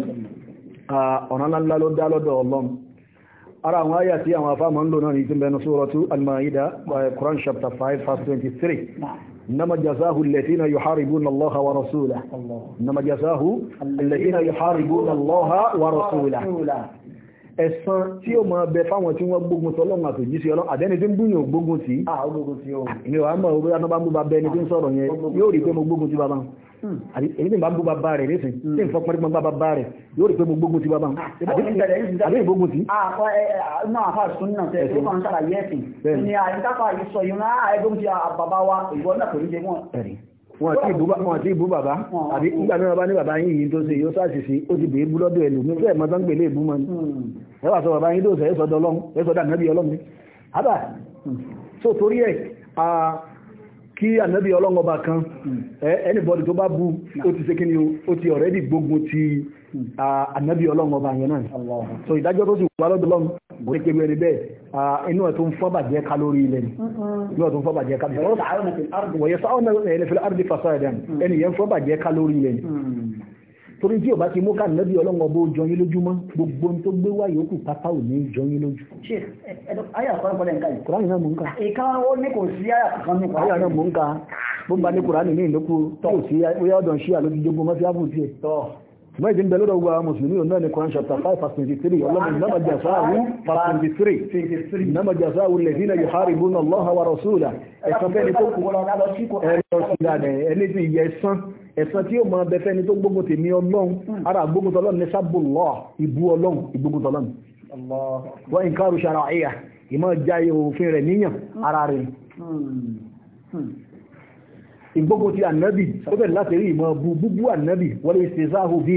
[SPEAKER 1] ọ̀nà ńlá ló dá lọ́dọ̀ ọlọ́m ara àwọn ayà tí àwọn afá mọ́ndò náà ìtí bẹnu sóratu al-ma'ida eh, Quran chapter 5 verse 23 nama jazahu allatheena yuharibuna allaha wa rasulahu nama jazahu allatheena yuharibuna allaha wa rasulahu ẹ̀san tí ó máa bẹ fáwọn tí wọ́n gbógun tọ́lọ́run àtòjí sí ọlọ́run àdẹ́ni tí ń búyàn gbógun ah, tí ní ọ̀hámọ̀ orí anábámúbá bẹni tí ń sọ̀rọ̀ yẹn yóò rí pé mo gbógun tí bàbá Hmm. àbí èyí tí n bá ń bú bàbá rẹ̀ lẹ́sìn hmm. tí n fọpọ́n nípa bàbá rẹ̀ yóò rí pé mo gbógun ti bàbá ah, àbí ìgbógun ti. náà àfa sunna tẹ tó máa ń ṣàlàyé ẹ̀sìn ni àyíkáfà yìí sọ yìí náà ah, àìgbógun ti ah, bàbá wa ìwọ náà kò ní jẹ wọn. wọn àti ìbú wọn àti ìbú bàbá hmm. àbí nígbà mẹ́rin bá ní bàbá yín yìí tó ṣe yóò ṣàṣìṣe ó ti bèé bú ẹ̀lú mi fẹ́ẹ̀ mọ́tán gbèlè ìbú mọ́ ni ẹ wà sọ bàbá yín tó ṣe é sọdọ̀ ọlọ́run ẹ sọdọ̀ ànábì ọlọ́run kí ànábì ọlọ́ngọba kan hmm. anybody tó bá bú ó ti ṣe kí ni ó ti already gbógun ti hmm. ànábì ọlọ́ngọba yẹn náà so ìdájọ́ tó sì wà lọ́dọ̀ lọ́n bó ṣe kéwé ẹni bẹ́ẹ̀ inú ẹ̀ tó ń fọ́ bàjẹ́ ká lórí ilẹ̀ ni
[SPEAKER 2] hmm, inú
[SPEAKER 1] ẹ̀ tó ń fọ́ bàjẹ́ ká ilẹ̀ ni torí tí o bá ti mú ká nẹ́bí ọlọ́wọ́ bó jọyín lójúmọ́ gbogbo tó gbé wá yòókù pátá ò ní jọyín lójú. ṣe ayé àkọ́rọ́kọ́ lẹ́ǹkà yìí. kùránì náà mò ń kà. ìka ó ní kò sí ayé àkọ́kọ́ nípa. ayé náà mò ń kà bó ń ba ní kùránì ní ìlókù tó sí oyá ọ̀dọ̀ ṣí àlójúdógún mọ́sí ábù tiẹ̀. ṣùgbọ́n ìdí ń bẹ lọ́dọ̀ wa mùsùlùmí òun náà ní kùránì chapter five verse twenty three ọlọ́run náà jà sáàwù verse twenty three náà ẹ̀san tí ó máa bẹ fẹ́ni tó gbógun tèmi ọlọ́run hmm. ara gbógun tọlọ́run ní sábòlọ́ ìbú ọlọ́run ìgbógun tọlọ́run wọ́n ń kárù ṣara àyà ìmọ̀ já òfin rẹ̀ níyàn hmm. ara rẹ̀ hmm. ìgbógun ti ànábì ó bẹ̀rẹ̀ láti rí ìmọ̀ bu búbú ànábì wọlé ìsèzáhù bí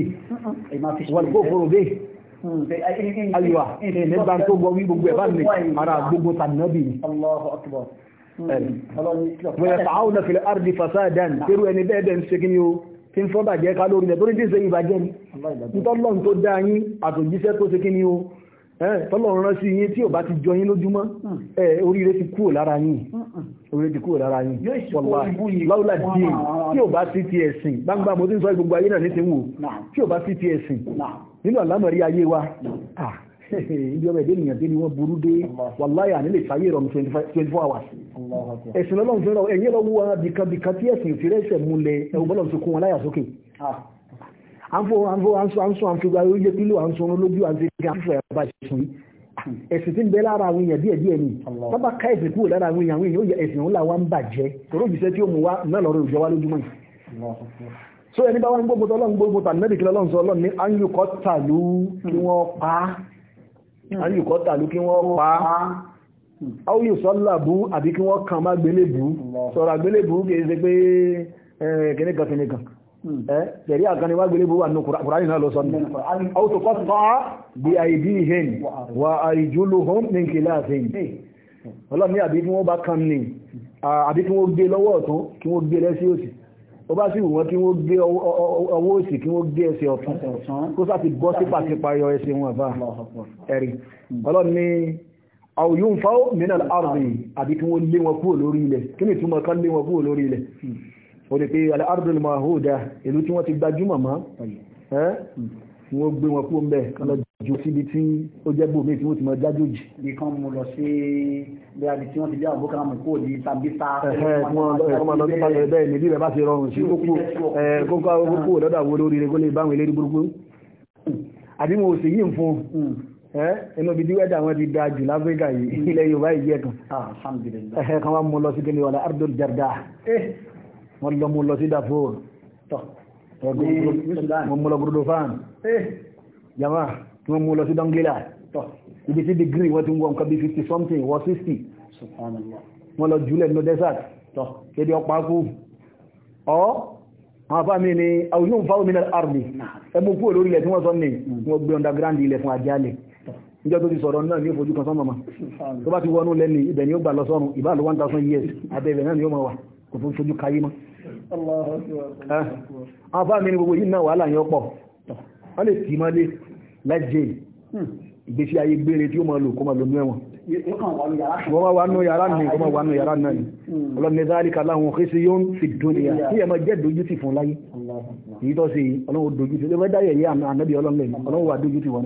[SPEAKER 1] wọlé bí aliwa ní bá ń tó gbọ́ wí gbogbo ẹ̀ bá ní ara gbógun tànábì wọ́n yàtàáwò náà fìlẹ̀ ardi fasadan tẹ́rù ẹni bẹ́ẹ̀dẹ̀ ń ṣe kí ni o tí ń fọ́bà jẹ́ ká lórí rẹ̀ torí tí ń ṣe ìbàjẹ́ ni nítọ́lọ́n tó dá yín àtòjíṣẹ́ tó ṣe kí ni o tọ́lọ́run rán sí yín tí ò bá ti jọ yín lójúmọ́ hmm. oríire ti kúrò lára yín hmm, hmm. oríire ti kúrò lára yín lọ́wọ́lá díẹ̀ tí ò bá sí ti ẹ̀sìn gbangba mo ti ń sọ gbogbo ayé náà ní ti ń wò tí ò bá sí ti ẹ̀sìn nínú àlámọ̀rí ayé wa ibi ọmọ ẹ̀dẹ́ ènìyàn dé ni wọ́n burú dé wàláyà nílé ìfàyè ìrọ̀mù 24 hours ẹ̀sìn ọlọ́run fẹ́ràn ẹ̀yìn lọ́wọ́ wọn bìkanbìkan tí ẹ̀sìn ìfẹ́rẹ́ ẹ̀sẹ̀ múlẹ̀ ẹ̀wọ̀n bọ́lọ̀ tó kún wọn láyà sókè àǹfọ̀ àǹfọ̀ àǹsọ̀ àǹsọ̀ àǹfọ̀ àǹsọ̀ pílò àǹsọ̀ olójú àǹsọ̀ àǹsọ̀ ẹ̀bá ìṣùn ẹ̀sìn tí ń bẹ lára àwọn èèyàn díẹ̀ díẹ̀ ni bábá ká ẹ̀sìn kúrò lára àwọn èèyàn èèyàn ẹ̀sìn ńlá wa ń bàjẹ́ torí òjìṣẹ́ tí ó mú wa náà lọ́rọ̀ òjò wa lójúmọ́ so ẹni bá wá ń gbógun tọ́lọ́ ń gbógun tà nẹ́bìkì lọ́lọ́ ń sọ ọlọ́ ní áńyù kọ́ tàlú kí wọ́n pa á àríyùkọ́ tàlú kí wọ́n pa á áwòyè sọ́lá bú àbí kí wọ́n kàn má gbélébú sọ̀rọ̀ àgbélébú kìí ṣe pé kìnnìkan kìnnìkan tẹ̀rí àkànni wá gbélébú wà ní kùránì náà lọ sọ́nà àwòtò kọ́ sọ́ bí àìdí ìhìn wà àìjúlù hom ní kìlá àfihàn ọlọ́ni àbí kí wọ́n bá kàn ní àbí kí wọ́n gbé lọ́wọ́ ọ̀tún kí wọ́n gbé lẹ́sí òsì ó bá sì wọ́n tí wọ́n gbé ọwọ́ òsì kí wọ́n gbé ẹsẹ̀ ọ̀tún kó sáti bọ́ sí pàtípayọ ẹsẹ̀ wọn bá ẹ̀rí hmm. ọlọ́run ní àwòyún fáwọ́ mìíràn àrùn àbí kí wọ́n lé wọn kúrò lórí ilẹ̀ kí ni ìtumọ̀ kan lé wọn kúrò lórí ilẹ̀ hmm. ó ní pé al-ardul mahuda ìlú tí wọ́n ti gbajúmọ̀ ju síbi tí ó jẹ́ bòmí tí wọ́n ti mọ jájòjì. nìkan mo lọ sí bí a ti wọ́n ti bí àwọn bókà mú kó di sambisa. wọ́n máa lọ sí balẹ̀ bẹ́ẹ̀ ni bí rẹ̀ bá ti rọrùn sí kókó kókó kókó lọ́dọ̀ àwọn olórí rẹ̀ kó lè báwọn eléré burúkú. àbí mo sì yí nfun hmm. inú ibi díwẹ́dà wọn ti da jù láfíríkà yìí hmm. ilẹ̀ yorùbá yìí jẹ́ kan. Ah, kan wá mo lọ sí kíni wàlá ardol jarda eh. wọ́n lọ mo lọ sí dafur mo lọ gúrúdó fan eh. jama tí wọ́n mú lọ sí dọ́ngílà ibi tí degree wọ́n ti ń wọ́n nǹkan bí 50 something wọ́n 60 wọ́n lọ jùlẹ̀ ní desert tọ́ kéde ọpa kú ọ́ àwọn afá mi ni àwọn yóò fáwọn mineral army ẹmú kúrò lórí ilẹ̀ tí wọ́n sọ ní hmm. wọ́n gbé underground ilẹ̀ fún ajálẹ̀ níjọ́ tó ti sọ̀rọ̀ náà ní ìfojú kan sọ́mọ̀ ma tó bá ti wọnú lẹ́ni ibẹ̀ ni ó gbà lọ sọ́run ìbá lọ 1000 years abẹ́bẹ̀ náà ni ó mọ̀ wà kò fún fojú káyé mọ́ àwọn afá mi ni gbogbo yìí náà wàhálà yẹn pọ̀ wọ́n lè tì mọ́lé méje hmm. ìgbésí ayé gbére tí ó máa lò kó máa lò ní ẹ̀wọ̀n wọ́n wá wánú yàrá náà kó máa wánú yàrá náà ni hmm. ọlọ́ni záríkà láwọn kéṣe yóò fi dúnìyà tí ẹ máa jẹ́ dójú tì fún láyé èyí tó ṣe ọlọ́run dójú tì lọ́wọ́ dáyẹ̀ yé ànábì ọlọ́run lẹ́yìn ọlọ́run wà dójú tì wọn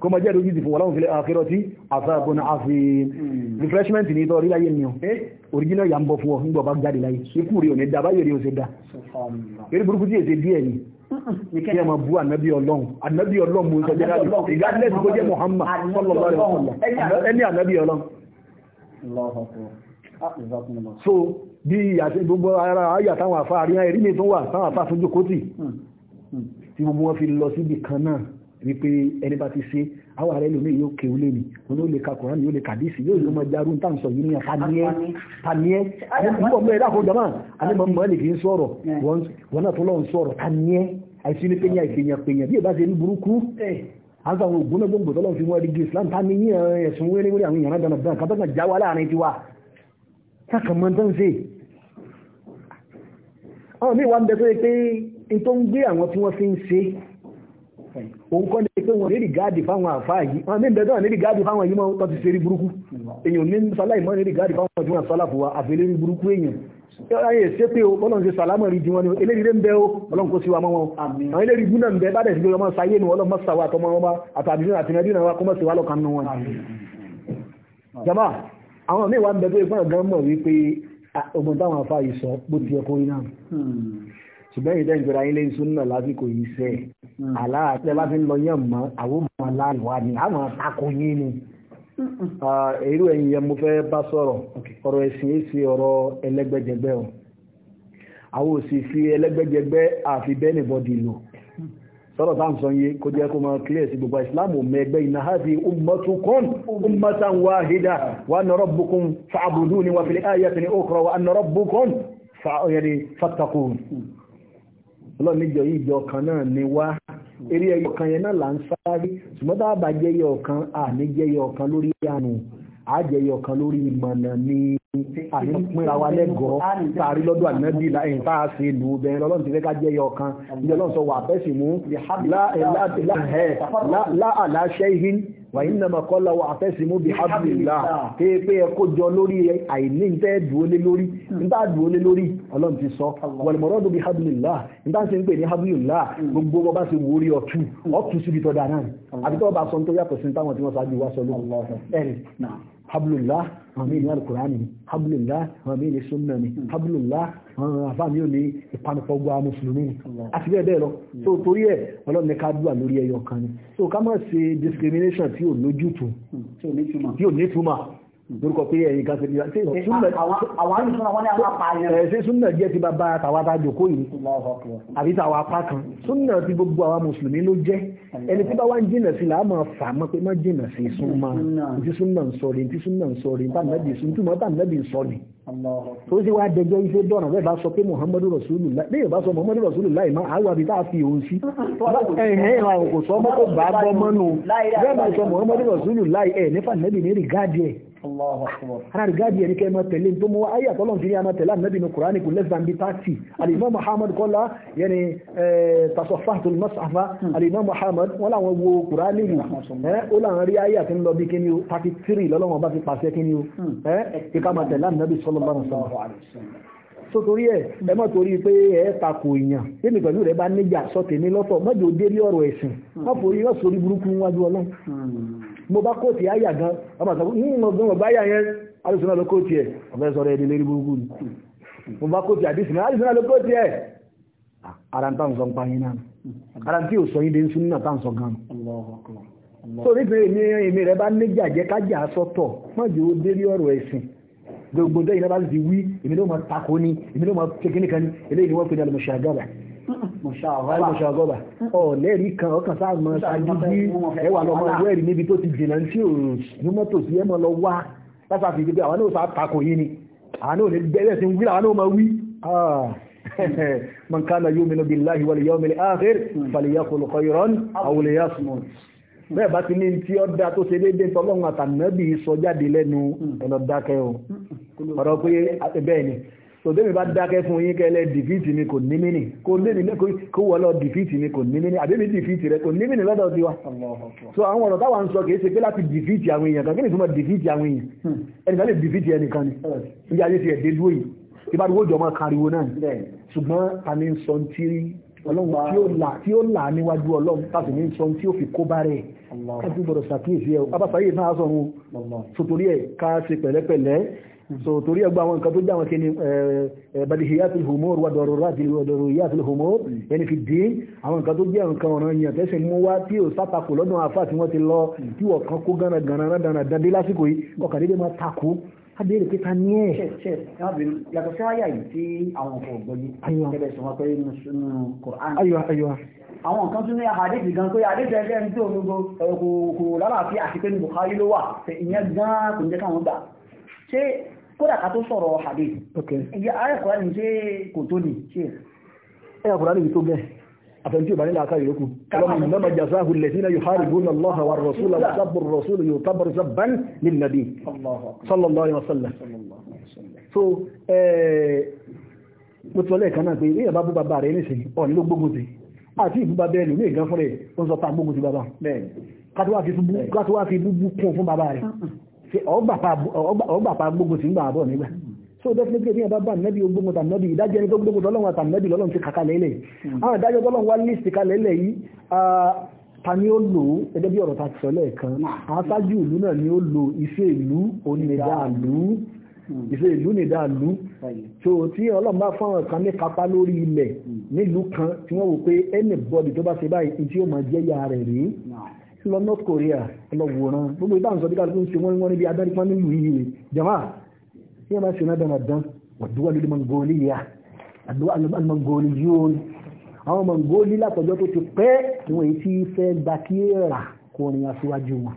[SPEAKER 1] kó máa jẹ́ dójú tì fún ọlọ́run fílẹ̀ hmm. refreshment ní ìtọ́ orílẹ̀ yẹn ni eh? original yà ń bọ̀ fún ọ nígbà da báyìí rí ò ṣe da eré burúkú tí èsè díẹ̀ kí ẹ máa bú ànábì ọlọ́run ànábì ọlọ́run mo sọ jẹ́rẹ́ ìgbàlẹ́ tó jẹ́ Muhammad sallallahu alaihi ẹni ànábì ọlọ́run. Ah, so bí ìyàtí gbogbo ara ayà táwọn àfa àríyá erí mi tó wà táwọn àfa fojú kó tì mm, mm. tí gbogbo wọn fi lọ síbi kan náà wípé ẹni bá ti ṣe àwọn ààrẹ lómi yóò kéwú lẹ́nu wọn ló lè ka kùránì yóò lè kàdísì yóò lè mọ jarú tá à ń sọ yìí nìyẹn taniẹ taniẹ nígbà mọ ẹdá kó jama alẹ́ mọ mọ ẹnìkì ń sọ̀rọ̀ wọn náà tó lọ́n sọ̀rọ̀ taniẹ àìsí ní pẹ́yìn àìsèyàn pẹ́yìn bí ìbá ṣe ní burúkú àwọn àwọn ògùn náà gbọ́ngbò tọ́lọ́ fi wọ́n rí gé Islam tani yín ẹ̀sùn wẹ́rẹ́ wẹ́rẹ́ àwọn èèyàn dáná dáná kátó kan já wa láàrin tiwa káàkiri mọ́ tán ṣe àwọn míì ń bẹ tó yẹ pé n ń gbé àwọn tí wọ́n fi ń ṣe òun kọ́ ní pé wọ́n ní rìgáàdì fáwọn àfáà yìí wọ́n ní ìbẹ̀dọ́ ní rìgáàdì fáwọn yìí mọ́ tọ́tí sí rí burúkú èyàn ní sáláì mọ́ ní rìgáàdì fáwọn ọdún àsálàfò wa àfẹ́lẹ́ rí burúkú èyàn ayé ṣe pé o bọ́lọ̀ ń ṣe sàlámọ̀ rí jí wọn ni eléríire ń bẹ o ọlọ́run kó sí wa mọ́ wọn àwọn eléri gúnà ń bẹ bá dẹ̀ sí pé ọmọ sáyé nu ọlọ́mọ sàwà àtọmọ wọn bá àtàbí náà àti nàìjíríà wa kọ́ mọ̀ sí wa lọ́kàn nù wọn. jama àwọn míì wà ń bẹ pé ìpínlẹ̀ gan mọ̀ wípé ọmọ ah, táwọn afáà yìí sọ bó ti yẹ kó rí ṣùgbọ́n ìdẹ́ ìjọra ilé ìsúná lásìkò yìí sẹ́ aláàtẹ́ hmm. bá fi ń lọ yàn mọ́ àwọn ọmọ aláàlúwà ni àwọn àtakò yín ni èrú hmm. ẹ̀yìn yẹn mo fẹ́ bá sọ̀rọ̀ ọ̀rọ̀ ẹ̀sìn èsì ọ̀rọ̀ ẹlẹ́gbẹ́jẹgbẹ́ o àwọn òsì fi ẹlẹ́gbẹ́jẹgbẹ́ àfi bẹ́ẹ̀nì bọ́dì lò hmm. sọ̀rọ̀ tá sọ yé kó jẹ́ kó máa clear sí gbogbo islam ò mẹ́gbẹ́ iná hadi ummatukum ummatan ọlọ́run níjọ yìí jọ kan náà ni wá eré ẹyọ kan yẹn náà là ń sáré ṣùgbọ́n tá a bá jẹyọ kan àní jẹyọ kan lórí àánú àjẹyọ kan lórí ìmọ̀nà ni àní pínra wa lẹ́gọ̀ọ́ sáré lọ́dọ̀ ànábì láyìn tá a ṣe lù ú bẹ́ẹ̀ ọlọ́run ti fẹ́ ká jẹyọ kan ìjọ sọ wà fẹ́sì mú láàláṣẹ́ yìí wà ní nàmà kọ́lá wa àfẹ́sìmú bí hábìlá kéèpé ẹkó jọ lórí àìní ìtẹ́ dùólé lórí níta dùólé lórí ọlọ́run ti sọ wàlùmọ̀rọ́dù bí hábìlá níta ṣe ń pè ní hábìlá mm. gbogbo wọn bá ṣe wò orí ọtú mm. ọtú síbi tọ́da náà àbí bá sọ nítorí àpẹ̀sìn táwọn tí wọ́n ṣáájú wá sọ lóko ẹ̀rì hablullah àwọn míì ní alukurani hablullah àwọn míì ní sunna ni hmm. hablullah àwọn àfáàmì ò ní ìpanupọ̀ gba mùsùlùmí hmm. lọ hmm. so torí ẹ̀ ọlọ́run ní ká dúà lórí ẹyọ kan ni so ká má ṣe discrimination tí ò lójútùú tí ò ní ìdúrúkọ pé ẹ̀yìn kan ṣèlú ṣe súnà jẹ́ ti bàbá tàwa tá jòkó yìí àbí tàwa apá kan súnà ti gbogbo àwọn mùsùlùmí ló jẹ́ ẹni tí bá wá ń jìnà sí làá máa fà mọ́ pé má jìnà sí súnmọ́ tí súnà ń sọrí tí súnà ń sọrí tàbí súnmọ́ tàbí sọrí tó sì wá dẹjọ́ iṣẹ́ dọ̀nà bẹ́ẹ̀ bá sọ pé muhammadu rasulullah bẹ́ẹ̀ bá sọ muhammadu rasulullah ìmọ̀ àwọn àbí tá a fi òun sí ẹ̀hìn ìwà òkò sọ mọ́kò bá bọ́ mọ́nu bẹ́ẹ̀ bá sọ muhammadu rasulullah ẹ̀ nífà nẹ́bì ní rìgáàdì ẹ̀ ara rigadi ẹni kẹ́ẹ̀mọ́ tẹ̀lé tó mọ́ ayé àtọ́lọ́n fi ní àmọ́ tẹ̀lé ànábì ní kùránì kò lẹ́sàn bí táàtì alìmọ́ muhammad kọ́lá yẹni tasọ̀fáàtò mọ́sáfá hmm. alìmọ́ muhammad wọ́n láwọn wo kùránì rí ó láwọn rí ayé àti ńlọ bí kíní o thirty three lọ́lọ́wọ́n bá fi pàṣẹ kíní o hmm. kíkà máa tẹ̀lé ànábì sọ́lọ́ bá so torí ẹ ẹ mọ̀ torí pé ẹ takò èèyàn yémi pẹ̀lú rẹ bá níjà sọ tèmi lọ́tọ̀ mọ́jọ́ dérí ọ̀rọ̀ ẹ̀sìn wọ́n hmm. forí wọ́n sorí burúkú wájú ọlọ́run mo bá kóòtì àyà gan ọmọ àtàkùn ní ìmọ̀gbọ́n ọgbà àyà yẹn alùsùnà ló kóòtì ẹ̀ ọ̀fẹ́ sọ̀rọ̀ ẹni lérí burúkú ni mo bá kóòtì so nítorí èmi èmi rẹ bá ní jàjẹ kájà sọ́tọ̀ má jẹ ó dérí ọ̀rọ̀ ẹ̀sìn gbogbo dẹ́yìn náà bá ti wí èmi ló máa takò ní èmi ló máa ṣe ní eléyìí mọ̀ṣàgọ́bà ọ̀lẹ́rí kan ọkàn sáàmọ́ ṣàgbéjì ẹwà lọ́mọ ẹgbẹ́ rí níbi tó ti jìnà tí ò ní mọ́tò sí ẹmọ lọ wá látàfi gbé àwọn náà sàtàkò yìí ni àwọn náà lè bẹ̀rẹ̀ sí wí àwọn náà máa wí ah. man kana yu'minu billahi wal yawmil akhir falyaqul khayran aw liyasmut bẹ́ẹ̀ bá ti ní tí ó dá tó ṣe déédé tọ́lọ́run àtànàbì sọ jáde lẹ́nu mm. ẹ̀lọ́dákẹ́ o mm. ọ̀rọ̀ pé bẹ́ẹ̀ ni So sọdẹ́mi bá dákẹ́ fún yín kẹlẹ́ dìfíìtì mi kò ní mínì kò lémi kó wọ́n lọ dìfíìtì mi kò ní mínì àbẹ́mi dìfíìtì rẹ kò ní mínì lọ́dọ̀ tiwa so àwọn ọ̀rọ̀ táwa ń sọ kìí ṣe pé láti dìfíìtì àwọn èèyàn kan kí ni ìtumọ̀ dìfíìtì àwọn èèyàn ẹnìkan lè dìfíìtì ẹnìkan ni níbi ayé ti ẹ̀ dé dúró yìí tí bá dúró jọmọ kariwo náà ṣùgbọ́n ta ni sọ ti rí ọlọ́run tí ó là níwájú ọlọ́run tàbí ní sọ tí ó fi kó bá rẹ̀ kájú gbọdọ̀ ṣàkíyèsí ẹ̀ abáfáyé náà sọ̀run sotori ẹ̀ ká ṣe pẹ̀lẹ́pẹ̀lẹ́ so torí ẹgbà àwọn nǹkan tó jáwọn kí ni badihiyatul humor wa daruriyatul humor ẹni fi dín àwọn nǹkan tó jẹ́ nǹkan ọ̀ràn yàn tẹ́sí mú wá tí ò sátakò lọ́dún àfà tí wọ́n ti lọ tí wọ́n kan kó gánà gánà dáná dáná dé lásìkò yìí ọkàn dédé máa takò abéèrè pé ta ní ẹ̀. yàtọ̀ sí àyà yìí tí àwọn ọkọ̀ ọ̀gbọ́n yìí sọ wọn pé nínú Qur'an. àwọn kan tún ní àdéjì gan pé àdéjì ẹgbẹ́ ń tó gbogbo kò lálàáfíà àti pé ní Bukhari ló wà ìyẹn gan kò ń jẹ́ káwọn gbà ṣé kódà ká tó sọ̀rọ̀ hadith ìyá ayé kọ́ra ní ṣe kò tó ní ṣe ẹ àkùrá níbi tó bẹ́ẹ̀ àfẹ́ntí ìbàní làákà ìrókù ọlọ́run ìnáma jazahu lẹ́sìn náà yuharibuna Allaha wa rasúlà sábùr rasúlù yóò tábùr so mo ti wọlé ẹ̀ka náà pé ní ìyàbá bú bàbá rẹ̀ nísìnyí ọ̀ní ló gbógun ti àti ìbúba ni ní ìgán fún rẹ̀ ó ń sọ pa gbógun ti bàbá kátiwá fi bú kún fún bàbá rẹ̀ ọgbàpá gbogbo sí ń gbà àbọ̀ nígbà so definitely bí ẹ bá bá nẹ́bí ogbógun tàbí nẹ́bí ìdájọ́ ẹni tó gbógun tọ́lọ́run àtàbí nẹ́bí lọ́lọ́run ti kàkà lẹ́lẹ̀ hmm. àwọn ìdájọ́ tọ́lọ́run wá list kalẹ̀ lẹ̀ yìí ta ni ó lò ó gẹ́gẹ́ bí ọ̀rọ̀ ta ti sọ lẹ́ẹ̀kan hmm. aṣáájú ìlú náà ni ó lò iṣẹ́ ìlú onídàálú ìfẹ́ hmm. ìlú nìdàlú tó tí ọlọ́mbà fáwọn kan ní kápá lórí ilẹ̀ nílùú kan tí wọ́n wò pé ẹnì bọ́dì tó bá ṣe báyìí tí ó máa jẹ́ ya rẹ̀ rí lọ North Korea ọlọ́wòrán gbogbo ìbá ń sọ díkà tó ń ṣe wọ́n wọ́n níbi adárípá nílùú yìí jama ní ẹ̀ma ṣe náà dandan wàdúwà lórí Mongolia àdúwà lórí Mongolian àwọn Mongoli látọjọ́ tó ti pẹ́ tí wọ́n ti fẹ́ gba kí èèrà kó rin aṣíwájú wọn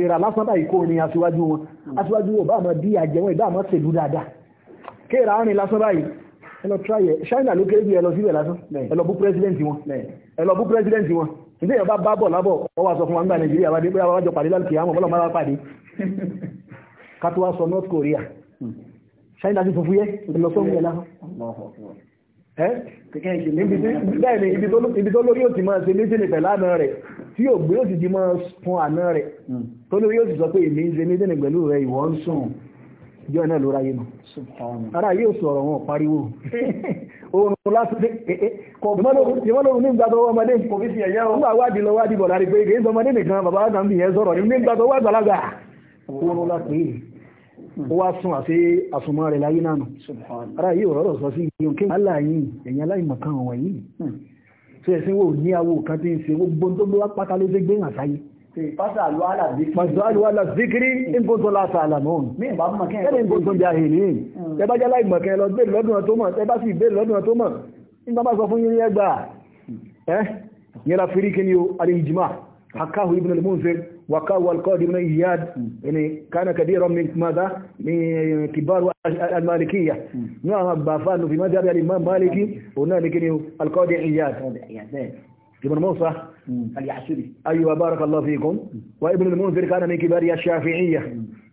[SPEAKER 1] èèrà lásán báyìí kó rin aṣíwájú wọn aṣíwájú wọn bá àmọ́ bí àjẹwọ́n ìbá àmọ́ ṣèlú dáadáa kéèrà á lásán báyìí ẹ lọ tíráyẹ China ló kéré bí ẹ lọ síbẹ̀ lásán ẹ lọ bú pírẹsidẹ́ǹtì wọn ẹ lọ bú pírẹsidẹ́ǹtì wọn ìdí èèyàn bá bábọ̀ lábọ̀ wọ́n wá sọ fún wa nígbà Nàìjíríà wá dé pé àwọn àjọ pàdé láti kìí àmọ̀ mọ́lọ̀ máa pàdé ká tó wá sọ North Korea China ti funfun yẹ lọ sọ́mù yẹn láhọ́ bẹ́ẹ̀ni ibi tó lórí òtì máa ṣe méjìlì pẹ̀lú àná rẹ̀ tí yóò gbé òtì di máa fún àná rẹ̀ hmm. tó lórí òtì sọ pé èmi ń ṣe méjìlì pẹ̀lú rẹ̀ ìwọ ń sùn jọ náà lóra yìí nù ara yóò sọ̀rọ̀ wọn pariwo oòrùn lásìdé ìwọ́lòrùn eh, eh, ní ìgbàtọ̀ ọmọdé kò fi sí ẹ̀yẹ́ ọmọ àwádìí lọ wádìí bọ̀ láti pé èyí tọmọdé nìkan bàbá àgbà ń bí yẹn sọ̀rọ̀ ní ìgbàtọ̀ wà gbàlagbà oòrùn láti ó wá sún àti àsùnmọ́ rẹ̀ láyé náà ara yìí ọ̀rọ̀ sọ sí ìyọ̀n kí wọ́n láàyìn ẹ̀yìn aláìmọ̀kan wọ̀nyí hmm. tí ẹ̀sìn wò ní awo kan ti ń ṣe gbogbo tó gbé wá pátá ló ṣe gbé hàn sáyé Fásàlú alàzíkírí ìgbóso látàlàmùn. Mí ìbámọ̀kẹ́ ẹ̀rẹ́ ìgbóso jahìlì. Ẹbá jẹ́ láìmọ̀kẹ́ lọ bèèrè lọ́dún tó mọ̀, ẹbá sì bèèrè lọ́dún tó mọ̀. Ìgbà bá sọ fún yín ẹgbà. Ẹ́ yẹra fírí kí ni o, alìjìmá, hakáhù ibn al-Munzir, وقال القاضي بن إياد يعني كان كبيرا من ماذا من كبار المالكية نعم بافان في مذهب الإمام مالكي هنالك القاضي إياد ابن موسى العسري أيوة بارك الله فيكم وابن المنذر كان من كبار الشافعية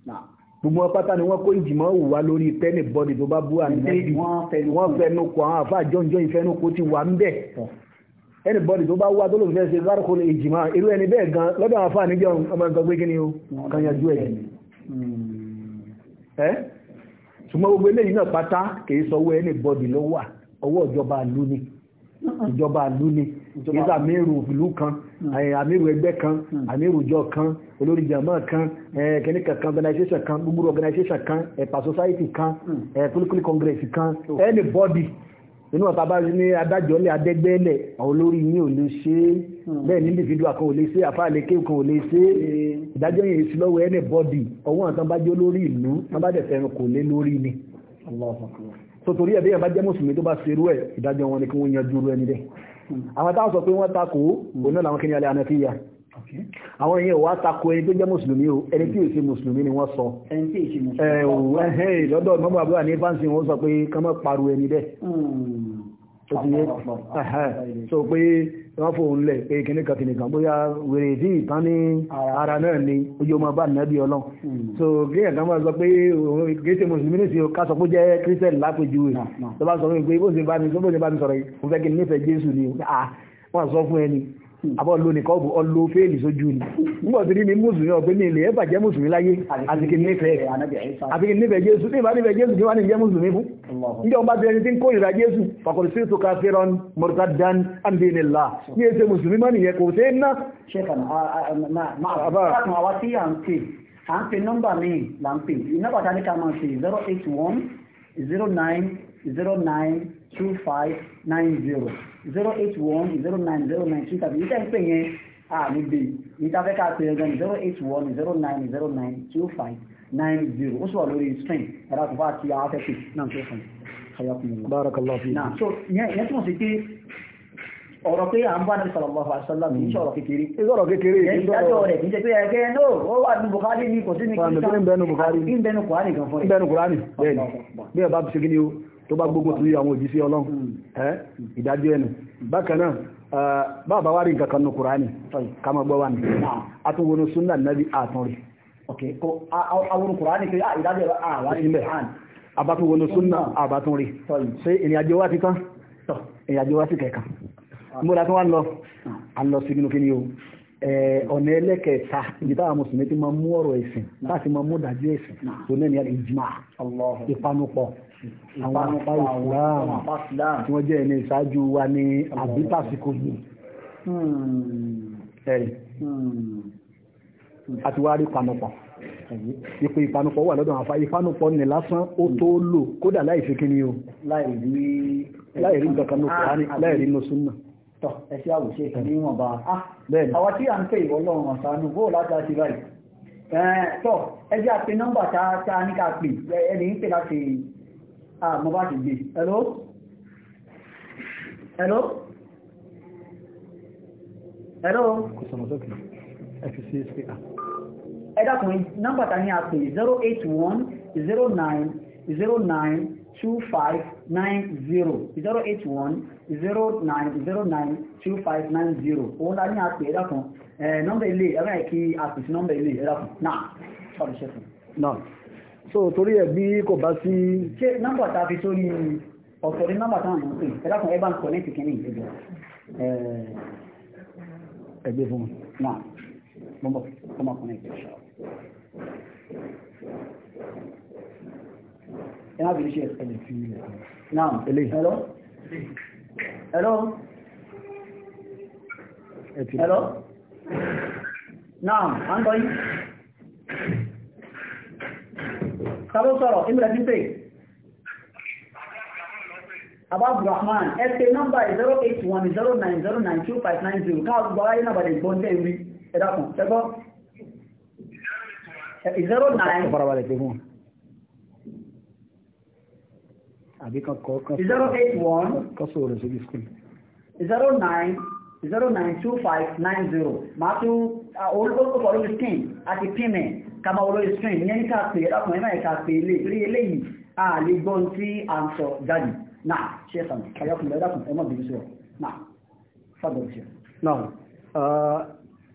[SPEAKER 1] نعم gbogbo ọpátá ni wọ́n kó ìjìmọ̀ wà lórí tẹ́nì bọ́dì tó bá bú àmì méjì wọ́n fẹnu kọ àwọn àfáà jọ́njọ́ ìfẹnukò ti wà ń bẹ̀ ẹnì bọ́dì tó bá wá tó ló fẹ́ ṣe bárúkọ lè ìjìmọ̀ irú ẹni bẹ́ẹ̀ gan lọ́dọ̀ àwọn àfáà níjọ́ ọmọ nǹkan pé kí ni o ni ìsà àmìrù òfìlú kan hmm. àmìrù ẹgbẹ́ kan hmm. àmìrù ìjọ kan olórí jàmọ́ kan kẹ́nìkà kan organization kan gbogbo organization kan ẹ̀pà society kan hmm. political congress kan anybody inú ọ̀tá bá ní adájọ́lẹ̀ adẹ́gbẹ́lẹ̀ àwọn olórí yín ò lè ṣe é bẹ́ẹ̀ ní individual kan ò lè ṣe àfáàlékè kan ò lè ṣe é ìdájọ́ yẹn sí lọ́wọ́ anybody ọwọ́ àtàn bá jẹ́ lórí ìlú wọ́n bá dẹ̀ fẹ́ràn kò lé lórí ni sotori ẹ̀bí yẹn bá jẹ́ mùsùlùmí tó bá ṣerú ẹ̀ ìdájọ́ wọn ni kí wọ́n yanjú rẹ̀ nílẹ̀ àwọn táwọn sọ pé wọ́n takò òun náà làwọn kí ní alẹ́ ànàfíyà àwọn èèyàn wá takò ẹni tó jẹ́ mùsùlùmí o ẹni tí èsì mùsùlùmí ni wọ́n sọ lọ́dọ̀ mọ́mọ́ àbúrà ní fáǹsì wọ́n sọ pé kán mọ́ pariwo ẹni bẹ́ẹ̀ hmm tó ti yé so pé wọ́n fòun lẹ̀ pé kìnnì kan kìnnì kan bóyá wèrè tí ìtàn ní ara náà ni ojú ọmọ bá nàbí ọlọ́n hmm. so kéèyàn kan máa sọ pé gẹ́sẹ̀ mùsùlùmí ní sí ká sọ pé jẹ́ kírísítẹ́nì lápèjúwe tó bá sọ fún mi pé bó bá mi sọ̀rọ̀ yìí mo fẹ́ kí n nífẹ̀ẹ́ jésù ni ah, wọ́n sọ fún ẹni Hmm. àbọ̀ lo nìkan ọ̀bù ọlọ fẹ́ẹ̀lì sójú ni nígbà tí ní mùsùlùmí ọ̀pẹ́ ní ilẹ̀ ẹ̀fà jẹ́ mùsùlùmí láyé àtìkì nífẹ̀ẹ́ àtìkì nífẹ̀ẹ́ jésù tí ìbá nífẹ̀ẹ́ jésù kí wọ́n ní jẹ́ mùsùlùmí fún níjọ́ bá ti ẹni tí ń kó ìrà jésù fàkọ̀lù sí tó káfíran mọ̀tàdán àndínilá ní ẹsẹ̀ mùsùlùmí má nìyẹn kò sẹ́ ná. à ń pe nọ́mbà míì là ń pè nọ́mbà tá a ní ká máa ṣe zero eight one zero nine zero nine two five nine zero zero eight one zero nine zero nine two tàbí ìtẹ́ ń pè yẹn àmì bè ìtafẹ́ká pè ẹgbẹ́ zero eight one zero nine zero nine two five nine zero ó sì wà lórí screen ẹ̀rọ àkùnfà àti afẹ́fẹ́ náà tó fún un. barakallahu fi. so yẹn túmọ̀ sí pé ọ̀rọ̀ pé à ń bá ní sallallahu alaihi wasallam ní sọ̀rọ̀ kékeré. sọ̀rọ̀ kékeré ìdájọ́ rẹ̀ kì í ṣe pé ẹ̀kẹ́ ẹ̀ náà ó wà ní Bukhari ní kò sí ní kí n sá ń bẹnu Bukhari gan fún ẹ̀. ń bẹnu Bukhari bẹ́ẹ̀ ni bí ẹ bá ti ṣe kí ni o tó bá gbógun ti àwọn òjíṣẹ́ ọlọ́run hmm. ìdájọ́ ẹnu bákanáà bàbá wá rí nǹkan kan ní kùránì kama gbọ́ wà ní àtúnwọnú súnà nàbí àtún rí àwọn kùránì pé ìdájọ́ àwọn ilẹ̀ àbátúnwọnú súnà hmm. àbátún rí ṣe ìrìnàjò wá ti tán ìrìnàjò ah. wá sí kẹ̀kà múra tó wá ń lọ à hmm. ń lọ sí nínú kíní o ọ̀nà ẹlẹ́kẹta ìdí táwọn mùsùlùmí ti máa mú ọ̀rọ̀ ẹ̀sìn láti máa mú dájú ẹ̀sìn tó náà ní ìjìmá ìpanupọ̀ àwọn apá Islam tí wọ́n jẹ́ ẹni ìṣáájú wa ní àbítàsíkò yìí hmm. ẹ̀rì àti hmm. wá rí panupọ̀ ipò ìpanupọ̀ wà lọ́dọ̀ àfá ìpanupọ̀ ní lásán ó tó hmm. lò kódà láì fi kí ni o láìrí ìjọkan ní kòránì ah, láìrí inú súnnà tọ́ ẹ̀sí àwòṣe ìtàní wọn bá àwọn tí a ń pè ìwọ́ lọ́rùn ọ̀sánú bóò lágbà sí báyìí tọ́ ẹjẹ́ àpè nọ́mbà tá a ní ká pè ẹni ń pè láti Ah, àmọ́ bá ti gbé hello hello hello kò sọ̀rọ̀ sókè fca speaker ẹ ah. dákùnrin nọ́mbà ta ní a pè 081 09 09 2590 081 0909 2590 òun la ní a pè ẹ dákùn nọ́mbà ilé ẹ̀rọ ẹ̀kí a pè sí nọ́mbà ilé ẹ dákùn náà sọ̀rọ̀ ṣẹ́fún náà so torí ẹ̀ bí kò bá sí. ṣé nọ́mbà tá a fi sórí ọ̀sẹ̀ ní nọ́mbà táwọn èèyàn pè é ẹ̀dá kan ẹ̀ bá ń connect kínní ìjọba ẹgbẹ́ fún mi náà mo bọ̀ kó máa connect ẹ má bìí ṣe ẹ̀ lè fi ilẹ̀ náà hello hello hello náà à tàbí sọ̀rọ̀ ìmìlẹ̀ ti pè Abba Abdulrahman ẹ̀pẹ̀ nọ́mbà 08109092590 káàkiri gbọ́ ayé náà bàdé gbọ́n tẹ́ ìwí ẹ̀dàkùn tẹ́gbọ́ 09 àbí kan kọ́ kan sọ̀rọ̀ rẹ̀ síbi skul. 09 092590 máa tún olùkọ́ pọ̀lú skin àti payment kama olóyè screen ìyẹn ní ká pè é lápò ẹ̀nà ìka pè é lè rí eléyìí a lè gbọ́ ohun tí a ń sọ jáde náà ṣe é sàn ayọ́kùn lọ́dà kùn ẹ̀mọ́ bìbí sọ̀rọ̀ náà fàbọ̀ ṣe. náà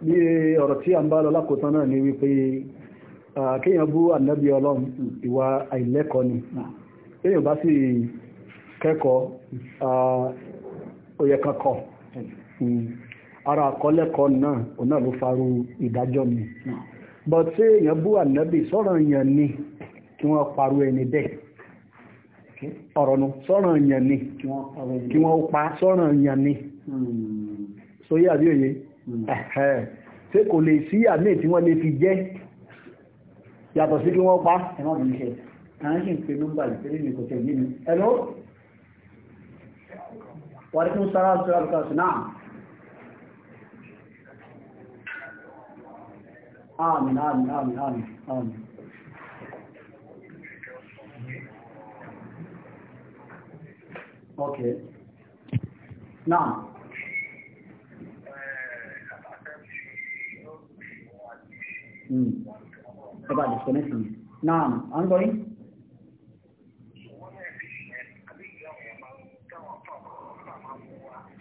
[SPEAKER 1] bí ọ̀rọ̀ tí a ń bá lọ lákòótán náà ni wípé kéèyàn bú ànábì ọlọ́run ìwà àìlẹ́kọ̀ọ́ ni kéèyàn bá sì kẹ́kọ̀ọ́ òye kankan ara àkọlẹ́kọ̀ọ́ náà òun náà ló farú ìdájọ́ mi but ṣé èèyàn bú ànábì sọ̀rọ̀ èèyàn ni kí wọ́n parú ẹni bẹ́ẹ̀ ọ̀rọ̀ nu sọ̀rọ̀ èèyàn ni kí wọ́n pa sọ̀rọ̀ èèyàn ni sóyè hmm. àbí òye hmm. ṣé kò lè sí àmì tí wọ́n lè fi jẹ́ yàtọ̀ sí kí wọ́n pa ẹ̀wọ̀n kìí ṣe àwọn ṣì ń pe nọ́mbà ìpínlẹ̀ ní kò tẹ̀lé mi ẹ̀lọ́ wàdí fún sára sọ́ra bùkà náà آمين آمين آمين آمين آمين أوكي نعم about disconnecting. Naam, I'm going.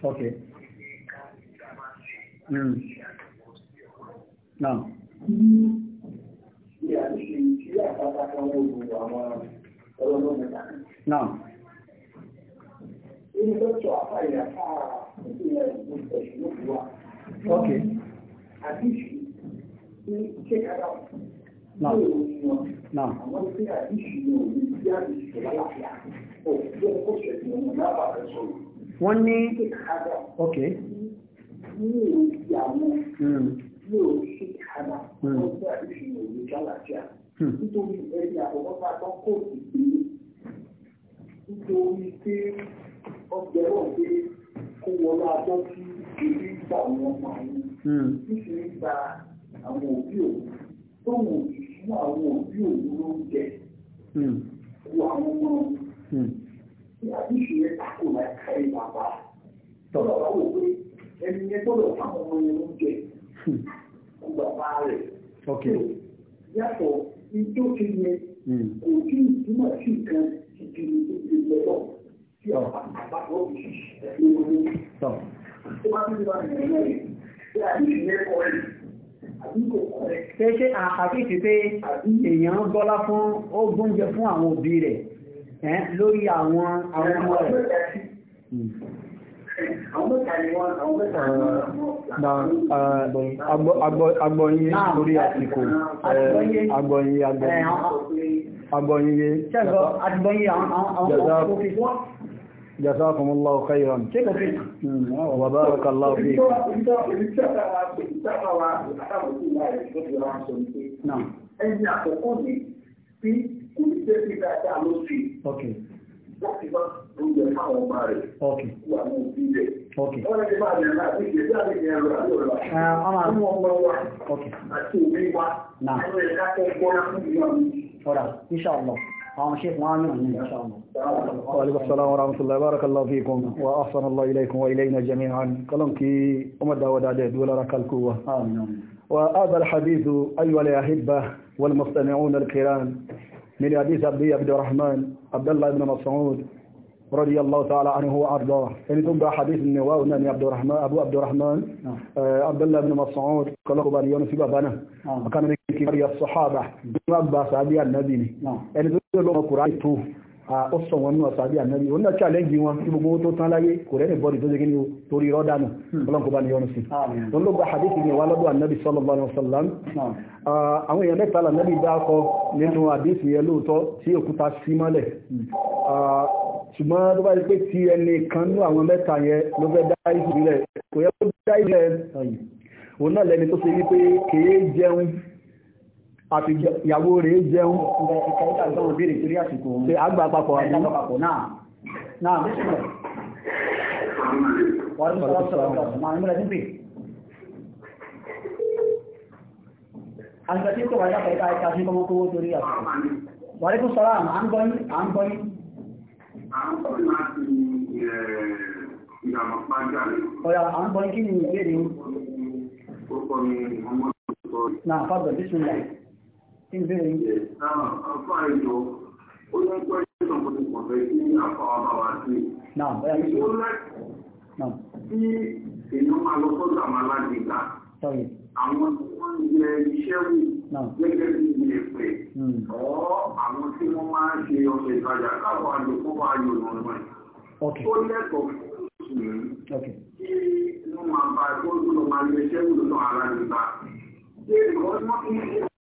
[SPEAKER 1] Okay. Mm. Naam. Náà. Wọ́n ní ok. Hmm. Hmm hànà hmm. wọ́n àdéhùn òye kálàáfíà nítorí ẹni àkọ́kọ́ bá tán nítorí pé ọgbẹ́ rọ̀ pé kó wọlé ajọ́ tí èyí ń gba àwọn ọmọ àwọn títí hmm. ń gba àwọn òbí òun tó wù fún àwọn òbí òun lóúnjẹ ku hmm. àwọn ọmọ ní àdéhùn yẹn tako láì kárí bàbá tọ́lọ̀ wá pé ẹni yẹn gbọ́dọ̀ fáwọn ọmọ yẹn lóúnjẹ bàbá rẹ̀. ok yàtọ̀ ijó ti yẹ hmm. kó kí ìtumọ̀ sí nǹkan ìdí ìdílé lọ sí àbábọ̀ òṣìṣẹ́ ìwọlé. tó bá pé èèyàn gbọ́lá fún ó gbóúnjẹ fún àwọn òbí rẹ̀ lórí àwọn àwọn ọmọ rẹ̀. Hmm. Agbọ̀nyé lórí àsìkò. Agbọ̀nyé agbọ̀nyé. Agbọ̀nyé. Ṣẹ́gbọ́ agbọ̀nyé àwọn òfin wọ́n. جزاكم الله خيرا وبارك الله فيك نعم okay láti bá oúnjẹ fáwọn ọmọ rẹ̀ wà ní òbí rẹ̀. Wọ́n lè máa yàn láti ṣe bí àlejò ẹ̀rọ àti ah, ọ̀la. Àwọn ọmọ wa àti òbí wa àwọn ẹ̀ka tó ń bọ́ra fún ìlú àmì. Ọ̀rà, inshallah. àwọn ṣe fún àmì òní inshallah. Wàlúkọ̀ sọ́lá wa rahmatullahi barakallahu fiikum wa ahsana Allah ilaykum wa ilayna jami'an. Kọ́lọ́n kí ọmọ dáwọ́ dáadẹ́ dúró lára kálkú wa. وهذا الحديث أيها الأحبة والمستمعون الكرام من حديث أبي عبد الرحمن abdullahi ibn mas'ud radiyallahu ta'ala anhu wa arda ẹni tó ń gba hadith ni wa ní abdurrahman abu abdurrahman ah. eh, abdullahi ibn mas'ud kọlọ́kọ̀ bá ní yọnu sí bàbá náà ah. ọkànnì kí kí bá rí sahaba ní hmm. wàá gba sàbí ànábì ni ah. ẹni tó ń lọ́mọ kùrá ètò ó sọ wọn ní ọ̀sàbí ànábì o náà challenge wọn tí gbogbo tó tán láyé kò rẹ́ni bọ́ọ̀dì tó ṣe ní torí rọ́dánù hmm. ọlọ́nkọ́ bá ní yọnu sí òun ló gba hadith ní wà lọ́dọ̀ ànábì sallallahu alaihi wasallam àwọn èèyàn mẹ́ta lànábì dákọ nínú hadith yẹn lóòótọ́ tí òkúta sí mọ́lẹ̀ hmm. ṣùgbọ́n tó bá rí pé ti ẹnì kan ní àwọn mẹ́ta yẹn ló fẹ́ dá ìsìlẹ̀ kò yẹ kó dá ìsìlẹ̀ òun náà lẹni tó ṣe wípé kèé jẹun àti ìyàwó rẹ̀ jẹun ṣe àgbà papọ̀ àti náà náà Àgbàtí kò wáyé àpẹta ẹka sí kọmọ kówó torí àsìkò. Wàrí kú sọ́rọ̀ àmà ń gọ́yí, à ń gọ́yí. Àwọn ọ̀pọ̀ láti ìyàmọ̀ pàjá rẹ̀. Ọ̀yà, à ń gọ́yí kí ni ìgbèrè? Ó kọ́ ni ọmọ ìbéèrè. àfa ìjọ ó ní pẹ́ ìjọ mo ti pọ̀ fẹ́ kí àfa ọba wa sí. ìṣó láti tí èèyàn máa lọ sọ́dọ̀ àwọn alágbèéká àwọn tí wọ́n ń yẹ iṣẹ́ wò gẹ́gẹ́ bí ilé pẹ̀ ọ́ àwọn tí wọ́n máa ń ṣe ọ̀sẹ̀ ìtajà káwọn àjò kó bá yọ ọ̀nà náà. ó lẹ́tọ̀ọ́ kí wọ́n máa ṣé ìkọ́ ni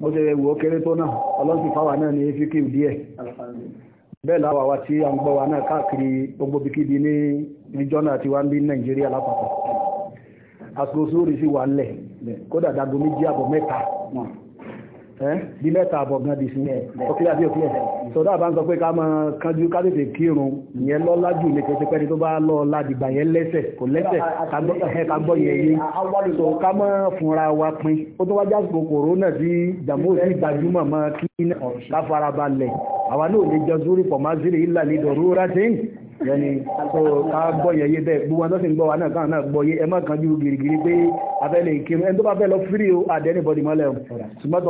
[SPEAKER 1] mo ṣe wò kéré tó náà ọlọ́sì fáwà náà ní fíkì díẹ̀ bẹ́ẹ̀ láwà wá tí a ń gbọ́ wa náà káàkiri gbogbo bíkíbi ní ìjọ́ náà ti wá ń bí nàìjíríà lápapọ̀ àsìkò sóòrì sí wà ń lẹ̀ kódà dago méjì àbọ̀ mẹ́ta bí mẹ́ta àbọ̀ gan di sí ọkílẹ̀ àbí òkílẹ̀ bá ń sọ pé ká máa kánjú ká kírun ìyẹn lọ́lá jù ní pẹ́ni tó bá lọ ládìgbà yẹn lẹ́sẹ̀ kò lẹ́sẹ̀ ká gbọ́ yẹn yé so ká máa wa pin ó tó kòrónà gbajúmọ̀ máa kí ká fara balẹ̀ àwa náà lè jọ sórí pọ̀ sílẹ̀ ìdọ̀rú yẹni tó ká gbọ́yẹ̀ yé bẹ́ẹ̀ gbogbo ẹni tó sì ń gbọ́ wa náà káwọn náà gbọ́yé ẹ má kanjú gírígírí pé abẹ́lé ìkéwọ́n ẹni tó bá fẹ́ lọ fírí o àdé ní bọ́dì mọ́lẹ̀ ṣùgbọ́n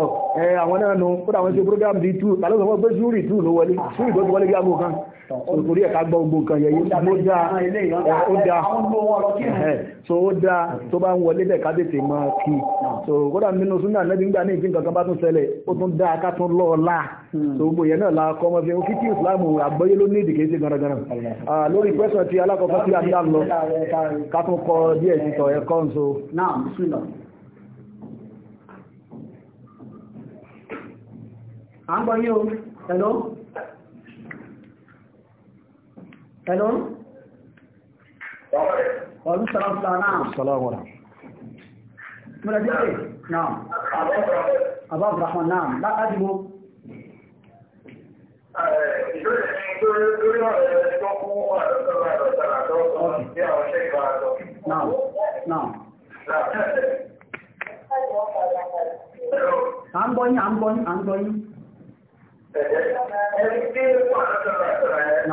[SPEAKER 1] àwọn náà nu kó dà wọ́n ṣe program di two tàbí wọ́n gbé zúrì two ló wọlé zúrì tó ti wọlé bí aago kan orí ẹ̀ka gbọ́ gbogbo nǹkan yẹ̀yẹ́ ó dáa ó dáa so ó dáa tó bá ń wọlé bẹ̀ ká tètè mọ́ kí so kódà nínú súnà nẹ́bí ń gbà ní ìpín kankan bá tún ṣẹlẹ̀ ó tún dáa ká tún lọ ọ̀la hmm. so gbogbo yẹn náà la kọ́ ọmọ fi kí tí ìsìláàmù àgbọ́yé ló ní ìdìkẹ́ sí lórí pẹ́sàn ti alákọ̀ọ́kọ́ sí àti àlọ́ ká tún kọ díẹ̀ sísọ ẹ̀kọ́ nso. náà súnà à ń gbọ́ yé o hello. Hello? Ọdún sọ́rọ̀ fúlà náà. Sọ́lọ́wọ́ rà. Mọ́lẹ̀ jẹ́ pé náà. Àbá Abrahman náà láti mú. Náà. Náà. À ń gbọ́ yín, à ń gbọ́ yín, à ń gbọ́ yín. Ẹ̀jẹ̀ ẹni tí wọ́n Ok.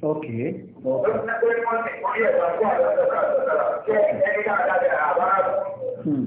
[SPEAKER 1] Ok. Hmm. hmm.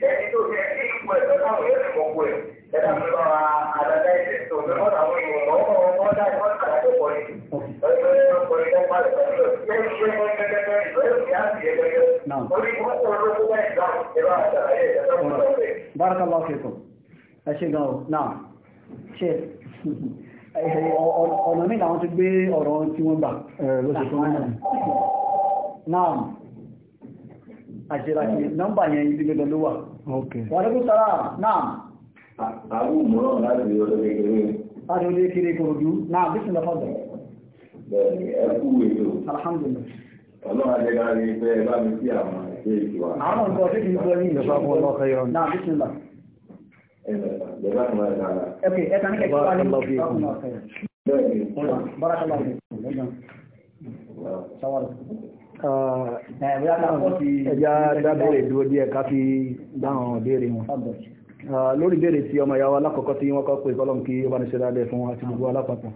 [SPEAKER 1] ìtẹ́ni tó yẹ kí ipò ẹ̀fẹ́ káwọn yóò ti gbogbo ẹ̀ ẹ̀ka mi lọ́ra àdàdà ẹ̀sẹ̀ tó mi mọ́ àwọn èèyàn lọ́wọ́ wọn wọ́n dá ìwọ́n kàdá tó pọ̀ ní. ọ̀sẹ̀ yóò pọ̀ ní ẹ̀ka rẹ̀ pẹ̀lú ìṣẹ́ ìṣẹ́ ẹgbẹ́gbẹ́ ìṣẹ́ ìṣẹ́ àti ẹgbẹ́gbẹ́. orí wọn kọ́ ló kó bẹ́ẹ̀ gbà ẹ̀rọ àdàdà ẹ̀sẹ̀ tó mọ̀ lọ́wọ́ Barakallahu fikum. Ẹ ṣe gan o, náà, ṣe ọ̀nà mí làwọn ti gbé ọ̀rọ̀ tí wọ́n gbà lóṣù tó náà. Náà, àṣírà kí nọ́mbà yẹn ibi lọ́dọ̀ ló ওয়ালাইকুম সালাম নাম আর ওদের কিরে করবি না বিসমিল্লাহ তাফাদ্দাল আলহামদুলিল্লাহ Ọlọ́run ajẹ́gbẹ̀rẹ̀ ìfẹ́ ẹ̀bá mi sí àwọn ìṣẹ́ ìṣúwà. Àwọn ọ̀pọ̀ ọ̀ṣẹ́ kìí gbọ́ ní ìjọba fún ọlọ́kọ̀ yọ. Náà bí ṣe ń lọ. dáhùn ìbéèrè wọn lórí ìbéèrè tí ọmọ ìyàwó alákọ̀ọ́kọ́ tí wọ́n kọ́ pé kọ́lọ́m kí wọ́n ṣe dáadẹ́ fún àti gbogbo alápapọ̀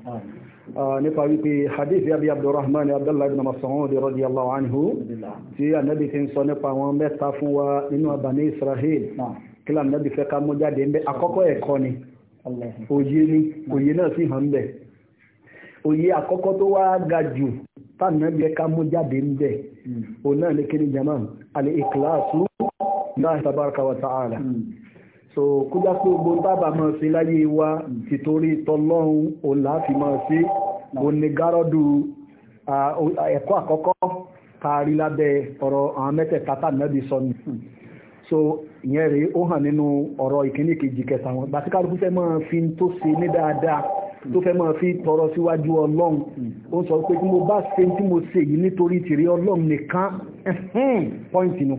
[SPEAKER 1] nípa wípé hadith yabi abdurrahman abdullahi ibn mas'ud Allah anhu tí anabi fi ń sọ nípa àwọn mẹ́ta fún wa nínú abani israel kí lóun anabi fẹ́ ká mú jáde ń bẹ àkọ́kọ́ ẹ̀kọ́ ni òye ni òye náà sì hàn ń bẹ òye àkọ́kọ́ tó wá ga jù tánàbí ẹ̀ká mú jáde ń bẹ hmm. òun náà ní kí ni jama al-ikhlasu náà tabaraka wa ta'ala hmm. so kó já pé gbogbo tábà máa ṣe láyé wa tìtorí tọlọ́run òun láti máa ṣe òun ni gárọ́dù ẹ̀kọ́ àkọ́kọ́ kárí lábẹ́ ọ̀rọ̀ àwọn mẹ́tẹ̀ẹ̀ta tàbí sọ́nù hmm. so ìyẹn rèé ó hàn nínú ọ̀rọ̀ ìkíní kejì kẹta wọn gbàtí kálukú fẹ́ máa fi tó ṣe ní dáadáa hmm. tó fẹ́ máa fi tọrọ síwájú ọlọ́run ó sọ pé tí mo bá ṣe tí mo ṣe yìí nítorí tìrí ọlọ́run nìkan pọ́ìntì nù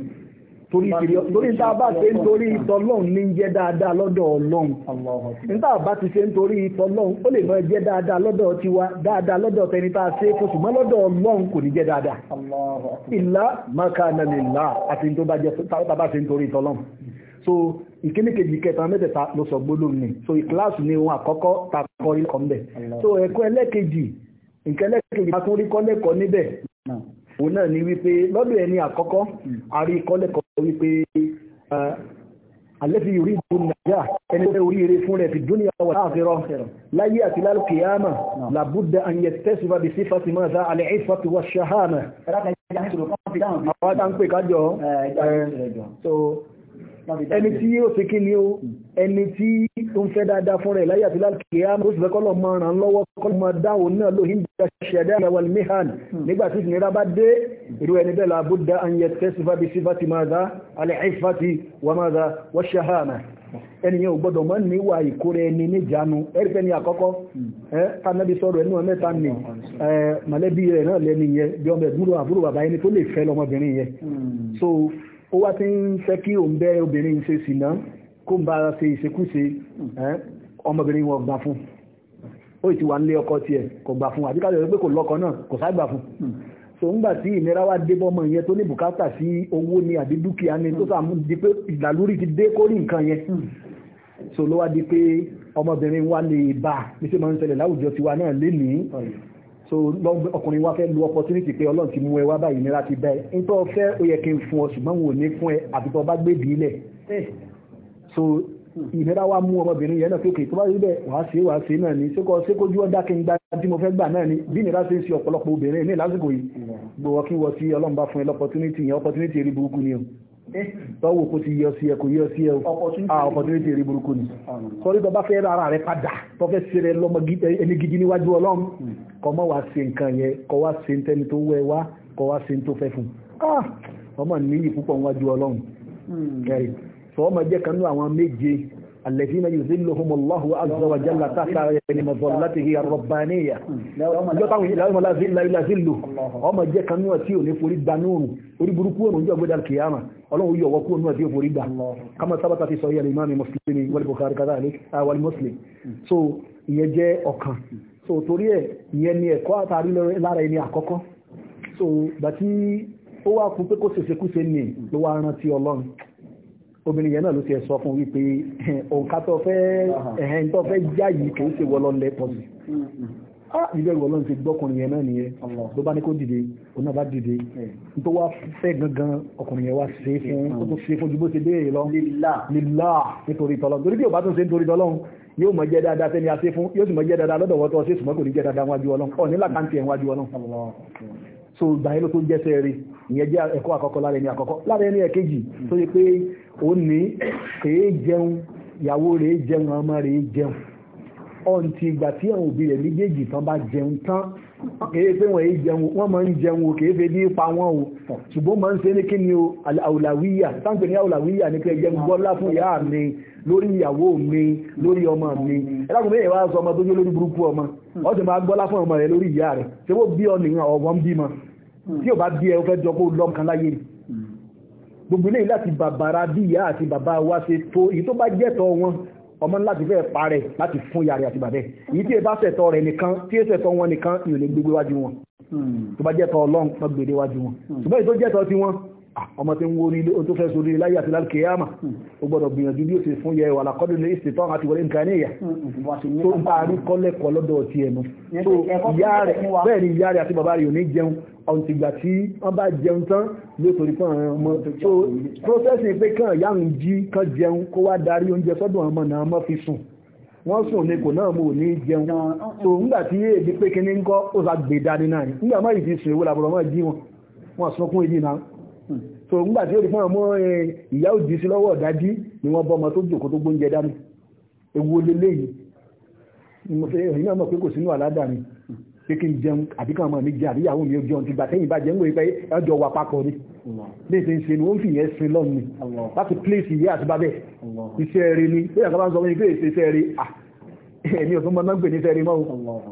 [SPEAKER 1] torí ìtìrí torí tá a bá ṣe ń torí ìtọ́lọ́hún ní jẹ́ dáadáa lọ́dọ̀ ọlọ́hun níta bá ti ṣe ń torí ìtọ́lọ́hún ó lè máa jẹ́ dáadáa lọ́dọ̀ tiwa dáadáa lọ́dọ̀ tẹni tá a ṣe kó ṣùgbọ́n lọ́dọ̀ ọlọ́hun kò ní jẹ́ dáadáa ìlà mákàánà lèlà àti tó bá jẹ́ tá bá ṣe ń torí ìtọ́lọ́hún so ìkíní kejì kẹta mẹ́tẹ̀ẹ̀ta ló sọ gbólóhùn ni so ìkíláàsì ni ohun àkọ́kọ́ ta kọrí kọ́ níbẹ̀ so ẹ̀kọ́ ẹlẹ́kejì ìkẹ́lẹ́kejì ta tún rí kọ́ lẹ́kọ̀ọ́ níbẹ̀ òun náà ni wípé lọ́dọ̀ ẹni àkọ́kọ́ àrí kọ́lẹ́kọ̀ọ́ wípé alẹ́fi orí ìdún nàíjà ẹni tẹ́ orí eré fún rẹ̀ fi dúnìyà wà láàfẹ́rọ láyé àti lálùkìyàmà làbúdà àyẹ̀ tẹ́sùbà bí sífà ti máa sáà alẹ́ ìfà ti wà ṣàhánà ẹni tí ó ti kí ni ó hmm. ẹni tí ó ń fẹ́ dáadáa fún rẹ̀ láyàtí lákìíyá ó sì fẹ́kọ́lọ̀ máa ràn lọ́wọ́ kọ́lọ̀ máa dáwò náà ló hìndà ṣẹ̀dá àwọl mihan hmm. nígbà tí ìnira bá dé irú ẹni bẹ́ẹ̀ làbúdá anyẹ tẹ́sífà bí sífà ti máa dá alẹ́ àìfà ti wà máa dá wọ́n ṣahánà ẹniyàn ò gbọdọ̀ mọ́ níwà ìkórè ẹni níjànú ẹ̀rìfẹ́ ni àkọ́kọ́ ẹ́ tánàbí sọ̀rọ̀ ẹnu mẹ́ta ni mọ̀lẹ́bí rẹ̀ náà lẹ́ni yẹn bí ọmọ ẹ̀gbúrò àbúrò bàbá ẹni tó lè fẹ́ lọmọbìnrin yẹn hmm. so ó wá ti ń fẹ́ kí òun bẹ́ obìnrin ṣe sìnà kó ń bá ṣe ìṣekúṣe ọmọbìnrin wọn gbà fún ó ti wà nílé ọkọ tiẹ̀ kò gbà fún àbíká lè kò lọ́kọ náà kò sá fún so ń gbà tí ìnira wá dé bọ́mọ yẹn tó ní bùkátà sí owó ni àbí dúkìá ni tó sàmú di pé ìlàlúrí ti dé kórì nǹkan yẹn so ló wá di pé ọmọbìnrin wa lè bá bí ṣe máa ń ṣẹlẹ̀ láwùjọ tiwa náà lénìí so ọkùnrin wa fẹ́ lu opportunity pé ọlọ́run ti mú ẹ wá báyìí nira ti bẹ́ẹ̀ ń tọ́ fẹ́ ó yẹ kí n fún ọ ṣùgbọ́n ní fún ẹ àti bá gbé bí ilẹ̀ so ìnira wa mú ọmọbìnrin yẹn náà pé kìí tó bá rí bẹ́ẹ̀ wàá ṣe wàá ṣe náà ni ṣékọ́ ṣékójú ọ̀dá kí n gbá tí mo fẹ́ gbà náà ni bí ìnira ṣe ń ṣe ọ̀pọ̀lọpọ̀ obìnrin ní lásìkò yìí gbowó kí wọ́n sí ọlọ́run fún ẹ lọ́pọ̀tunity yẹn opportunity rí burúkú ni o tọ́wọ́ kó ti yọ sí ẹ kò yọ sí ẹ ah, opportunity rí burúkú ni sọ́rí tọ́ bá fẹ́ ara rẹ padà tọ́ fẹ́ ṣe rẹ lọ́mọ eh, ẹni gidi níwájú ọlọ́run kọ́ mọ́ wá ṣe nǹkan yẹn kọ́ wá ṣe tẹ́ni tó wẹ́ wá kọ́ wá ṣe tó fẹ́ fún ah, ọmọ níyì púpọ̀ níwájú ọlọ́run kẹrì hmm. sọ́ọ́mọ jẹ́ kanú àwọn méje الذين يذلهم الله عز وجل تحت مظلته الربانية لهم لا ذل إلا ذله ọmọ jẹ́ kan níwà tí ò ní forí gba nóòrùn orí burúkú òrùn jẹ́ ọgbẹ́dà kìyàmà ọlọ́run yóò wọ́kú òníwà tí ó forí gba kama sábàtà ti sọ yẹ́ ìmáàmì mùsùlùmí wal Bukhari kádà ní àwọn mùsùlùmí so ìyẹn jẹ́ ọ̀kan so torí obìnrin yẹn náà ló ti ẹ̀ sọ fún wípé òǹkà tó fẹ́ ẹ̀hẹ́n tó fẹ́ já yìí kìí ṣe wọ́lọ́ lẹ́pọ̀ sí mm-hmm. ah, ìbẹ̀rù ọlọ́run ti gbọ́kùnrin yẹn náà nìyẹn ló bá ní kó dìde òun náà bá dìde tó wá fẹ́ gangan ọkùnrin yẹn wá ṣe fún ó tó ṣe fún ju bó ṣe béèrè lọ lílá nítorí tọ́lọ́ torí bí ò bá tún ṣe nítorí tọ́lọ́run yóò mọ̀ jẹ́ dáadáa fẹ́ni a ṣe fún yóò sì mọ̀ jẹ́ dáadáa lọ́dọ̀ wọ́tọ́ ṣe sùmọ́ kò ní jẹ́ dáadáa wájú ọlọ́run ọ̀ nílà kàǹtì ẹ̀ wájú ọlọ́run so ìgbàyẹn ló tó jẹ́ sẹ́ẹ̀rí ìyẹn jẹ́ ẹ̀kọ́ àkọ́kọ́ lára ẹni àkọ́kọ́ lára ẹni ẹ̀kejì tó yẹ pé ó ní kèé jẹun ìyàwó rẹ̀ jẹun ọmọ rẹ̀ jẹun ọ̀ǹtì ìgbà tí àwọn òbí rẹ̀ méjèèjì tán bá jẹun tán kìí pé wọ́n jẹun wọ́n máa ń jẹun o kìí pé ní ipa wọn o ṣùgbọ́n máa ń ṣe ní kí ni o àwùlàwíyà táǹpẹ̀ ní àwùlàwíyà ní kí ẹ jẹun gbọ́lá fún ìyá mi lórí ìyàwó mi lórí ọmọ mi ẹlẹ́kùn mẹ́rin wá sọ ọmọ tó jẹ́ lórí burúkú ọmọ ọ sì máa gbọ́lá fún ọmọ rẹ lórí ìyá rẹ ṣé wọ́n bí ọ nìyàn ọ̀wọ́ ń bímọ tí ò bá bí ẹ fẹ́ jọ kó lọ́m kan láyé ni gbogbo eléyìí láti bàbàrà bí ìyá àti bàbá wa ṣe tó èyí tó bá jẹ́tọ̀ wọn ọmọ ńlá ti fẹ́ parẹ́ láti fún ìyá rẹ̀ àti bàbẹ́ èyí tí ẹ bá ṣẹ̀tọ́ rẹ̀ nìkan tí ẹ ṣẹ̀tọ́ wọn nìkan ìyò lè gbégbé wájú wọn tó bá jẹ́tọ́ ọlọ́run pọ́n gbèdé e wájú wọn ṣùgbọ́n èyí tó jẹ́tọ́ ti wọn Ah, ọmọ tí ń wórí ilé tó fẹ́ sórí láyé àti lálkèyàmà ó gbọ́dọ̀ gbìyànjú bí ó ti fún yẹ wà lákọ́dún ní ìsìtọ́ àti wọlé nǹkan níyà tó ń parí kọ́lẹ̀kọ́ lọ́dọ̀ ti ẹnu bẹ́ẹ̀ ni ìyá rẹ̀ àti bàbá rẹ̀ ò ní jẹun ọ̀n ti gbà tí wọ́n bá jẹun tán ló torí fún àwọn ọmọ tó prọ́sẹ́sì pé kàn yá ń jí kàn jẹun kó wá darí oúnjẹ sọ́dọ̀ ọmọ náà mọ́ fi sùn wọ́n sùn ní kò náà mò ní jẹun tó ńgbà mm, mm. tí èdè pé kíní ń kọ́ ó sàgbè dání náà nígbà má yìí ti sùn èwo làbọ̀rọ̀ mọ́ jí wọn wọ́n sunkún èdè náà Hmm. so ńgbà tí ó rí fún ọmọ ìyá òjì sí lọ́wọ́ ọ̀dájí ni wọ́n bọ́ ọmọ tó jòkó tó gbóúnjẹ dání ewu olélé yìí ìyá ọmọ pé kò sínú àládà mi pé kí n jẹun àbí kan ọmọ mi jẹ àbí ìyàwó mi o jẹun ti gbà tẹ́yìn bá jẹ ń wòye pé ẹjọ́ wà papọ̀ ni bí ìsìn ṣe ni ó ń fi ìyẹn sin lọ́nu láti pílẹ̀sì ìyá àti bábẹ́ iṣẹ́ rẹ ni bí àgbà bá ń sọ fún mi pé èsì iṣẹ́ rẹ ẹ̀mí ọ̀tún mọ́ náà gbè ní iṣẹ́ rẹ mọ́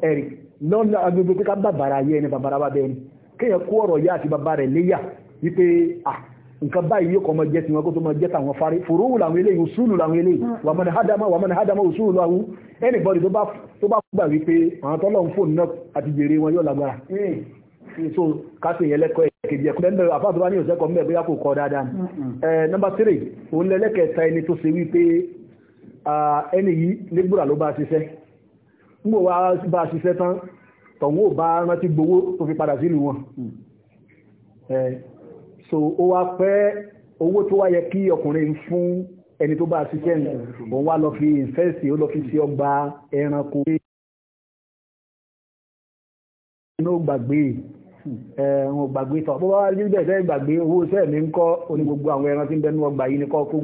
[SPEAKER 1] ẹ̀rí lọ́nà agbègbè pé ká bàbàrà ayé ẹni bàbàrà bá bẹ́ẹ̀ ni kéèyàn kó ọ̀rọ̀ ìyá àti bàbá rẹ̀ léyà wípé ah nǹkan báyìí yóò kọ́ mọ jẹ́ tiwọn kó tó mọ jẹ́ tàwọn fárí fòrúwù làwọn eléyìí òṣùlù làwọn eléyìí wàmọ́ni hádámọ́ wàmọ́ni hádámọ́ òṣùlù làwọn anybody tó bá tó bá gbà wípé àwọn tọ́lọ̀ ń fòun náà àti jèrè wọn yóò lágbára hmm. so káṣí yẹn lẹ́kọ̀ọ́ kejì ẹ̀kọ́ lẹ́nu àfáàtò bá ní òṣẹ́kọ̀ọ́ mẹ́ bóyá kò kọ́ dáadáa ẹ̀ nọ́mbà tírì òun lẹ́lẹ́kẹ̀ẹ́ta ẹni tó ṣe wípé ẹni yìí lébùrà ló bá ṣiṣẹ́ nígbò wá bá ṣiṣẹ́ tán tọ̀hún ò bá rántí gbowó tó fi padà sínú wọn hmm. eh, so ó wá pẹ́ owó tó wáyẹ kí ọkùnrin fún ẹni tó bá ṣiṣẹ́ ní òun wá lọ fi ìfẹ́sì ó lọ fi sí ọgbà ẹranko inú gbàgbé ẹ̀rùn gbàgbé tọ̀ bó bá wá rí bẹ̀rẹ̀ gbàgbé owó iṣẹ́ mi ń kọ́ oní gbogbo àwọn ẹran tí ń bẹnu ọgbà yìí ní gbogbo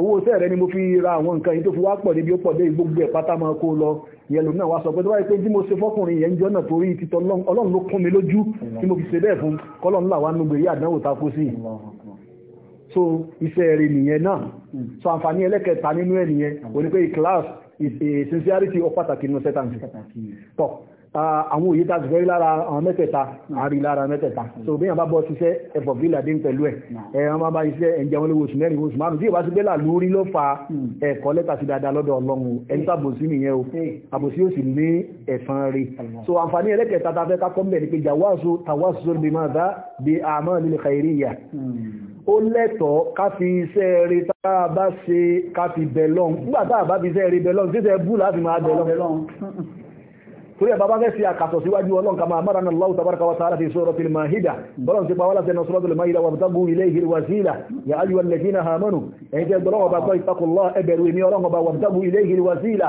[SPEAKER 1] owó iṣẹ́ rẹ ni mo fi ra àwọn nǹkan yìí tó fi wá pọ̀ débi ó pọ̀ dé gbogbo ẹ̀ pátá kó lọ yẹlò náà wá sọ pé tó báyìí pé tí mo ṣe fọkùnrin yẹn ń torí títọ ọlọ́run ló kún mi lójú tí mo fi ṣe bẹ́ẹ̀ fún kọ́lọ́run là wá nùgbèrè àdánwò ta kó sí so iṣẹ́ rẹ nìyẹn náà so àǹfààní ẹlẹ́kẹta nínú ẹ̀ nìyẹn òní pé class is a sincerity of pàtàkì nínú sẹ́tàǹtì Ah, àwọn òye tàbí fẹ́rí lára àwọn mẹ́tẹ̀ẹ̀ta àárí lára mẹ́tẹ̀ẹ̀ta so bí àbá bọ́ ṣiṣẹ́ ẹ̀fọ̀ bí ìlàdín pẹ̀lú ẹ̀ hmm. ẹ̀rọ máa bá iṣẹ́ ẹ̀jẹ̀ wọn lówó oṣù mẹ́rin oṣù márùn tí ìbá ti bẹ́là lórí ló fa hmm. ẹ̀kọ́ lẹ́tà sí dáadáa lọ́dọ̀ ọlọ́run ẹni tó àbòsí nìyẹn o àbòsí ó ní ẹ̀fọn rí so àǹfààní ẹlẹ́kẹ̀ẹ́ta ta fẹ́ ká kọ́ mbẹ̀ ni pé jàwáṣu tàwáṣu bí máa dá bí àmọ́ nílé kàìrí ìyà ó lẹ́tọ̀ọ́ ká fi iṣẹ́ rí tá a bá ṣe ká fi bẹ̀ nígbà tá a bá fi iṣẹ́ rí bẹ̀ lọ́n bú láti máa bẹ̀ torí ẹ̀bá bá fẹ́ fi àkàsọ̀ síwájú ọlọ́n kama amára náà lọ́wọ́ tabaraka wa ta'ala fi suratul Ma'idah bọ́lọ̀ ti pàwọ́lá tẹ́nà suratul Ma'idah wa btagu ilayhi al-wasila ya ayyuhal ladhina amanu ẹ̀yìn tẹ́ gbọ́lọ́wọ́ bá kọ́ ittaqullah ẹbẹ̀rù bá wa btagu ilayhi al-wasila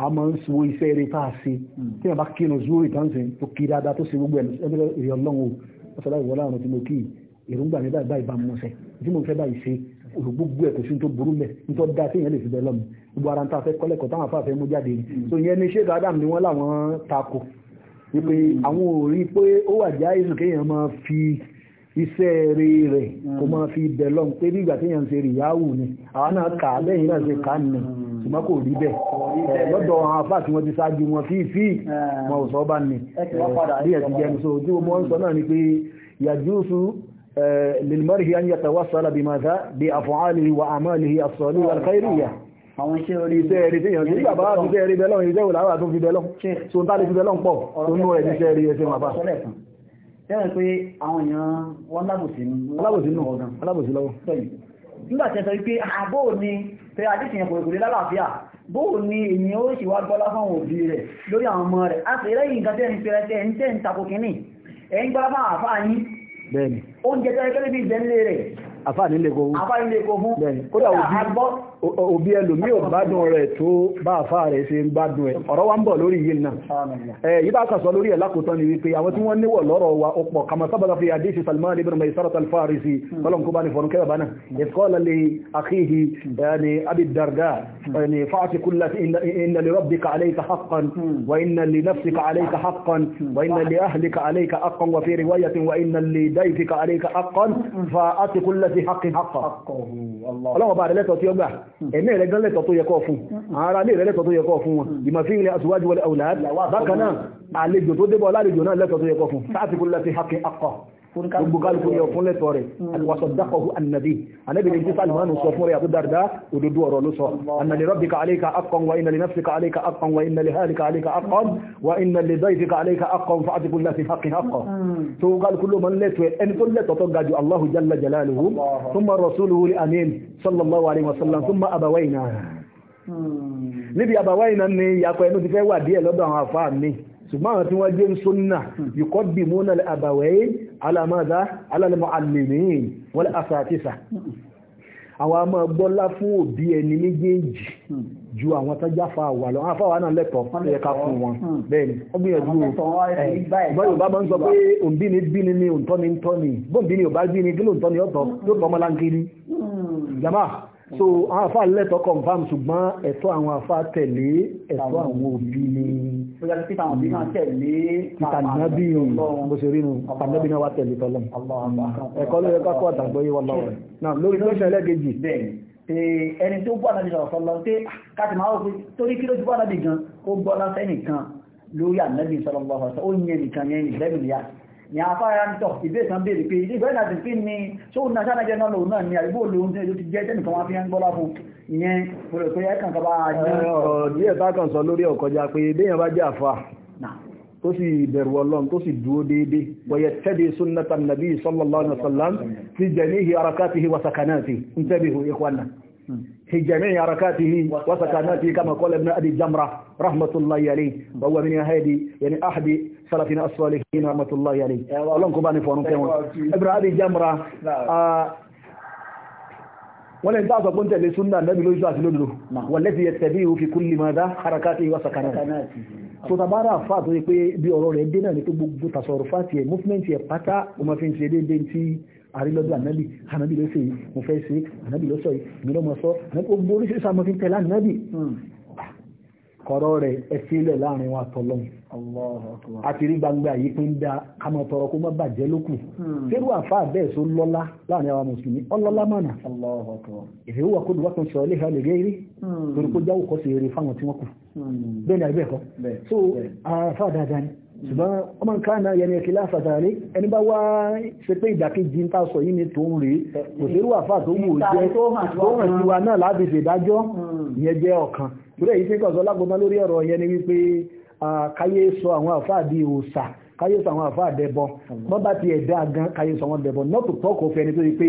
[SPEAKER 1] a máa ń so iṣẹ́ eré tá a ṣe hmm. tí wọ́n bá kírun zúrò ìtànsìn tó kí dáadáa tó ṣe gbogbo ẹ̀ èrè ọlọ́run o wọ́n sọ́dọ̀ ìwọ́lá ọ̀run tí mo kí èròǹgbà mi báyìí báyìí bá mọ̀ ṣe tí mo fẹ́ báyìí ṣe olùgbogbo ẹ̀ kò sí tó burú mẹ́ nítorí dáa téèyàn lè fi bẹ́ẹ̀ lọ́mù gbogbo ara ń ta fẹ́ kọ́lẹ́kọ̀ọ́ táwọn afáfẹ́ mú jáde ni hmm. so ìyẹn ni ṣé dáadáa ni wọ́n láwọn tako wípé hmm. àwọn ò rí pé ó wà jáìsù iṣẹ́ rere rẹ̀ kò máa fi bẹ̀ lọ́n pé bí ìgbà tí èèyàn ń ṣe rìyáwù ni àwọn náà kà á lẹ́yìn náà ṣe kà á nì ṣùgbọ́n kò rí bẹ́ẹ̀ lọ́dọ̀ àwọn afá tí wọ́n ti ṣáájú wọn fi fi wọn ò sọ́ bá ní bí ẹ̀sìn jẹun so ojú ọmọ ń sọ náà ni pé yàjúùsù lèlmọ́rìhì an yatawassala bí màdá bí af'alihi wa a'malihi as-salih wal-khairiyya àwọn iṣẹ́ orí ní bàbá àti iṣẹ́ iṣẹ́ òlàwà tẹ́rẹ̀ pé àwọn èèyàn wọ́n lábòsínú alábòsí lọ́wọ́ nígbàtẹ́sọ wípé àbó ah, ní tẹ́ àdíṣìyàn kòròkòrò lálàáfíà bó ní èyàn ó sì wá gbọ́lá fáwọn òbí rẹ̀ lórí àwọn ọmọ rẹ̀ a fẹ́ lẹ́yìn nǹkan tẹ́rin fẹ́rẹ́ tẹ́ ń tẹ́ ń tako kìíní gbọ́lá fáwọn àfáà yín oúnjẹ tẹ́rẹ́ kẹ́lẹ́bí ìjẹ́ ńlé rẹ̀ àfáà nílé kó fún kódà òbí òbí ẹlòmí ò gbádùn rẹ̀ tó bá àfá rẹ̀ ṣe ń gbádùn ẹ̀ ọ̀rọ̀ wa ń bọ̀ lórí yìí náà yìí bá kàṣọ lórí ẹ̀ lákòótán ni wípé àwọn tí wọ́n níwọ̀ lọ́rọ̀ wa ó pọ̀ kàmọ́ sábàlá fi àdéṣe Salman ibn Maysarah al-Farisi kọ́lọ̀n hmm. kó bá ní fọ̀rùn kẹ́bàbá náà ìfọ́lá lè akhihi hmm. yani Abi Darda hmm. yani fa'ati kulla inna li rabbika alayka haqqan rẹ̀ lẹ́tọ̀ọ́ tí ó gbà Hmm. ẹ̀mí rẹ̀ gan lẹ́tọ̀ tó yẹ kọ́ fún hmm. ara lè rẹ̀ lẹ́tọ̀ tó yẹ kọ́ fún wọn hmm. ìmọ̀fí ilẹ̀ aṣíwájú wọlé àwòlá bákan náà àlejò tó débọ̀ lálejò náà lẹ́tọ̀ tó yẹ kọ́ fún gbogbo kálukú yọ fún lẹ́tọ̀ rẹ̀ hmm. àtiwàsọ̀ dákọ̀hu annabi anabi ní sísá alìmánu sọ fún rẹ̀ àti dáadáa òdodo ọ̀rọ̀ ló sọ annali rabbika alayka akọ̀n wa inna li nafsika alayka akọ̀n wa inna li halika alayka akọ̀n wa inna li dayfika alayka akọ̀n fa àtikú láti haqqi haqqan tó hmm. kálukú ló máa ń lẹ́tọ̀ ẹni tó lẹ́tọ̀ tó gajù allahu jalla jalaluhu thumma rasuluhu li amin sallallahu alayhi wa sallam thumma abawayna hmm. níbi abawayna ni yàpọ̀ ẹnu ti fẹ́ wà díẹ̀ lọ́dọ̀ àwọn mi ṣùgbọ́n àwọn tí wọ́n jẹ́ súnnà yíkọ́ bí múnà àbàwẹ́ alamada alalmuallimin wal asatisa àwọn a máa gbọ́lá fún òbí ẹni méjèèjì ju àwọn tọ́já fa wà lọ àwọn afáwà náà lẹ́tọ̀ọ́ fún ẹ̀ka fún wọn hmm. bẹ́ẹ̀ni ó gbìyànjú báyìí bá máa ń sọ pé òǹbí ni bí ni ni òǹtọ́ ni ń tọ́ ni bóǹbí ni ò bá bí ni kí ló ń tọ́ ni ọ̀tọ̀ yóò tọ́ ọmọláńkiri hmm. jama so àwọn àfáà lẹ́tọ̀ confam ṣùgbọ́n ẹ̀tọ́ àwọn àfáà tẹ̀lé ẹ̀tọ́ àwọn òbí ni ìtànàbí bó ṣe rí nu ìtànàbí náà wá tẹ̀lé tọ́lọ̀ ẹ̀kọ́ ló yẹ kọ́kọ́ àtàgbọ́ yìí wọ́n lọ́wọ́ náà lórí lóṣẹ̀ ẹlẹ́gẹ̀jì ẹni tó gbọ́ àdájọ́ ọ̀sọ́lọ́ pé ah, káàkiri máa wọ́n torí kí ló ti gbọ́ àdájọ́ gan ó gbọ́ lásẹ́nìkan lórí àdájọ́ ìsọ̀rọ̀ ní afárá ń tọ̀ ìbé ìtàn béèrè pé ilé ìgbẹ́ ìdájì kí ni ṣó ń naṣá lẹ́jẹ́ náà lòun náà ni àdúgbò lòun tí ó ti jẹ́ tẹ́nìkan wá fi ń gbọ́lá fún ìyẹn rẹ̀ pé ẹ̀kàn kan bá jẹ́ ọ̀rọ̀ díẹ̀ tá kan sọ lórí ọ̀kọjá pé béèyàn bá jẹ́ àfà tó sì bẹ̀rù ọlọ́run tó sì dúró déédéé wọ́yẹ tẹ́bi sunnata nabi sallallahu alaihi wasallam fi jẹ̀níhi arakatihi wa sakanati ń tẹ́bi hu ikhwana hmm. في جميع حركاته وسكناته كما قال ابن أبي جمرة رحمة الله عليه وهو من هذه يعني أحد سلفنا الصالحين رحمة الله عليه اللهم كباني فوانو كيوان ابن أبي جمرة wọ́n lè dáàbò pọ́ntẹ̀ lè súnnà lẹ́bí lójú àti lónìí wọ́n lẹ́bí ẹ̀tẹ̀bí òfi kúlì máa dá harakati wa sakana so tabara fa tó yẹ pé bí ọ̀rọ̀ rẹ̀ dé náà ní tó gbogbo tasọ̀rọ̀ fàtì ẹ̀ movement ẹ̀ pátá o ma fi ń ṣe déédéé tí àrílọ́dún ànábì ànábì ló ṣe yìí mo fẹ́ ṣe ànábì ló sọ yìí mi lọ́mọ sọ gbogbo oríṣiríṣi àmọ́ fi ń tẹ̀lé ànábì hmm. kọ̀rọ̀ rẹ̀ ẹ̀fílẹ̀ láàrin wa tọ́lọ́m àti rí gbangba yìí pín dá kàmọ̀ tọrọ kó má bàjẹ́ lókù fẹ́rù hmm. àfá bẹ́ẹ̀ só lọ́lá láàrin àwọn mùsùlùmí ọlọ́lá mọ̀nà ìfẹ́ wà kó dùwà tó ń sọ ilé ìhàlẹ̀ rẹ̀ rí hmm. torí kó jáwó kọ́ sí eré fáwọn tí wọ́n kù bẹ́ẹ̀ ni àgbẹ̀kọ́ so àfá dáadáa ni ṣùgbọ́n ọmọ nǹkan náà yẹni ẹ̀kí láfàtà rí ẹni bá wá ṣe pé ìdàkejì ń tà yìí ni tó ń rí kò sí irú àfà tó wù jẹ́ tó hàn sí wa náà láti ṣèdájọ́ hmm. yẹn jẹ́ ọ̀kan lórí èyí tí kò sọ lágbọ́n lórí ọ̀rọ̀ yẹn ni wípé káyé sọ àwọn àfà di òòṣà káyé sọ àwọn àfà dẹbọ hmm. bọ́n bá ti ẹ̀dá gan káyé sọ wọn dẹbọ not to talk of ẹni tó yí pé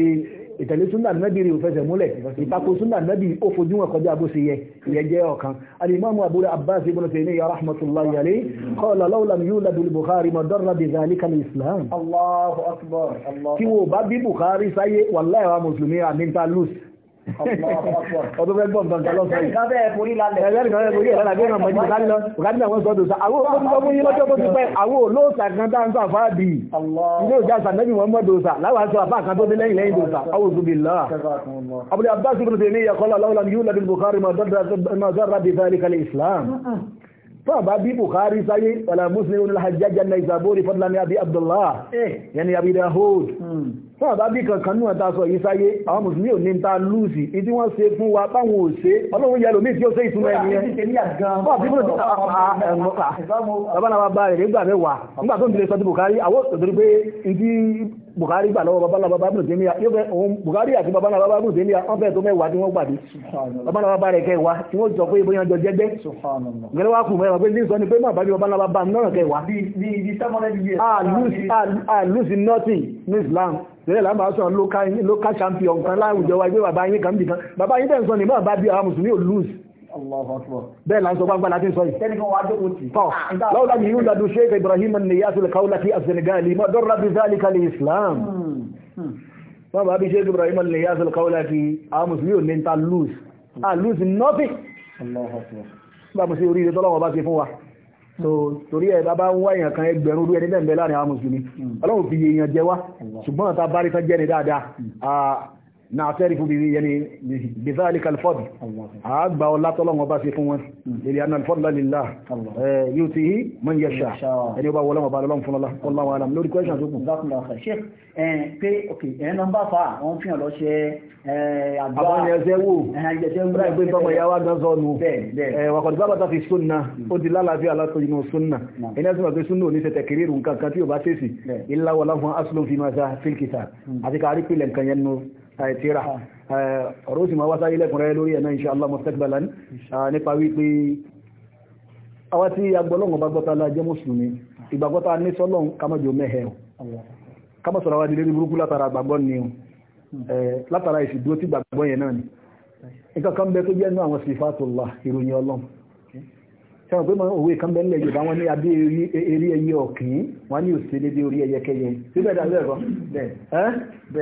[SPEAKER 1] ìtẹ̀lé súnà nàbì rí òfẹsẹ̀ múlẹ̀ ìtakò súnà nàbì ó fojú wọn kọjá bó ṣe yẹ ìyẹn jẹ́ ọ̀kan alimami abu abbas ibn taymiya rahmatullahi alayhi qala law lam yulad al bukhari ma darra bi dhalika al islam allahu akbar kí wo bá bí bukhari sáyé wàláhì wa mùsùlùmí àmì ta lùs ọdún fẹ́ gbọ́n gbọ́n lọ́sọ̀ yìí. ẹ̀ẹ́dẹ́gbẹ̀rún fẹ́ forí lálẹ́. ẹ̀ẹ́dẹ́gbẹ̀rún fẹ́ forí lálẹ́ bí wọ́n mọ̀ nípa lọ. ọ̀gáńdà wọn sọ́dọ̀ sọ àwọn olóòtú fún yín lọ́jọ́ tó ti pẹ́ àwọn olóòtú kan tá ń sọ àfáà bì í. ilé ìjà sànẹ́bí wọn mọ̀ dòsà láwọn aṣọ àfáà kan tó dé lẹ́yìn lẹ́yìn dòsà awùsù bì lá. Abul Abbas ibn Taymiyyah qala Allahu lam bukhari ma darra bi dhalika al-Islam bá bí bukhari sáyé wàlá muslim ní alhajjájá na ìsàbórí fọ́dúnlá ní abi abdullah eh. yẹni abi dahud fún hmm. àbá bí kankan náà ta sọ yìí sáyé àwọn musulmi ò ní ta lùsì ìdí wọ́n ṣe fún wa báwọn ò ṣe ọlọ́run yẹ lómi tí ó ṣe ìtumọ̀ ẹni yẹn bàbá náà bá rẹ̀ nígbà mẹ́wàá nígbà tó ń tilẹ̀ sọ ti bukhari àwọn òṣèlú pé ìdí Buhari gbà lọ́wọ́ babalá bàbá bùn tèmi à yóò fẹ́ òun Buhari àti babalá bàbá bùn tèmi wọ́n fẹ́ tó mẹ́wàá tí wọ́n gbàdé babalá bàbá rẹ̀ kẹwàá tí wọ́n sọ pé bóyá jọ jẹ́gbẹ́ gẹ́lẹ́ wá kù mẹ́wàá pé ní sọ ni pé má bàbá babalá bàbá náà kẹwàá. a lose nothing ní Islam tẹ́lẹ̀ láàbà sọ local champion kan láwùjọ wa ẹgbẹ́ bàbá yín kan bìkan bàbá yín tẹ̀ ń sọ ni má bá bí àwọn mùsùlùmí ò lose bẹ́ẹ̀ la ń sọ gbangba láti sọ yìí lọ́wọ́ láti yíò lọ́dún sheikh ibrahim niyasu kaulaki as-senegali ma dọ́rọ̀ bí zálika lè islam wọ́n hmm, hmm. bá bí sheikh ibrahim niyasu kaulaki a musulmi ò ní ta lose a lose nothing bá mo sí orí ilé tọ́lọ́wọ́ bá ṣe fún wa torí ẹ̀ bá bá ń wá kan ẹgbẹ̀rún orú ẹni bẹ́ẹ̀ láàrin àwọn musulmi hmm. ọlọ́run fi èèyàn jẹ wá ṣùgbọ́n ta bá rí tán jẹ́ ni dáadáa ah, نعترف يعني بذلك الفضل أكبر الله طلع وباسي فون لأن الفضل لله يؤتيه من يشاء يعني يبقى ولا مبالي لهم فون الله والله أعلم لو ريكويشن سوكم جزاكم الله خير شيخ pé ok ẹ̀yẹn lọ ń bá fa àwọn fi hàn lọ ṣe àdúrà àwọn ẹ̀ṣẹ̀ wò bíra ìgbé tọmọ ìyàwó àgbà sọnù wàkọ̀dì bá bàtà fi súnà hmm. ó di lálàáfíà alákòjìmọ̀ súnà hmm. ẹni ẹ̀sìn wà pé súnà ò ní tíra ọ̀rọ̀ sì máa wá sáyé lẹ́kùnrẹ́ lórí ẹ̀nà insha Allah mustaqbalan nípa wípé àwa tí agbọ́lọ́wọ̀n bá gbọ́ta la jẹ́ mùsùlùmí ìgbàgbọ́ta ní sọ́lọ́n kámọ́jọ mẹ́hẹ̀ kámọ́sọ̀rọ̀ wá di lórí burúkú látara gbàgbọ́ ni o látara ìsìdúró tí gbàgbọ́ yẹn náà ni nǹkan kan bẹ tó jẹ́ náà àwọn sifatullah ìròyìn ọlọ́run sẹ́wọ̀n pé máa òwe kan bẹ nílẹ̀ yorùbá wọn ní abé eré ẹyẹ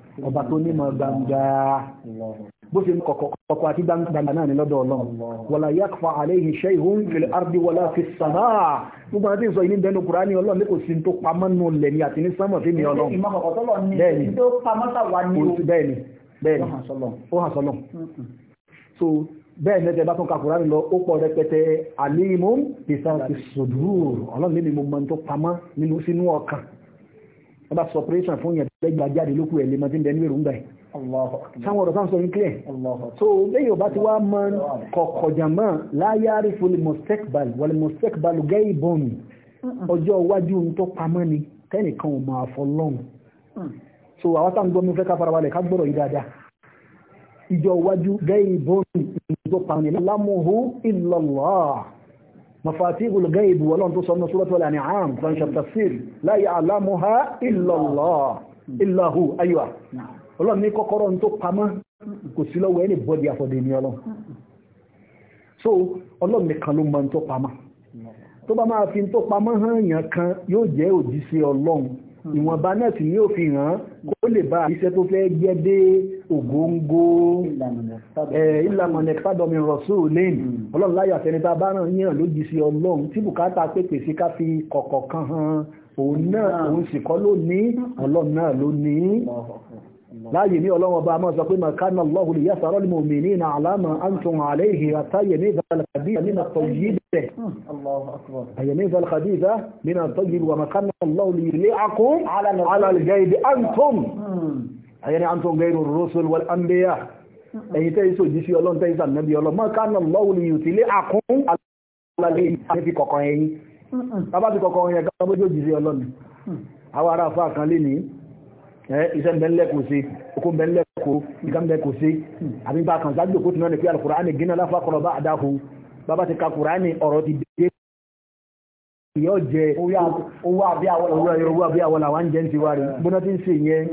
[SPEAKER 1] ọba tó ní mọ̀ gbangba bó ṣe ń kọ̀kọ̀ àti gbangba náà ní lọ́dọ̀ ọlọ́run wàlá yakfa alayhi shay'un fil ardi wàlá fi sàmà gbogbo àti ìsọ ìní bẹnu kura ní ọlọ́run ní kò sí tó pamọ́ nù lẹ̀ ní àti ní sánmọ̀ sí mi ọlọ́run bẹ́ẹ̀ni bẹ́ẹ̀ni bẹ́ẹ̀ni ó hàn sọ́lọ̀ so bẹ́ẹ̀ mẹ́tẹ̀ bá tún ka kùránì lọ ó pọ̀ rẹpẹtẹ àlímọ́ ìsàn ti sòdúrù ọlọ́run nínú ẹ bá sọpẹ́rẹ́sàn fún yẹn lẹ́gbàá jáde lókù ẹ̀ lè mọ́ tí ń bẹ ní èròǹgbà ẹ̀ sáwọn ọ̀rọ̀ sáwọn sọ yín clear so lẹ́yìn ọba tí wá mọ́ kọ̀kọ̀jàmọ́ láyárí fún mọ̀sẹ́kbal wọlé mọ̀sẹ́kbal gẹ́ì bọ́ọ̀nù ọjọ́ iwájú tó pamọ́ ni tẹ́nìkan ò máa fọ́ lọ́hùn mm. so àwọn sáà ń gbọ́ mi fẹ́ ká fara balẹ̀ ká gbọ́rọ̀ yìí dáadáa ìjọ iwájú gẹ́ì bọ́ọ̀nù tó pamọ́ ni lámùhù illallah mafatihul ghaib wọ́lọ́n tó sọ́nà suratul an'am franchise tafsir la ya'lamuha illa Allah illa hu aywa ọlọ́n ní kọ́kọ́rọ́ tó pamọ́ kò sí lọ́wọ́ ẹni bọ́dí àfọ́dé ní ọlọ́n so ọlọ́n nìkan ló mọ̀ tó pamọ́ tó bá máa fi tó pamọ́ hàn yàn kan yóò jẹ́ òjíṣẹ́ ọlọ́run Hmm. ìwọ̀nba náà sì ní òfin hàn kó lè bá iṣẹ́ tó fẹ́ jẹ́ dé ògóńgó ìlànà ìfádọ́mi rọ̀sùn lẹ́nu ọlọ́run láyọ̀ àtẹnitá bá ràn yàn lójì sí ọlọ́run tí bùkátà pèpè sí ká fi kọ̀kọ̀ kan hàn òun náà hmm. òun sì kọ́ ló ní hmm. ọlọ́run náà ló ní láàyè ní ọlọ́wọ́n bá máa sọ pé makana Allahu lè yásàrọ́ lè mọ̀mí ní ìnà àlámà antum alayhi àtàyè ní ìfàlàkàdíza nínà tọ́yìbẹ̀ àyè ní ìfàlàkàdíza nínà tọ́yìbẹ̀ wà makana Allahu lè lé akún alàlgaibi antum àyè hmm. ní antum gairu rusul wal anbiya ẹ̀yìn tẹ́ iso jísí ọlọ́n tẹ́ isa nàbí ọlọ́ makana Allahu lè yùtì lé iṣẹ́ mbẹ́lẹ̀ kò sí okó mbẹ́lẹ̀ kò ìka mbẹ́ kò sí àbí bá kan sáájú òkútu náà ni pé alukurani gínà láfa kọ̀rọ̀ bá àdáhù bàbá ti ka kurani ọ̀rọ̀ ti dé yóò jẹ owó àbí àwọn làwọn jẹ́ ń ti wá rí bóná ti ń ṣe yẹn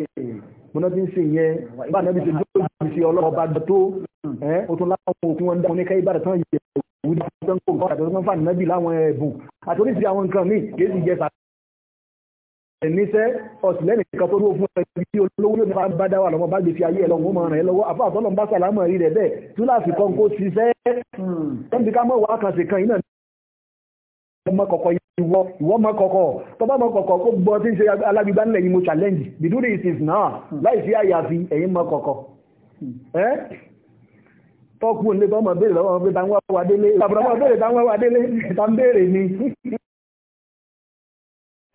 [SPEAKER 1] bóná ti ń ṣe yẹn bá nàbí ṣe dúró ju sí ọlọ́wọ́ bá tó ó tún láwọn òkú wọn dáhùn ní ká ibà tán yẹ òwúrọ̀ tó ń kó nǹkan àti tó ń fà nàbí láwọn ẹ̀bùn àti oríṣiríṣi àwọn nǹkan míì kì í sì jẹ sàrà níṣẹ́ ọ̀sìlẹ́nì kan tó dúró fún ẹbí tí olówó yóò nípa bá dáwà lọ́mọ bá gbèsè ayé ẹlọ́wọ́ máa ràn ẹ́ lọ́wọ́ àfáà tọ́lọ̀ ń bá sàlámọ̀ rí rẹ̀ bẹ́ẹ̀ túláàsì kan kó ṣiṣẹ́ ẹ̀ǹdí ká mọ̀ wá kan sí kan iná ọmọ kọ̀kọ̀ ìwọ ìwọ ọmọ kọ̀kọ̀ tó bá mọ kọ̀kọ̀ kó gbọ́ tí ń ṣe alágbègbè ńlẹ̀ yìí mo challenge bìdúrì ìsìs náà láì sí àyàfi ẹ̀yìn mọ kọ̀kọ̀ ẹ́ tọ́kùn lé tọ́mọ béèrè lọ́wọ́ pé táwọn wá wá délé tàbí ọmọ béèrè táwọn wá wá délé tàbí béèrè ni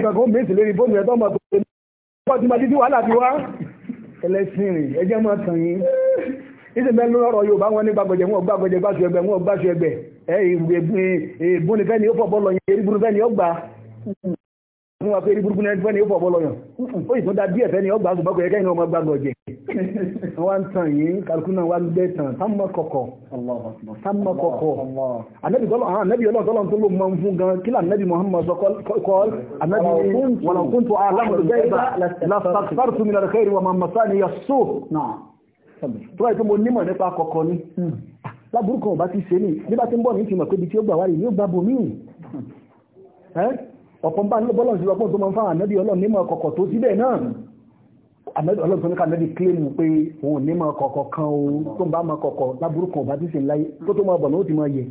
[SPEAKER 1] kankan mèsì lórí fóònù ẹ̀tọ́ ọmọ tó ṣe ní ọjọ́ tí ma ti tí wàhálà fi wá ẹlẹ́sìn rìn ẹjẹ́ mọ́ tàn yín ìsì mẹ́lú ọ̀rọ̀ Yorùbá wọn ní gbàgbọ́jẹ̀ wọn gbàgbọ́jẹ̀ gbàṣù ẹgbẹ̀ wọn gbàṣù ẹgbẹ̀ ẹ̀ ìbúnifẹ́ ni ó fọ̀ bọ́ọ̀lọ̀ yẹn ìbúnifẹ́ ó gbà ní wọ́n fẹ́ rí burúkú náà fẹ́ni ó fọ̀ bọ́lọ́yàn ó ìtún dá díẹ̀ fẹ́ni ọgbà àgùnbọ́ kẹ̀kẹ́ ìnáwó ọmọ gbàgbọ́ jẹ wọ́n ń tàn yìí kálukú náà wá ń gbé tàn sámọ́ kọ̀kọ̀ sámọ́ kọ̀kọ̀ anabi tọ́lọ̀ àwọn anabi ọlọ́run tọ́lọ̀ tó ló mọ ń fún gan kí anabi muhammad sọ kọ́ anabi wọn kún tó alámọ̀ gẹ́gbà lásàkàr tún mi lọ́rọ̀ kẹ́rì wọn máa masá ni yasó tó wáyé tó mo nímọ̀ nípa kọ̀kọ̀ ni hmm. láburúkọ̀ ọba ti ṣe ní nígbà tí ń bọ̀ ní ti mọ̀ pé ibi tí ó gbà wáyé ní ó gbà bòmíì ọ̀pọ̀n bá lọ́bọ́lọ́ sí ọpọ́n tó mọ́ fáwọn ànábì ọlọ́run nímọ̀ kọ̀kọ̀ tó síbẹ̀ náà ànábì ọlọ́run tó ní kànábì kílèmù pé òun nímọ̀ kọ̀kọ̀ kan o tó ń bá mọ kọ̀kọ̀ lábúrúkọ ọba tí sì ń láyé tó tó mọ ọbọ̀ náà ti mọ yẹ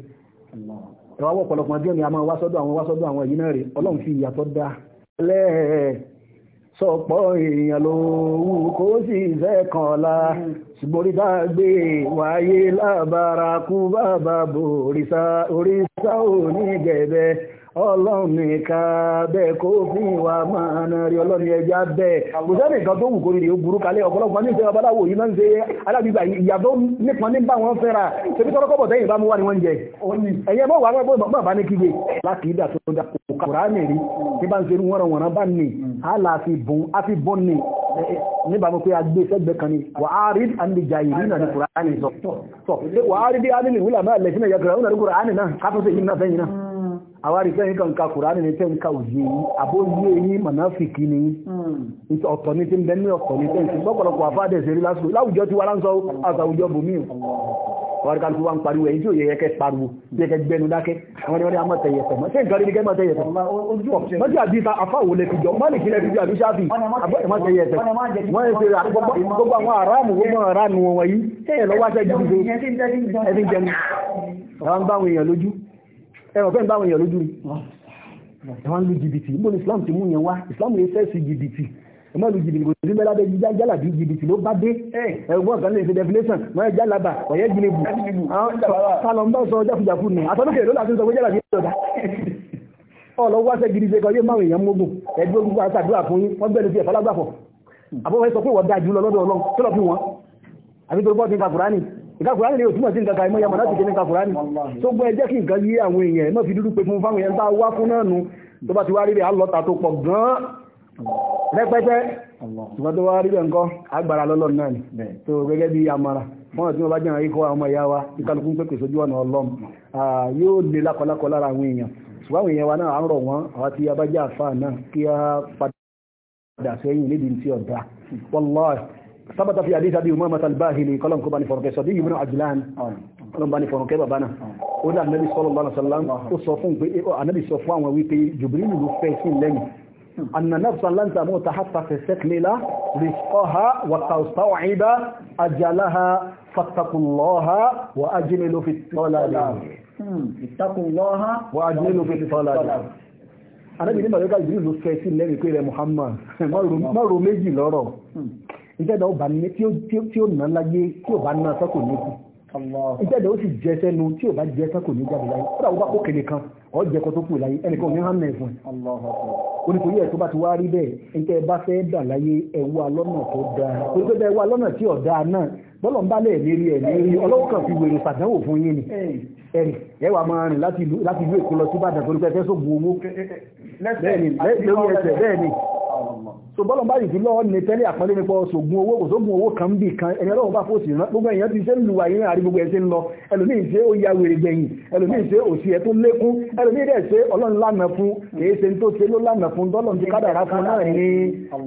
[SPEAKER 1] ìrọwọ́ ọ̀pọ̀lọpọ̀ díẹ̀ ni a máa wá sọ́dọ̀ àwọn wá sọ́dọ̀ àwọn yìí náà rè ọlọ́run fi ìyàtọ̀ dá lẹ́ẹ̀ sọ̀pọ̀ èèyàn ló wù ọlọ́run nìkan bẹ́ẹ̀ kó fún ìwà máa na rí ọlọ́run ẹja bẹ́ẹ̀ kò sẹ́ni nǹkan tó wù kó nìyẹn burú kalẹ̀ ọ̀pọ̀lọpọ̀ ní ìṣẹ́ babaláwo yìí máa ń ṣe alábìgbà ìyàtọ̀ nípa ní bá wọn fẹ́ra ṣebí tọ́rọ kọ́bọ̀ tẹ́yìn bá mú wá ni wọ́n jẹ ẹ̀yẹ mọ́ wà wọ́n bá ní kígbe láti ìdà tó da kòkòránì rí ní bá ń ṣe wọ́n wọ̀n bá ní hmm. àlà àfi bọ́n ní níbàmú pé agbé sẹ́gbẹ̀ẹ́ kan ni wà á rí àndìjà ìrí náà ní kòránì sọ wà á rí bí á nílùú làmọ́ àlẹ́sìn ẹ̀yà kòránì náà káfíńsì yìí náà fẹ́yìn náà àwárí fẹ́yìn kan ka kùránì ní tẹ́ ń ka òye yìí àbó yé mọ̀náfìkì ni hmm. ọ̀tọ̀ ní ti ń bẹ ní ọ̀tọ̀ ní tẹ́ǹsì gbọ́pọ̀lọpọ̀ àfáàdẹ̀ ṣe rí lásìkò láwùjọ ti wá láńsọ àtàwùjọ bòmí àwárí kan tó wá ń pariwo èyí tí ò ni wọ́n ní a máa tẹ yẹtọ̀ mọ́ ṣé nǹkan rí ni kẹ́ máa tẹ yẹtọ̀ mọ́ sí àbí ta afáwo lè fi jọ mọ́ nìkí lè fi jọ àbí ṣáàfì àbọ̀dẹ̀ máa tẹ yẹtọ̀ wọ́n ń ṣe gbogbo àwọn aráàmù gbogbo aráàmù wọn yìí ṣé ẹ̀ lọ́wọ́ aṣẹ́ gidi ṣe ẹ̀rọ̀ fẹ́ ń báwọn èèyàn lójú ẹ̀wọ̀n ń lu jìbìtì níbo ni Islam ti mú yẹn wá Islam yẹn fẹ́ sí jìbìtì ẹ̀mọ́ lu jìbìtì kò sí mẹ́lábẹ́ jíjá jálà bí jìbìtì ló bá dé ẹ̀gbọ́n kan lè ṣe definition mọ́ ẹ̀ jálàbà ọ̀yẹ́ jìnìbù kálọ̀ ń bá sọ jákujàku nù àtọ́lùkẹ́ ló láti sọ pé jálà bí ọ̀dà ọlọ́wọ́ sẹ́ gidi ṣe kọ́ yé máwọn èèyàn mógùn ẹgbẹ́ ogun àti àdúrà fún yín wọ́n gbẹ́nu sí ẹ̀fọ́ lágbàfọ̀ àbọ̀wọ́ sọ pé wọ́n dáa jùlọ lọ́dọ̀ Ọlọ́run tó lọ fi wọ́n àbí tó bọ́ ti ń ka Kùránì nǹkan kùránì ni òtúmọ̀ sí nǹkan kàìmọ́ yamọ̀ láti jẹ́ nǹkan kùránì tó gbọ́ ẹjẹ́ kí nǹkan yé àwọn èèyàn ẹ̀mọ́ fi dúdú pé fún fáwọn èèyàn bá wá fún náà nu tó bá ti wá rí rẹ̀ alọ́ta tó pọ̀ gan-an rẹpẹtẹ ṣùgbọ́n tó wá rí rẹ̀ agbára lọ́lọ́run náà ni tó gẹ́gẹ́ bí amara wọ́n tí wọ́n bá jẹ́ àwọn ikọ̀ àwọn ìyá wa ìkálukú ń pèpè sójú ọ̀nà ọlọ́m yóò lè lákọlákọ lára àwọn èèyàn ṣùgbọ́n àwọn èèyàn wa náà ń rọ̀ wọ́n àwọn tí a àfáà náà kí a padà sẹ́yìn nídìí tí ọ̀dà wọ́n lọ́ọ̀ ثبت في حديث ابي امامه الباهلي قال انكم بني فرقه صدي بن عجلان قال بني فرقه بابانا قال النبي صلى الله عليه وسلم وصفون النبي صفوان ويبي جبريل وفيسين لين أن نفسا لن تموت حتى تستكمل رزقها وتستوعب أجلها فاتقوا الله وأجملوا في الطلب اتقوا الله وأجملوا في الطلب أنا بني ملكة جبريل وفيسين لين كيري محمد ما رو ميجي لورو ìjẹ́dà ó bá ní tí ó nà láyé tí ó bá ná sọ́kò ní kú ìjẹ́dà ó sì jẹ sẹ́nu tí ó bá jẹ sọ́kò ní jáde láyé kódà ó bá kó kele kan ọ́ jẹ kan tó kù láyé ẹnìkan ní hàn mẹ́fún onítorí ẹ̀ tó bá ti wá rí bẹ́ẹ̀ níta ẹ bá fẹ́ dà láyé ẹ̀wọ́ alọ́nà tó dáa torí pé ẹ̀wọ́ alọ́nà tí ò dáa náà bọ́lọ̀ ń bá lẹ̀ lérí ẹ̀ lérí ọlọ́wọ́ kan fi wèrè sàdánwò fún yín ni ẹ̀rì ẹwà máa rìn láti ìlú Èkó lọ sí Ìbàdàn torí pé ẹ fẹ́ sógun owó eh, eh, eh, bẹ́ẹ̀ ni bẹ́ẹ̀ ni so bọ́lọ̀ bá ìdí lọ́wọ́ ní tẹ́lẹ̀ àpọ́lé nípa ṣògùn owó kò sógun owó kan bí kan ẹni ọlọ́run bá fòsì rán gbogbo èèyàn ti ṣe ń lu àyè náà àrí gbogbo ẹ̀ ṣe ń lọ ẹlòmíì ṣe ó ya wèrè gbẹ̀yìn ẹlòmíì ṣe òṣì ẹ̀ tó lékún ẹlòmíì dẹ̀ ṣe ọlọ́run lánàá fún kìí ṣe tó ṣe ló lánàá fún dọ́lọ̀ ti kádàrá fún náà ní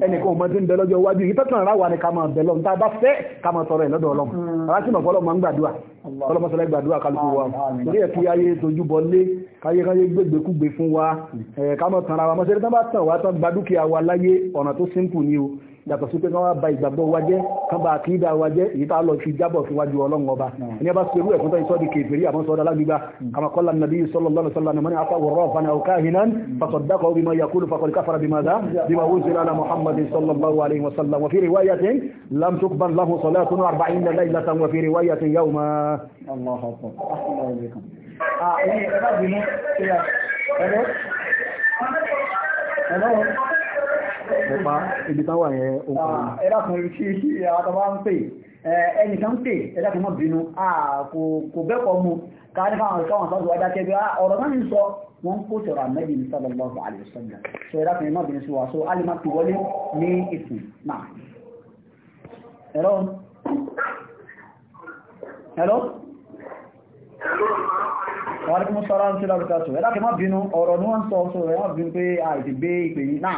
[SPEAKER 1] ẹnìkan ò mọ ti ń bẹ lọ́jọ́ iwájú yìí tọ́tàn ra ni ká máa bẹ̀ lọ́n tá a bá fẹ́ ká máa tọrọ ẹ̀ lọ́dọ̀ ọlọ́run ọlọ́mọsọ̀lá ìgbàdúrà kálukú wa torí ẹ̀kí ayé tójú bọlé káyékáyé gbégbékúgbé fún wa hmm. ká má tanra wa mọ́sẹ̀lẹ́ tán bá tàn wá tán gba dúkìá wa láyé ọ̀nà tó simple ni o yàtọ̀ sí pé kán wá ba ìgbàgbọ́ wa jẹ́ kán ba àkídà wa jẹ́ èyí tá a lọ fi jábọ̀ síwájú ọlọ́run ọba hmm. ẹni bá ṣerú ẹ̀kún tó ìsọ́dí kèfèrí àmọ́ sọ́dá lágbígbá hmm. kama qala an-nabiy sallallahu alaihi wasallam man afa warrafan aw kahinan hmm. fasaddaqahu bima yaqulu faqad kafara bima za bima unzila ala muhammadin sallallahu alaihi wasallam wa fi riwayatin lam tuqbal
[SPEAKER 2] ọ̀pá ibi táwà yẹn òkú.
[SPEAKER 1] ẹ̀dàkùn tí àtàwà ń pè ẹnìkan ń pè ẹ̀dàkùn mọ́ bínú kò bẹ́kọ̀ mú káàdífà àwọn ìkáwọn sọ́dọ̀ wájá kẹ́ bí ọ̀rọ̀ náà ń sọ wọ́n kó tọ̀rọ̀ àmẹ́bí ní sallallahu alaihi wasallam so ẹ̀dàkùn mọ́ bínú sí wa so alima ti wọlé ní ìsìn náà ẹ̀rọ ẹ̀rọ wàlúkùn sọ́rọ̀ ń sílẹ̀ ọ̀rọ̀ ní wọ́n sọ ọ̀rọ̀ ẹ̀wọ̀n bínú pé àìsí gbé ìpè yìí náà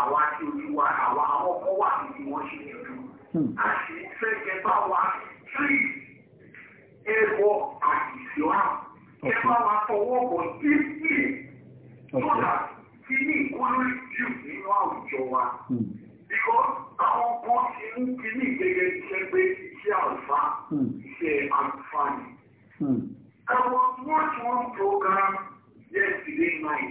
[SPEAKER 1] àwa tí ojú wa àwa ọkọ wà níbi wọn ṣe ìlú àti fẹjẹ bá wa tírì ẹwọ àìsí wa ẹ bá wa fọwọ́ bọ̀ díẹ̀ lọ́dà tí ní ìkúrú jù nínú àwùjọ wa hmm. bíkọ́ àwọn kan ti ń ti ní ìgbẹ́gẹ́ iṣẹ́ pé iṣẹ́ àlùfáà hmm. iṣẹ́ àlùfáà ni. Hmm. There was program yesterday night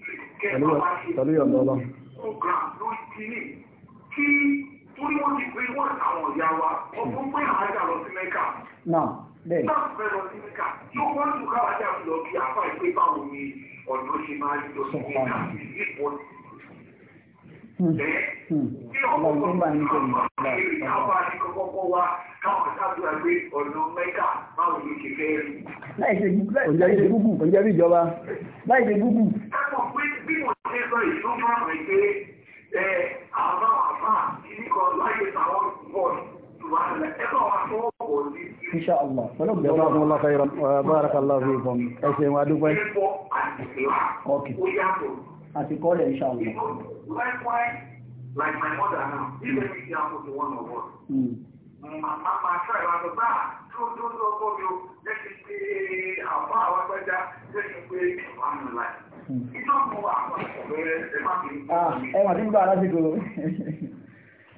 [SPEAKER 1] pẹ̀lú yọ̀ǹda ọlọ́run. ọ̀gá ló ti ní kí torí wọ́n ti pé wọ́n àwọn ìyá wa ọdún pé àájà lọ sí mẹ́kà. náà bẹ́ẹ̀. náà fẹ́ lọ sí mẹ́kà yóò wọ́n tún káwájà lọ kí àfáà ìpé báwo ni ọ̀dọ́ ṣe máa ń lọ sí mẹ́kà kí ọkọ̀ bá ní àwọn àdìkọ̀kọ̀ wa káwọn káàdùrà gbé ọ̀nà mẹ́ta báwo ni kì fẹ́ rí. láìsí gúgù ọjọ́ bí ìjọba láìsí gúgù. kápọ̀ pé bí wọ́n ṣe sọ ìṣúná rẹ̀ pé àbá àbá kíníkan láyé àwọn bọ́ọ̀lù Insha Allah. Jazakum Allah khairan. Barakallahu fiikum. Ẹ ṣeun adúgbẹ́. Ok àti kọ́lẹ̀ insha Allah. Likewise, like my mother now, even if you are the one of us. Màmá máa ṣọ́ ìwà tó bá tó tó tó kó mi o, jẹ́ kí n pé àwọn àwọn agbẹ́já, jẹ́ kí n pé àmì láì. Iná mú àwọn ọ̀rẹ́ ẹ má fi. Ẹ mà ti ń gbà lásìkò.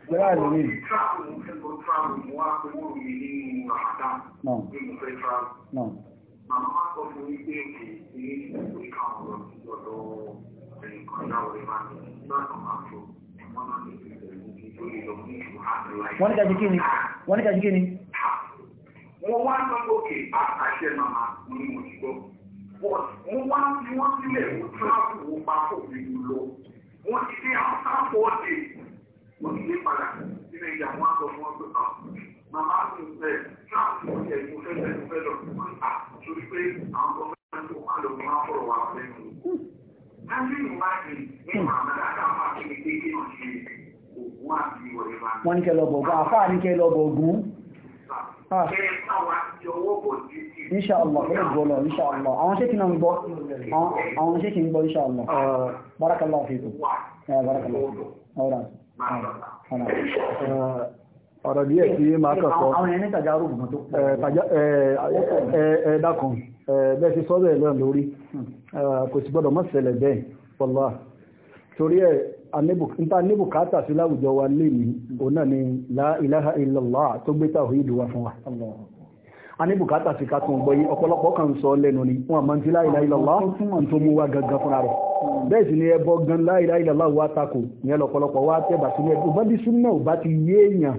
[SPEAKER 1] Bẹ́ẹ̀ àlè mi. Mo travel, mo fẹ́ mo travel, mo wá pé mo
[SPEAKER 2] rí ní Ramadan. Bí mo fẹ́ travel. Màmá máa sọ fún mi pé èyí
[SPEAKER 1] ni mo kà ọ̀rọ̀ sí ọ̀dọ́ wọ́n ní kàjíkí ni wọ́n ní kàjíkí ni wọ́n wá ń lọ́pọ̀ kè àṣẹ màmá ní òṣìṣọ́ wọ́n wá ń fi wọ́n sílẹ̀ wọ́n tíráàpù wọ́n pa fò ní lọ wọ́n ti dé àwọn sáàpù ọ̀dẹ̀ wọ́n ti dé padà nínú ìyá wọn sọ fún ọgbẹ́ kan ah, màmá ti ń bẹ̀ tíráàpù ọ̀dẹ̀ mo fẹ́ bẹ̀ fẹ́ lọ sí ah, pé àwọn ọmọ ẹgbẹ́ tó wà lọ́wọ́ máa fọ̀rọ̀ wà lẹ́nu Hmm. wọ́n ní kẹ lọ bọ̀gún àfáà ní kẹ lọ bọ̀gún Inṣàlọ̀, ẹ̀rẹ́ gbọ́lọ̀, inṣàlọ̀. Àwọn ṣé kí náà ń gbọ́? Àwọn ṣé kí ń gbọ́, inṣàlọ̀. Barakallahu fiikum. Eh, barakallahu. Ọ̀rọ̀. Ọ̀rọ̀. Eh, ọ̀rọ̀ bí ẹ̀ tí máa kàn sọ ẹ̀ẹ́dàkùn bẹ́ẹ̀ ti sọ́dọ̀ ẹ̀ lọ́n lórí hmm. kò sì gbọ́dọ̀ mọ́ ṣẹlẹ̀ bẹ́ẹ̀ pọ̀lá torí ẹ̀ níta níbùkátà sí láwùjọ wa lè ní hmm. òun náà ni la ilaha illallah tó gbé tàwí ìdùwà fún wa Ani ní bùkátà sí ká tún gbọ́yé ọ̀pọ̀lọpọ̀ kan sọ lẹ́nu ni wọn àmọ́ tí láìlá wa gangan fúnra rẹ̀ bẹ́ẹ̀ sì ni ẹbọ gan láìlá ìlọ́lá wa tako ìyẹn lọ́pọ̀lọpọ̀ wa tẹ́bà sí ẹbí bá bí súnmọ́ ò bá ti yé èèyàn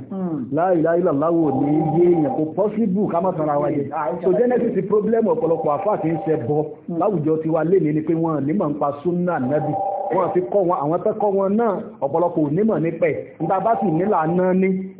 [SPEAKER 1] láìlá ìlọ́lá wò ní yé èèyàn kò pọ́síbù ká má wa jẹ so genesis problem ọ̀pọ̀lọpọ̀ àfà ti ń ṣe bọ láwùjọ tiwa lénìí ni pé wọn ní mọ̀ nípa súnà nábì wọ́n fi kọ́ wọn àwọn tẹ́kọ́ wọn náà ọ̀pọ̀lọpọ̀ onímọ̀ nípẹ̀ nígbà bá sì nílà náà ní